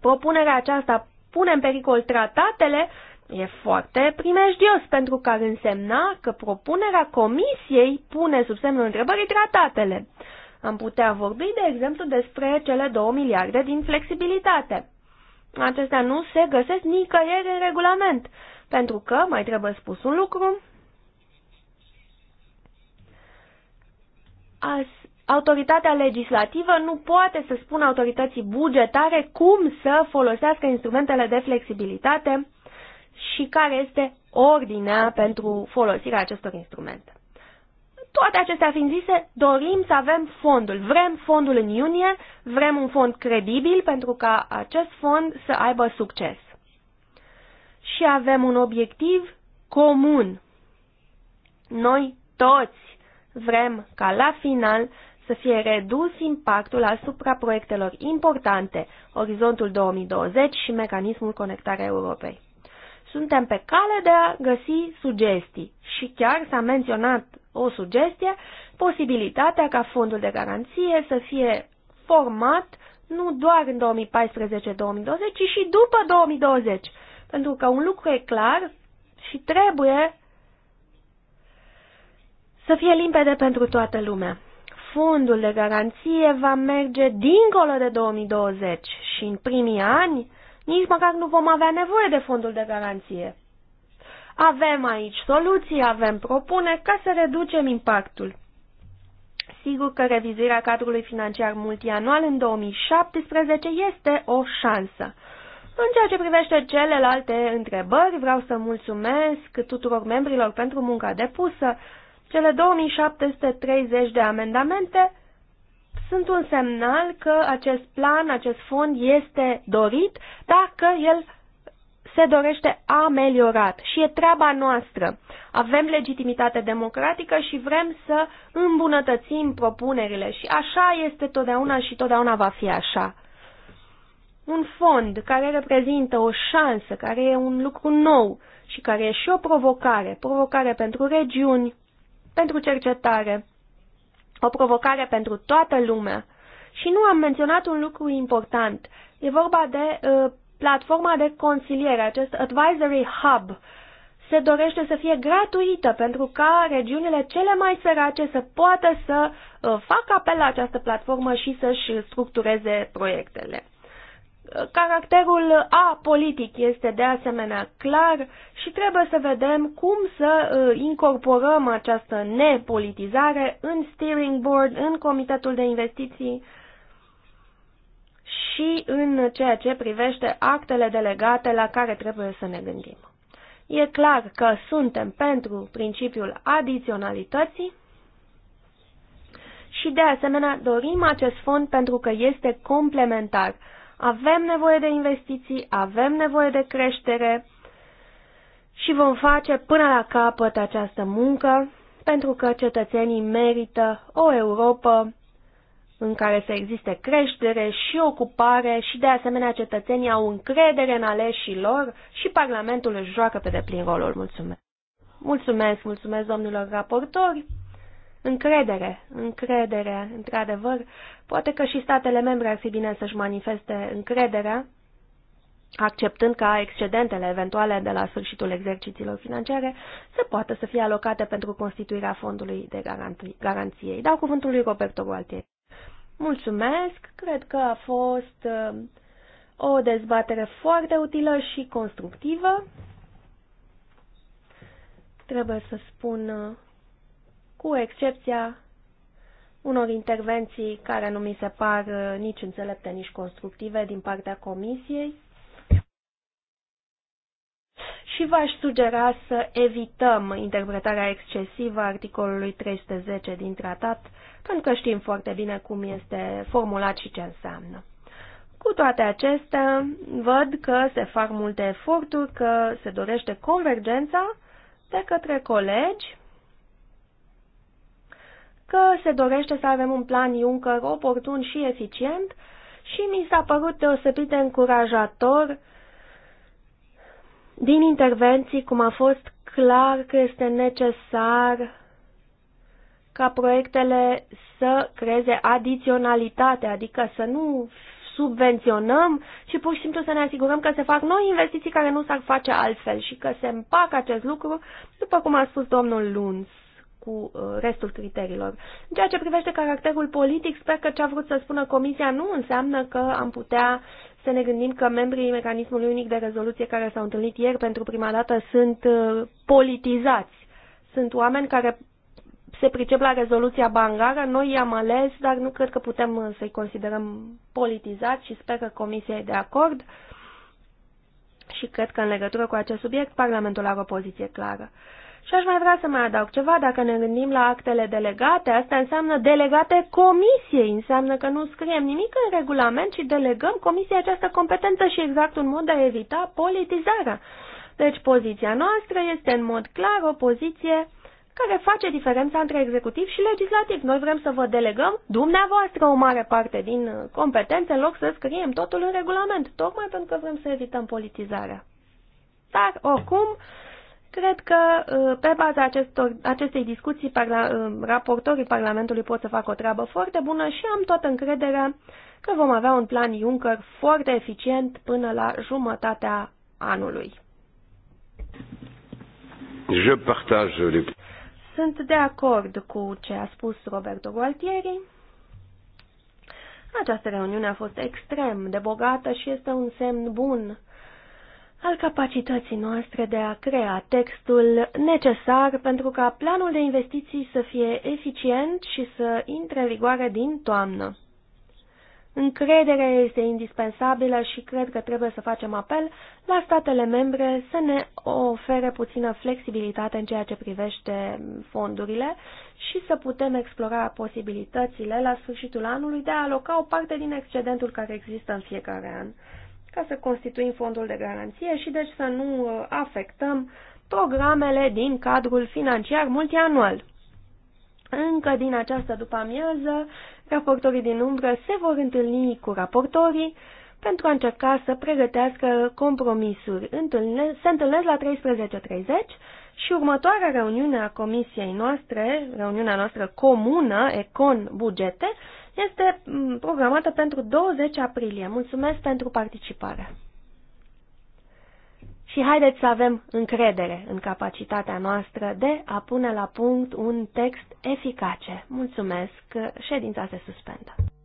propunerea aceasta pune în pericol tratatele, E foarte primejdios pentru că ar însemna că propunerea comisiei pune sub semnul întrebării tratatele. Am putea vorbi, de exemplu, despre cele 2 miliarde din flexibilitate. Acestea nu se găsesc nicăieri în regulament, pentru că, mai trebuie spus un lucru, As autoritatea legislativă nu poate să spună autorității bugetare cum să folosească instrumentele de flexibilitate și care este ordinea pentru folosirea acestor instrumente. Toate acestea fiind zise, dorim să avem fondul. Vrem fondul în iunie, vrem un fond credibil pentru ca acest fond să aibă succes. Și avem un obiectiv comun. Noi toți vrem ca la final să fie redus impactul asupra proiectelor importante, Orizontul 2020 și Mecanismul Conectarea Europei. Suntem pe cale de a găsi sugestii și chiar s-a menționat o sugestie, posibilitatea ca fondul de garanție să fie format nu doar în 2014-2020, ci și după 2020. Pentru că un lucru e clar și trebuie să fie limpede pentru toată lumea. Fondul de garanție va merge dincolo de 2020 și în primii ani nici măcar nu vom avea nevoie de fondul de garanție. Avem aici soluții, avem propuneri ca să reducem impactul. Sigur că revizuirea cadrului financiar multianual în 2017 este o șansă. În ceea ce privește celelalte întrebări, vreau să mulțumesc tuturor membrilor pentru munca depusă. Cele 2730 de amendamente sunt un semnal că acest plan, acest fond este dorit dacă el se dorește ameliorat și e treaba noastră. Avem legitimitate democratică și vrem să îmbunătățim propunerile și așa este totdeauna și totdeauna va fi așa. Un fond care reprezintă o șansă, care e un lucru nou și care e și o provocare, provocare pentru regiuni, pentru cercetare, o provocare pentru toată lumea. Și nu am menționat un lucru important. E vorba de uh, platforma de consiliere, acest Advisory Hub. Se dorește să fie gratuită pentru ca regiunile cele mai sărace să poată să uh, facă apel la această platformă și să-și structureze proiectele. Caracterul apolitic este de asemenea clar și trebuie să vedem cum să uh, incorporăm această nepolitizare în steering board, în comitetul de investiții și în ceea ce privește actele delegate la care trebuie să ne gândim. E clar că suntem pentru principiul adiționalității și de asemenea dorim acest fond pentru că este complementar avem nevoie de investiții, avem nevoie de creștere și vom face până la capăt această muncă pentru că cetățenii merită o Europa în care să existe creștere și ocupare și de asemenea cetățenii au încredere în aleșii lor și Parlamentul își joacă pe deplin rolul. Mulțumesc! Mulțumesc, mulțumesc domnilor raportori! Încredere, încredere, într-adevăr. Poate că și statele membre ar fi bine să-și manifeste încrederea, acceptând ca excedentele eventuale de la sfârșitul exercițiilor financiare să poată să fie alocate pentru constituirea fondului de garanție. garanție. dau cuvântul lui Roberto Gualtier. Mulțumesc, cred că a fost uh, o dezbatere foarte utilă și constructivă. Trebuie să spun uh, cu excepția unor intervenții care nu mi se par uh, nici înțelepte, nici constructive din partea Comisiei și v-aș sugera să evităm interpretarea excesivă a articolului 310 din tratat, pentru că știm foarte bine cum este formulat și ce înseamnă. Cu toate acestea, văd că se fac multe eforturi, că se dorește convergența de către colegi că se dorește să avem un plan Juncker oportun și eficient și mi s-a părut deosebit de încurajator din intervenții cum a fost clar că este necesar ca proiectele să creeze adiționalitate, adică să nu subvenționăm, ci pur și simplu să ne asigurăm că se fac noi investiții care nu s-ar face altfel și că se împacă acest lucru, după cum a spus domnul Luns cu uh, restul criteriilor. În ceea ce privește caracterul politic, sper că ce a vrut să spună Comisia nu înseamnă că am putea să ne gândim că membrii mecanismului unic de rezoluție care s-au întâlnit ieri pentru prima dată sunt uh, politizați. Sunt oameni care se pricep la rezoluția bangară, noi i-am ales, dar nu cred că putem uh, să-i considerăm politizați și sper că Comisia e de acord și cred că în legătură cu acest subiect Parlamentul are o poziție clară. Și aș mai vrea să mai adaug ceva, dacă ne gândim la actele delegate, asta înseamnă delegate comisiei, înseamnă că nu scriem nimic în regulament, ci delegăm comisiei această competență și exact un mod de a evita politizarea. Deci poziția noastră este în mod clar o poziție care face diferența între executiv și legislativ. Noi vrem să vă delegăm dumneavoastră o mare parte din competențe în loc să scriem totul în regulament, tocmai pentru că vrem să evităm politizarea. Dar, oricum, Cred că uh, pe baza acestor, acestei discuții parla, uh, raportorii Parlamentului pot să facă o treabă foarte bună și am toată încrederea că vom avea un plan Juncker foarte eficient până la jumătatea anului. Je partage les... Sunt de acord cu ce a spus Roberto Gualtieri. Această reuniune a fost extrem de bogată și este un semn bun al capacității noastre de a crea textul necesar pentru ca planul de investiții să fie eficient și să intre în vigoare din toamnă. Încrederea este indispensabilă și cred că trebuie să facem apel la statele membre să ne ofere puțină flexibilitate în ceea ce privește fondurile și să putem explora posibilitățile la sfârșitul anului de a aloca o parte din excedentul care există în fiecare an ca să constituim fondul de garanție și deci să nu uh, afectăm programele din cadrul financiar multianual. Încă din această după-amiază, raportorii din umbră se vor întâlni cu raportorii pentru a încerca să pregătească compromisuri. Întâlne, se întâlnesc la 13.30 și următoarea reuniune a comisiei noastre, reuniunea noastră comună, Econ Bugete, este mm, programată pentru 20 aprilie. Mulțumesc pentru participare. Și haideți să avem încredere în capacitatea noastră de a pune la punct un text eficace. Mulțumesc. Ședința se suspendă.